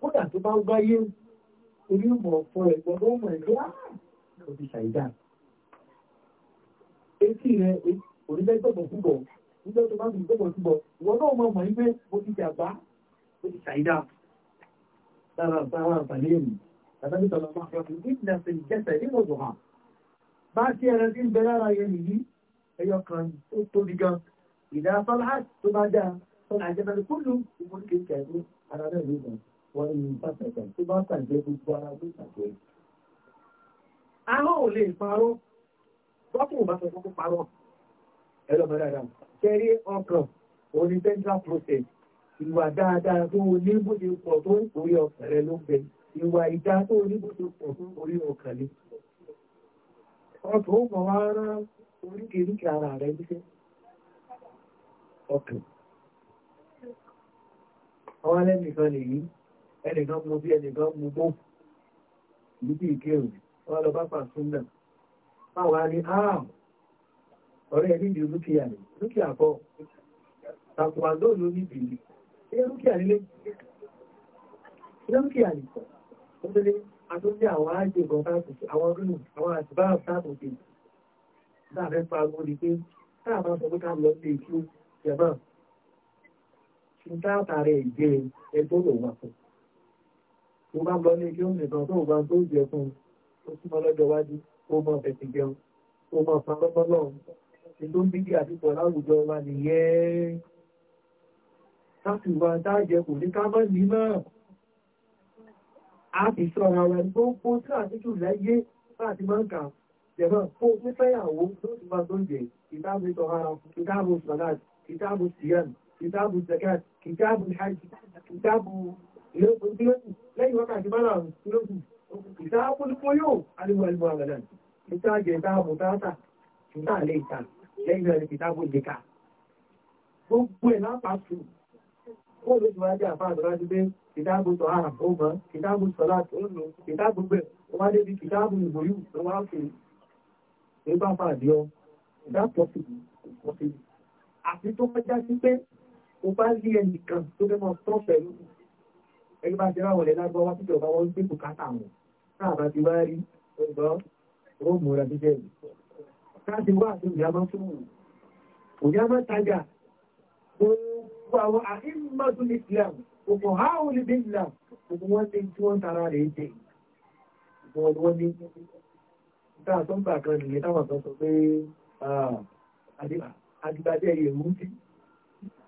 kódà tó bá ń gbáyé orí ọmọ ọ̀pọ̀ ẹ̀gbọ́n ọmọ ẹ̀gbọ́n náà ah! ti ṣàìdá. Etí rẹ̀ onígbẹ́gbọ̀gbọ̀ púpọ̀ nígbà tó bá ti gbọ́gbọ̀ púpọ̀ ìwọ́n náà mọ̀ mọ̀ wípé mo ti jàgbá ó ti ṣàìdá. Lára àbára àbálẹ́ èmi, bàbá mi sọ̀rọ̀ máa fi ìdílé ṣe ìjẹsẹ̀ nínú ọ̀dọ̀ hàn. Bá ti ẹran tí ń bẹ lára yẹn nìyí, ẹyọ kan tó tóbi gan. Ìdá Fọláhà tó bá dáa, Fọláhà jẹ́ wọ́n ní bàtàkà tó bá tàjẹ́ gbogbo ara ló tàjẹ́. Ahọ́n ò lè parọ́, bọ́pù ò bá fẹ́ kókó parọ́. Ẹ lọ bá dáadáa. Kẹ́rí ọkàn orí central process ìwà dáadáa tó ní bóde pọ̀ tó orí ọkàn rẹ ló ń bẹ. Ìwà ìdá tó ní bóde pọ̀ tó orí ọkàn rẹ. Ọkàn ó wá rán oríkèéríkèé ara rẹ níṣẹ́. Ọkàn. Àwọn alẹ́ nìkan lè yí ẹnìkan mú bí ẹnìkan mú bó níbi ìkẹrù wọn lọ bá pàṣún náà báwa ni áàmù ọ̀rẹ́ ẹni ìdí dúkìá ni dúkìá bọ̀ tàkùwàndó ló ní ìbìlì ilé dúkìá nílé ilé dúkìá ní ó tẹ́lẹ̀ àtúndí àwọn àjẹ́gbọ̀n táàkùnkì àwọn rúnù àwọn àtìbáà táàkùnkì láàrẹ pàgbó ní pé táàbá sọ pé káàmù lọ sí ìkú jẹ̀mọ́ ṣùgbọ́n táàtà rẹ̀ jẹ́ tó bá lọ ní kí ó nìkan tó bá tó jẹ fún ó súnmọ́ lọ́jọ́ wájú ó mọ fẹ̀sì jẹun ó mọ fanọ́fọ́ lọ́hùn ní tó ń bí àti pọ̀ láwùjọ wa nìyẹn láti wà dájẹ kò ní ká mọ́ ní náà a ti sọ ara wa tó kó tí àtijọ́ láyé láti zakat ìtàbí hajj ìtàbí ìlókun tí ó kù lẹ́yìn wákàtí bá láàrùn tí ó kù ìsáàpùlùpọ̀ yóò alúgbàlùmọ̀ àgbàdàn ìtàjẹ̀ ìtààbò tààtà ìtààlẹ̀ ìta lẹ́yìn rẹ̀ ìtààbò ìdíkà gbogbo ẹ̀ lápapù ó ló ti wá jẹ́ àfáà tó rájú pé ìtààbò tọ́ àrà ó mọ́ ìtààbò sọ́lá tó ń lò ìtààbò gbẹ̀ ó wá débi ìtààbò ìgbòyù tó wá fi ní bá fà dí ọ ìdápọ̀ sí pé ó bá lé ẹnìkan tó fẹ́ mọ́ tọ́ pẹ̀lú ẹgbẹ́ bá ti ráwọ̀ lẹ́ lágbọ́ wá títọ̀ bá wọ́n ń pèpò káta wọn sáàbà ti wá rí ọgbọ́ ó múra jíjẹ́ rí káàtì Islam gbogbo háhùn ní bí Islam gbogbo wọ́n ti tí wọ́n tara rẹ̀ jẹ́ gbogbo wọ́n ní ìta àtọ́mbà kan nìyẹn táwọn kan ah, ìrùn tí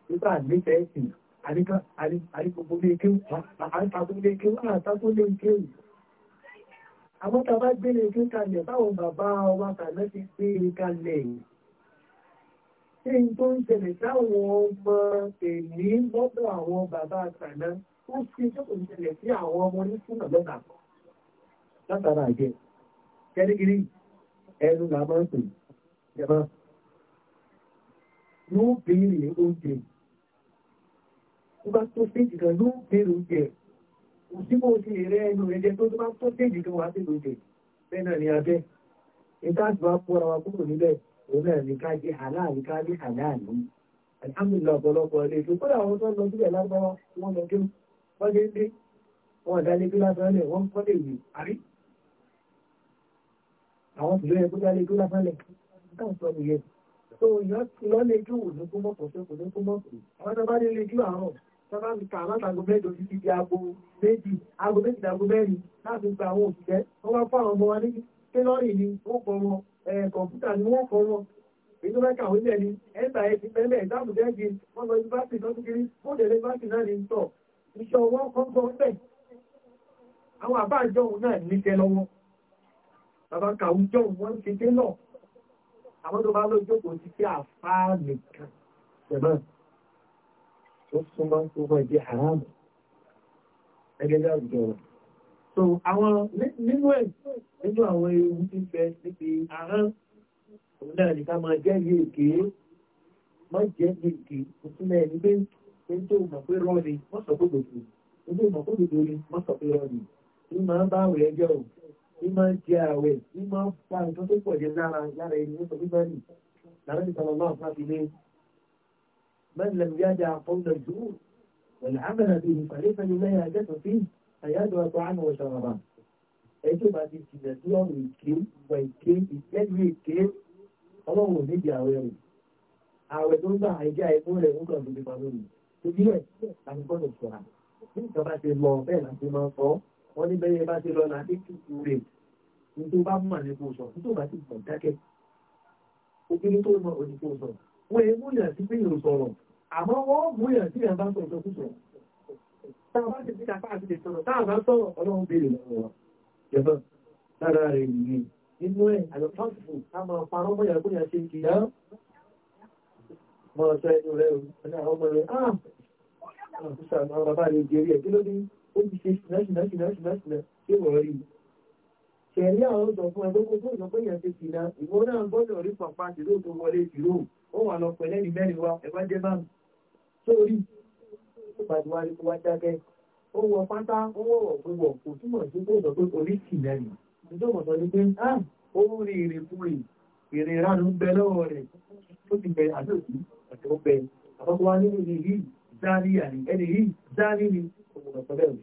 nípa nífẹ̀ẹ́ sí àríkògbólé kéwù àríkàgbólé kéwù àtàgbólé kéwù àwọn tàbá gbélé kéwù kalẹ̀ báwọn bàbá wa kàná ti gbé e kalẹ̀ èyí tó ń ṣẹlẹ̀ sáwọn ọmọ èmi lọ́dọ̀ àwọn bàbá kàná ó fi jókòó ṣẹlẹ̀ sí àwọn ọmọ onífúnà lọ́dà látara àjẹ kẹ́ríkìrí ẹnu làmọ́ ń pè jẹba yóò bí ní oúnjẹ yìí tó bá tó stéèjì kan ló ń bèrè oúnjẹ kò sí bó ṣe rẹ ẹnu rẹ jẹ tó tó bá tó stéèjì kan wá bèrè oúnjẹ bẹ́ẹ̀ náà ni abẹ́ ìtaàtì bá pọ́ra wa kúrò níbẹ̀ òun náà ní ká jẹ́ àláàlú ká jẹ́ àláàlú alhamdulillah ọ̀pọ̀lọpọ̀ ilé ètò kódà àwọn tó ń lọ sílẹ̀ lágbára wọn lọ dé wọ́n dé dé wọn dálé gíláàsì lẹ̀ wọ́n kọ́ lè wù àrí àwọn tìlú yẹn kó dálé gíláàsì lẹ̀ káwọn sọ nìyẹn tó yọ lọ́lẹ́jọ́ òun ló kó mọ́kànṣẹ́ kò ló kó mọ́kànṣẹ́ àwọn tó bá délé jù àárọ̀ sábàbíkà látàgò mẹ́jọ sí ibi aago méjì aago méjì dàgò mẹ́rin láti gba àwọn òṣìṣẹ́ wọ́n bá fún àwọn ọmọ wa ní tẹ́lọ́rì ni wọ́n kọ́ wọn eh, kọ̀ǹpútà ni wọ́n kọ́ wọn èyí tó bá kà wọ́n lẹ̀ ni ẹ̀ńtà ẹ̀ ti pẹ́lẹ̀ ìdáàbò jẹ́gi wọ́n lọ yunifásitì tó kiri ó lè lè yunifásitì náà ní ń tọ̀ iṣẹ́ ọwọ́ kọ́ńtọ́ bẹ́ẹ̀ àwọn àbá àjọhùn náà ní tẹ lọ́wọ́ bàbá kàwú jọhùn wọ́n ti tẹ́lọ̀ àwọn tó bá lọ jókòó ti tẹ́ àfáà nìkan ṣẹ̀bọ́n tó súnmọ́ súnmọ́ ìdí haramu So àwọn nínú ẹ̀ nínú àwọn ewu tí fẹ́ níbi ahán òun náà ní ká máa jẹ́ ní èké má jẹ́ ní èké òtúnlẹ̀ ní pé ní tó mọ̀ pé rọ́ ni wọ́n sọ pé gbogbo ní tó mọ̀ pé gbogbo ni wọ́n sọ pé bá àwẹ̀ ẹjọ́ o ní fa nǹkan pọ̀ jẹ lára ẹni ní sọ pé bá nì lára ìsọ̀rọ̀ náà fún من لم يدع قول الزور والعمل به فليس لله حاجة فيه فيدعو طعامه وشرابه ẹjọ́ bá ti jìnà tí ọ̀rọ̀ èké wọ èké ìtẹ́jú èké ọlọ́run níbi ààrẹ rẹ̀ ààrẹ tó ń gbà àìjẹ́ àìkú rẹ̀ ń kàn lóbi pamọ́ rẹ̀ torí ẹ̀ láti gbọ́dọ̀ sọ̀rọ̀ bí nǹkan bá ti lọ bẹ́ẹ̀ láti máa sọ wọ́n ní bẹ́ẹ̀ bá ti lọ láti tutù rẹ̀ nítorí bá mọ̀ ní kò sọ nítorí bá ti mọ̀ dákẹ́ obìnrin tó mọ̀ òní kò sọ wọ́n èé múlẹ̀ sí pé yóò sọ̀rọ̀ àmọ́ wọ́n mú yàn tí yàn bá sọ ìjọ kúsọ̀ táwọn bá ti fi kápá àti lè sọ̀rọ̀ táwọn bá sọ̀rọ̀ ọlọ́run béèrè lọ́wọ́ wa jọba lára rẹ̀ nìyí nínú ẹ̀ àlọ́ fásitì ká máa parọ́ mọ́ yàn kó yàn ṣe kìyà mọ́ ọ̀sẹ̀ inú rẹ̀ o ẹ̀nà àwọn ọmọ rẹ̀ ah àkúsà àwọn bàbá rẹ̀ jẹ́rí ẹ̀ kí ló dé ó ti ṣe ṣìnàṣìnàṣìnàṣìnà sórí ìpàdé wa wá dákẹ́ ó wọ pátá ó wọ̀wọ̀ gbogbo kò túmọ̀ sí pé ìdọ̀ pé oríṣi lẹ́nu ìjọ mọ̀ sọ ni pé ah ó ń rí ìrìn fún rè ìrìn ìranu ń bẹ lọ́wọ́ rẹ̀ tó ti bẹ àdóòtú àti ó bẹ àkọ́kọ́ wa nínú ni yìí záàrí àní ẹni yìí záàrí ni òmùnà sọ bẹ́ẹ̀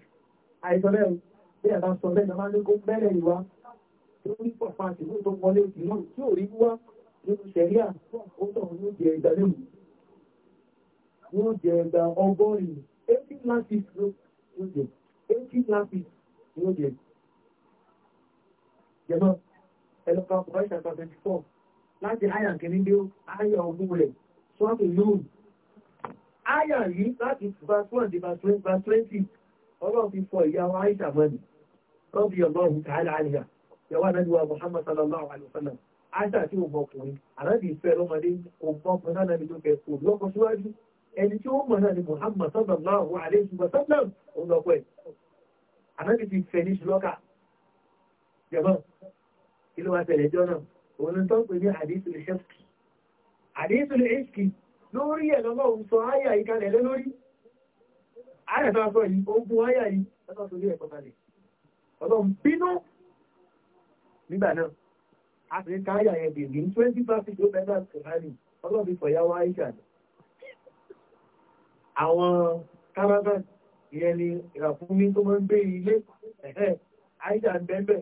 àìsọ bẹ́ẹ̀ bí àbá sọ bẹ́ẹ̀ ni a máa ní kó bẹ́ẹ̀ ìwá tó ní pọ̀ fún àtìmú tó wọlé ìlú tí ò rí wá nínú sẹ̀ríà ó tọ̀ ní ìjẹ ìdálẹ́wò yóò jẹ ẹgbà ọgọ́rin eighty lapis yóò jẹ láti àyà kìíní dé àyà ogún láti verse one dé verse twenty fọ ìyá wa àìsà mọ́ni rọ́bì ọlọ́run tààlà àlìyà yọwọ́ anájúwa muhammad sallallahu alayhi wa sallam àìsà tí ò mọkùnrin àrẹ́bì ìfẹ́ lọ́mọdé kò mọkùnrin náà nàbì tó fẹ́ kò ẹni tí ó mọ̀ náà ni Muhammad sallallahu alayhi wa sallam òun lọ́pọ̀ ẹ̀ ànábì ti fẹ̀ ní ṣùlọ́kà jẹ̀mọ́ kí ló wá tẹ̀lé jọ náà òun tó ń pè ní àdísùlù ṣẹ́fùkì àdísùlù ṣẹ́fùkì lórí ẹ̀ lọ́wọ́ òun sọ áyà yìí kalẹ̀ lé lórí àyàtọ̀ sọ yìí ogun áyà yìí lọ́tọ̀ torí ẹ̀ pọ̀tàlẹ̀ ọlọ́run bínú nígbà náà a sì ká áyà yẹn bèèrè twenty five fifty ó bẹ́ẹ̀ náà kò fọ̀yà wá áyà àwọn caravan ìyẹn ni ìràfúnmi tó máa ń gbé ilé ẹ̀hẹ́ àìjà ń bẹ́ẹ̀bẹ̀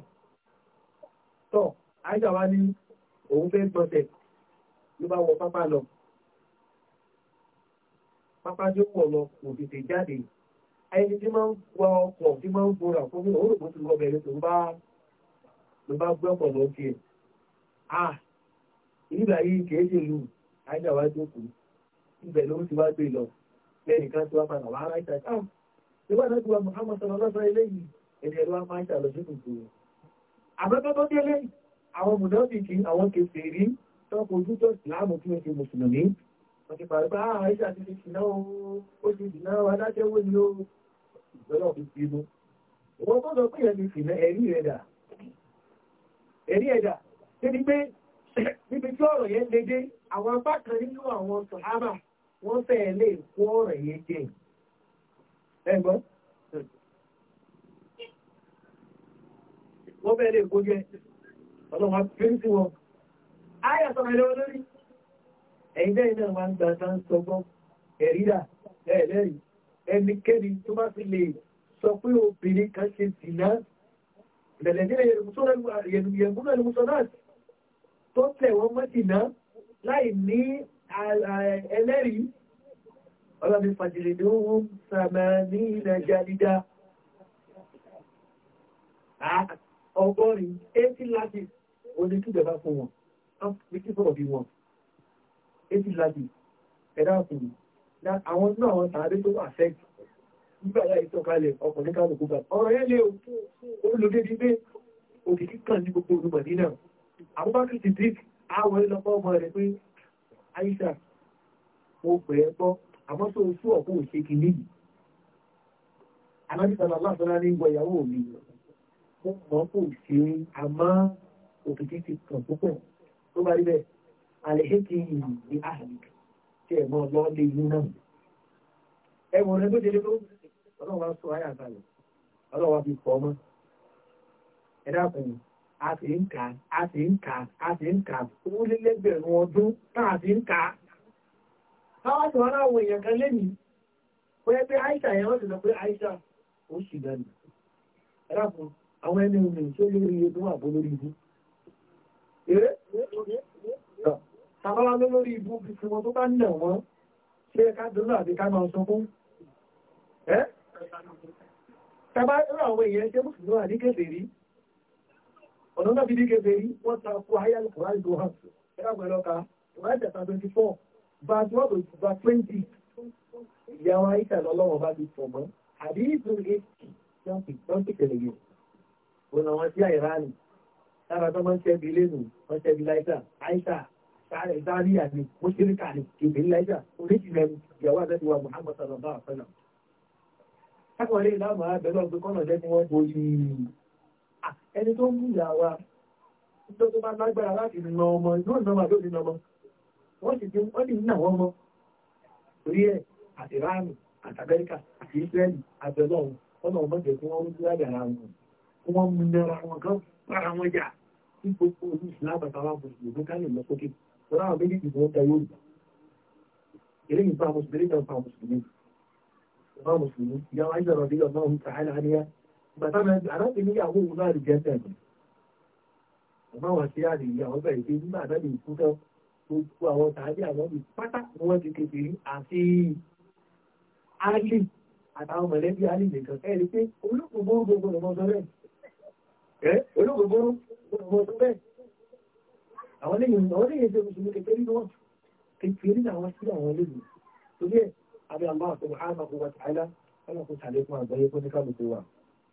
tọ́ àìjà wá ní òun fẹ́ gbọ́sẹ̀ ló bá wọ pápá lọ pápá tí ó pọ̀ lọ kò tètè jáde ẹni tí máa ń wọ ọkọ̀ tí máa ń gbọ́ra fún mi òun ò tún gbọ́ bẹ̀rẹ̀ tó bá ló bá gbé ọkọ̀ lọ tiẹ̀ ah ìgbà yìí kìí ṣe lù àìjà wá jókòó ibẹ̀ ló ti wá gbé lọ ẹnìkan tó wá padà wá ara ìta ìta ah, ìwà náà ti wá Muhammad sọ̀rọ̀ lọ́sọ̀ eléyìí ẹni ẹ̀rọ wa máa ń ṣàlọ́jú gbogbo rẹ̀ àbẹ́tọ́ tó délé àwọn mùdọ́bìkì àwọn kèfè rí tọ́pọ̀ ojú tó ìsìláàmù tí wọ́n ti mùsùlùmí wọ́n ti pàrọ̀ pé àìsà ah, ti ti ṣìná ó ti ṣìná adájẹ́wó ni ó ìgbẹ́lọ́ fi bínú wọ́n tó sọ pé yẹn ti ṣìná ẹ̀rí ẹ̀dà ẹ̀rí ẹ̀dà débi pé wọ́n fẹ́ lè kó ọ̀rọ̀ yẹn jẹ ẹ gbọ́ wọ́n fẹ́ lè kó jẹ ọlọ́wọ́ fírí sí wọn ayà sọ̀rọ̀ ilé olórí ẹ̀yìn dẹ́yìn náà wá ń gbà sá ń sọgbọ́n ẹ̀rídà ẹ̀lẹ́rìí ẹnikẹ́ni tó bá fi lè sọ pé obìnrin kan ṣe dìná ìrẹ̀lẹ̀dẹ́ yẹ̀rùmúsọ́nà tó tẹ̀ wọ́n mọ́ dìná láì ní ẹlẹ́rìí ọlọ́bí fàjìrì ní ohun sàmà ní ilẹ̀ jàdídá ọgọ́rin 80 láti oní kíjọba fún wọn ní kíkọ́ bí wọn 80 láti ẹ̀dá ọkùnrin àwọn náà àwọn tàbí tó wà fẹ́ nígbàlá ìtọ́kalẹ̀ ọkùnrin kálùkù bá ọ̀rọ̀ yẹn lé olùdé bí pé òkìkí kan ní gbogbo olùmọ̀ nínà àbúbákì ti dìk àwọn ìlọpọ̀ ọmọ rẹ̀ pé Aisha, mo pè é gbọ́ àmọ́ tó oṣù ọ̀pọ̀ òṣè kìíní yìí anábìsà bàbá àtọ́lá ní ìwọ ìyàwó mi mo mọ̀ kò ṣe àmọ́ òkìkí ti kàn púpọ̀ tó bá rí bẹ́ẹ̀ àlẹ́hẹ́kì yìí ní àhàlì tí ẹ̀ mọ́ sọ fi pọ̀ a sì ń kà a sì ń kà a sì ń kà owó lélẹ́gbẹ̀rún ọdún táà sì ń kà táwọn sì wọ́n láwọn èèyàn kan lẹ́nu pé pé Aisha yẹn wọ́n ti sọ pé Aisha ó sì dánù ẹ̀rọ̀pọ̀ àwọn ẹni òun tó lórí ọdún àbó lórí ibú tàbálá ló lórí ibú bí fún wọn tó bá nà wọ́n ṣe ká dúró àbí ká máa sọ fún ẹ́ tàbá ẹ̀rọ àwọn èèyàn ṣe mùsùlùmí àdíkẹ́ ọ̀nà náà bíbí kébé yìí wọ́n ta kó ayé alukóra ìlú hàn ẹ̀rọ pẹ̀lú ọkà ìwádìí tẹ̀sà twenty four bá a tó bá twenty ìyá wa ayé tẹ̀lé ọlọ́wọ́ bá ti pọ̀ mọ́ àbí ìdúró eighty jọ́ǹkì jọ́ǹkì tẹ̀lé yìí òun àwọn sí àìránì lára tó máa ń ṣẹ́bi lẹ́nu wọ́n ṣẹ́bi láìsà àìsà sáré àti mọ́ṣíríkà ni ìbí láìsà oríṣiríṣi ìyàwó àbẹ́tí wa Muhammad sallallahu alaihi wa sallam. kákan lè láàmú abẹ́lẹ́ ọ̀gbẹ́kọ́nà jẹ́ kí wọ́n ẹni tó ń bù yà wa tó tó bá lágbára láti nà ọmọ inú ìnáwó àdó nínú ọmọ wọ́n sì dín wọ́n sì ń nà wọ́n mọ́ torí ẹ̀ àti ránù àti amẹ́ríkà àti israẹli àbẹ̀lọ́ ọ̀nà ọmọdé tí wọ́n ń dúró àgbàrá wọn wọ́n mú nẹ́ra wọn kan para wọn jà ní gbogbo olú ìsìláàbà táwọn mùsùlùmí ká lè lọ sókè lọ́la àwọn méjèèjì ni wọ́n da yóò gbà eléyìí bá mùsùlùmí náà bá mùsùlùmí ìyá wa ń sọ̀rọ̀ bí ọ̀nà òun tàhálà níyà bàtà àdábì níyàwó òun náà rí jẹ́ńdà ni ọmọ wọn sí àrí ìyàwó bẹ̀rẹ̀ pé nígbà àdábì kú tán gbogbo àwọn tàbí àwọn ibi pátá ni wọ́n ti kékeré àti áálì àtàwọn mọ̀lẹ́bí áálì nìkan ẹ̀ rí pé olóògbòbó gbogbo ọmọ sọ bẹ́ẹ̀ ẹ̀ olóògbòbó gbogbo ọmọ sọ bẹ́ẹ̀ àwọn lẹ́yìn àwọn lẹ́yìn ṣe mùsùlùmí kékeré ni wọ́n kékeré làwọn sí àwọn lẹ́yìn torí ẹ̀ abẹ́ àmọ́ àtọ̀wọ̀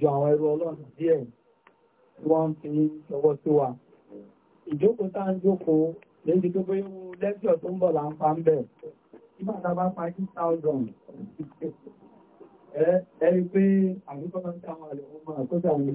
yọ àwọn ẹrù ọlọ́run díẹ̀ tí wọ́n fi ṣọwọ́ sí wa ìjókòó tá ń jókòó lẹ́yìn tó bóyá wo lẹ́kṣọ̀ tó ń bọ̀ là ń pa ń bẹ̀ nígbà bá pa two thousand ẹ ẹ rí i pé àbíkọ́ máa ń ta àwọn àlè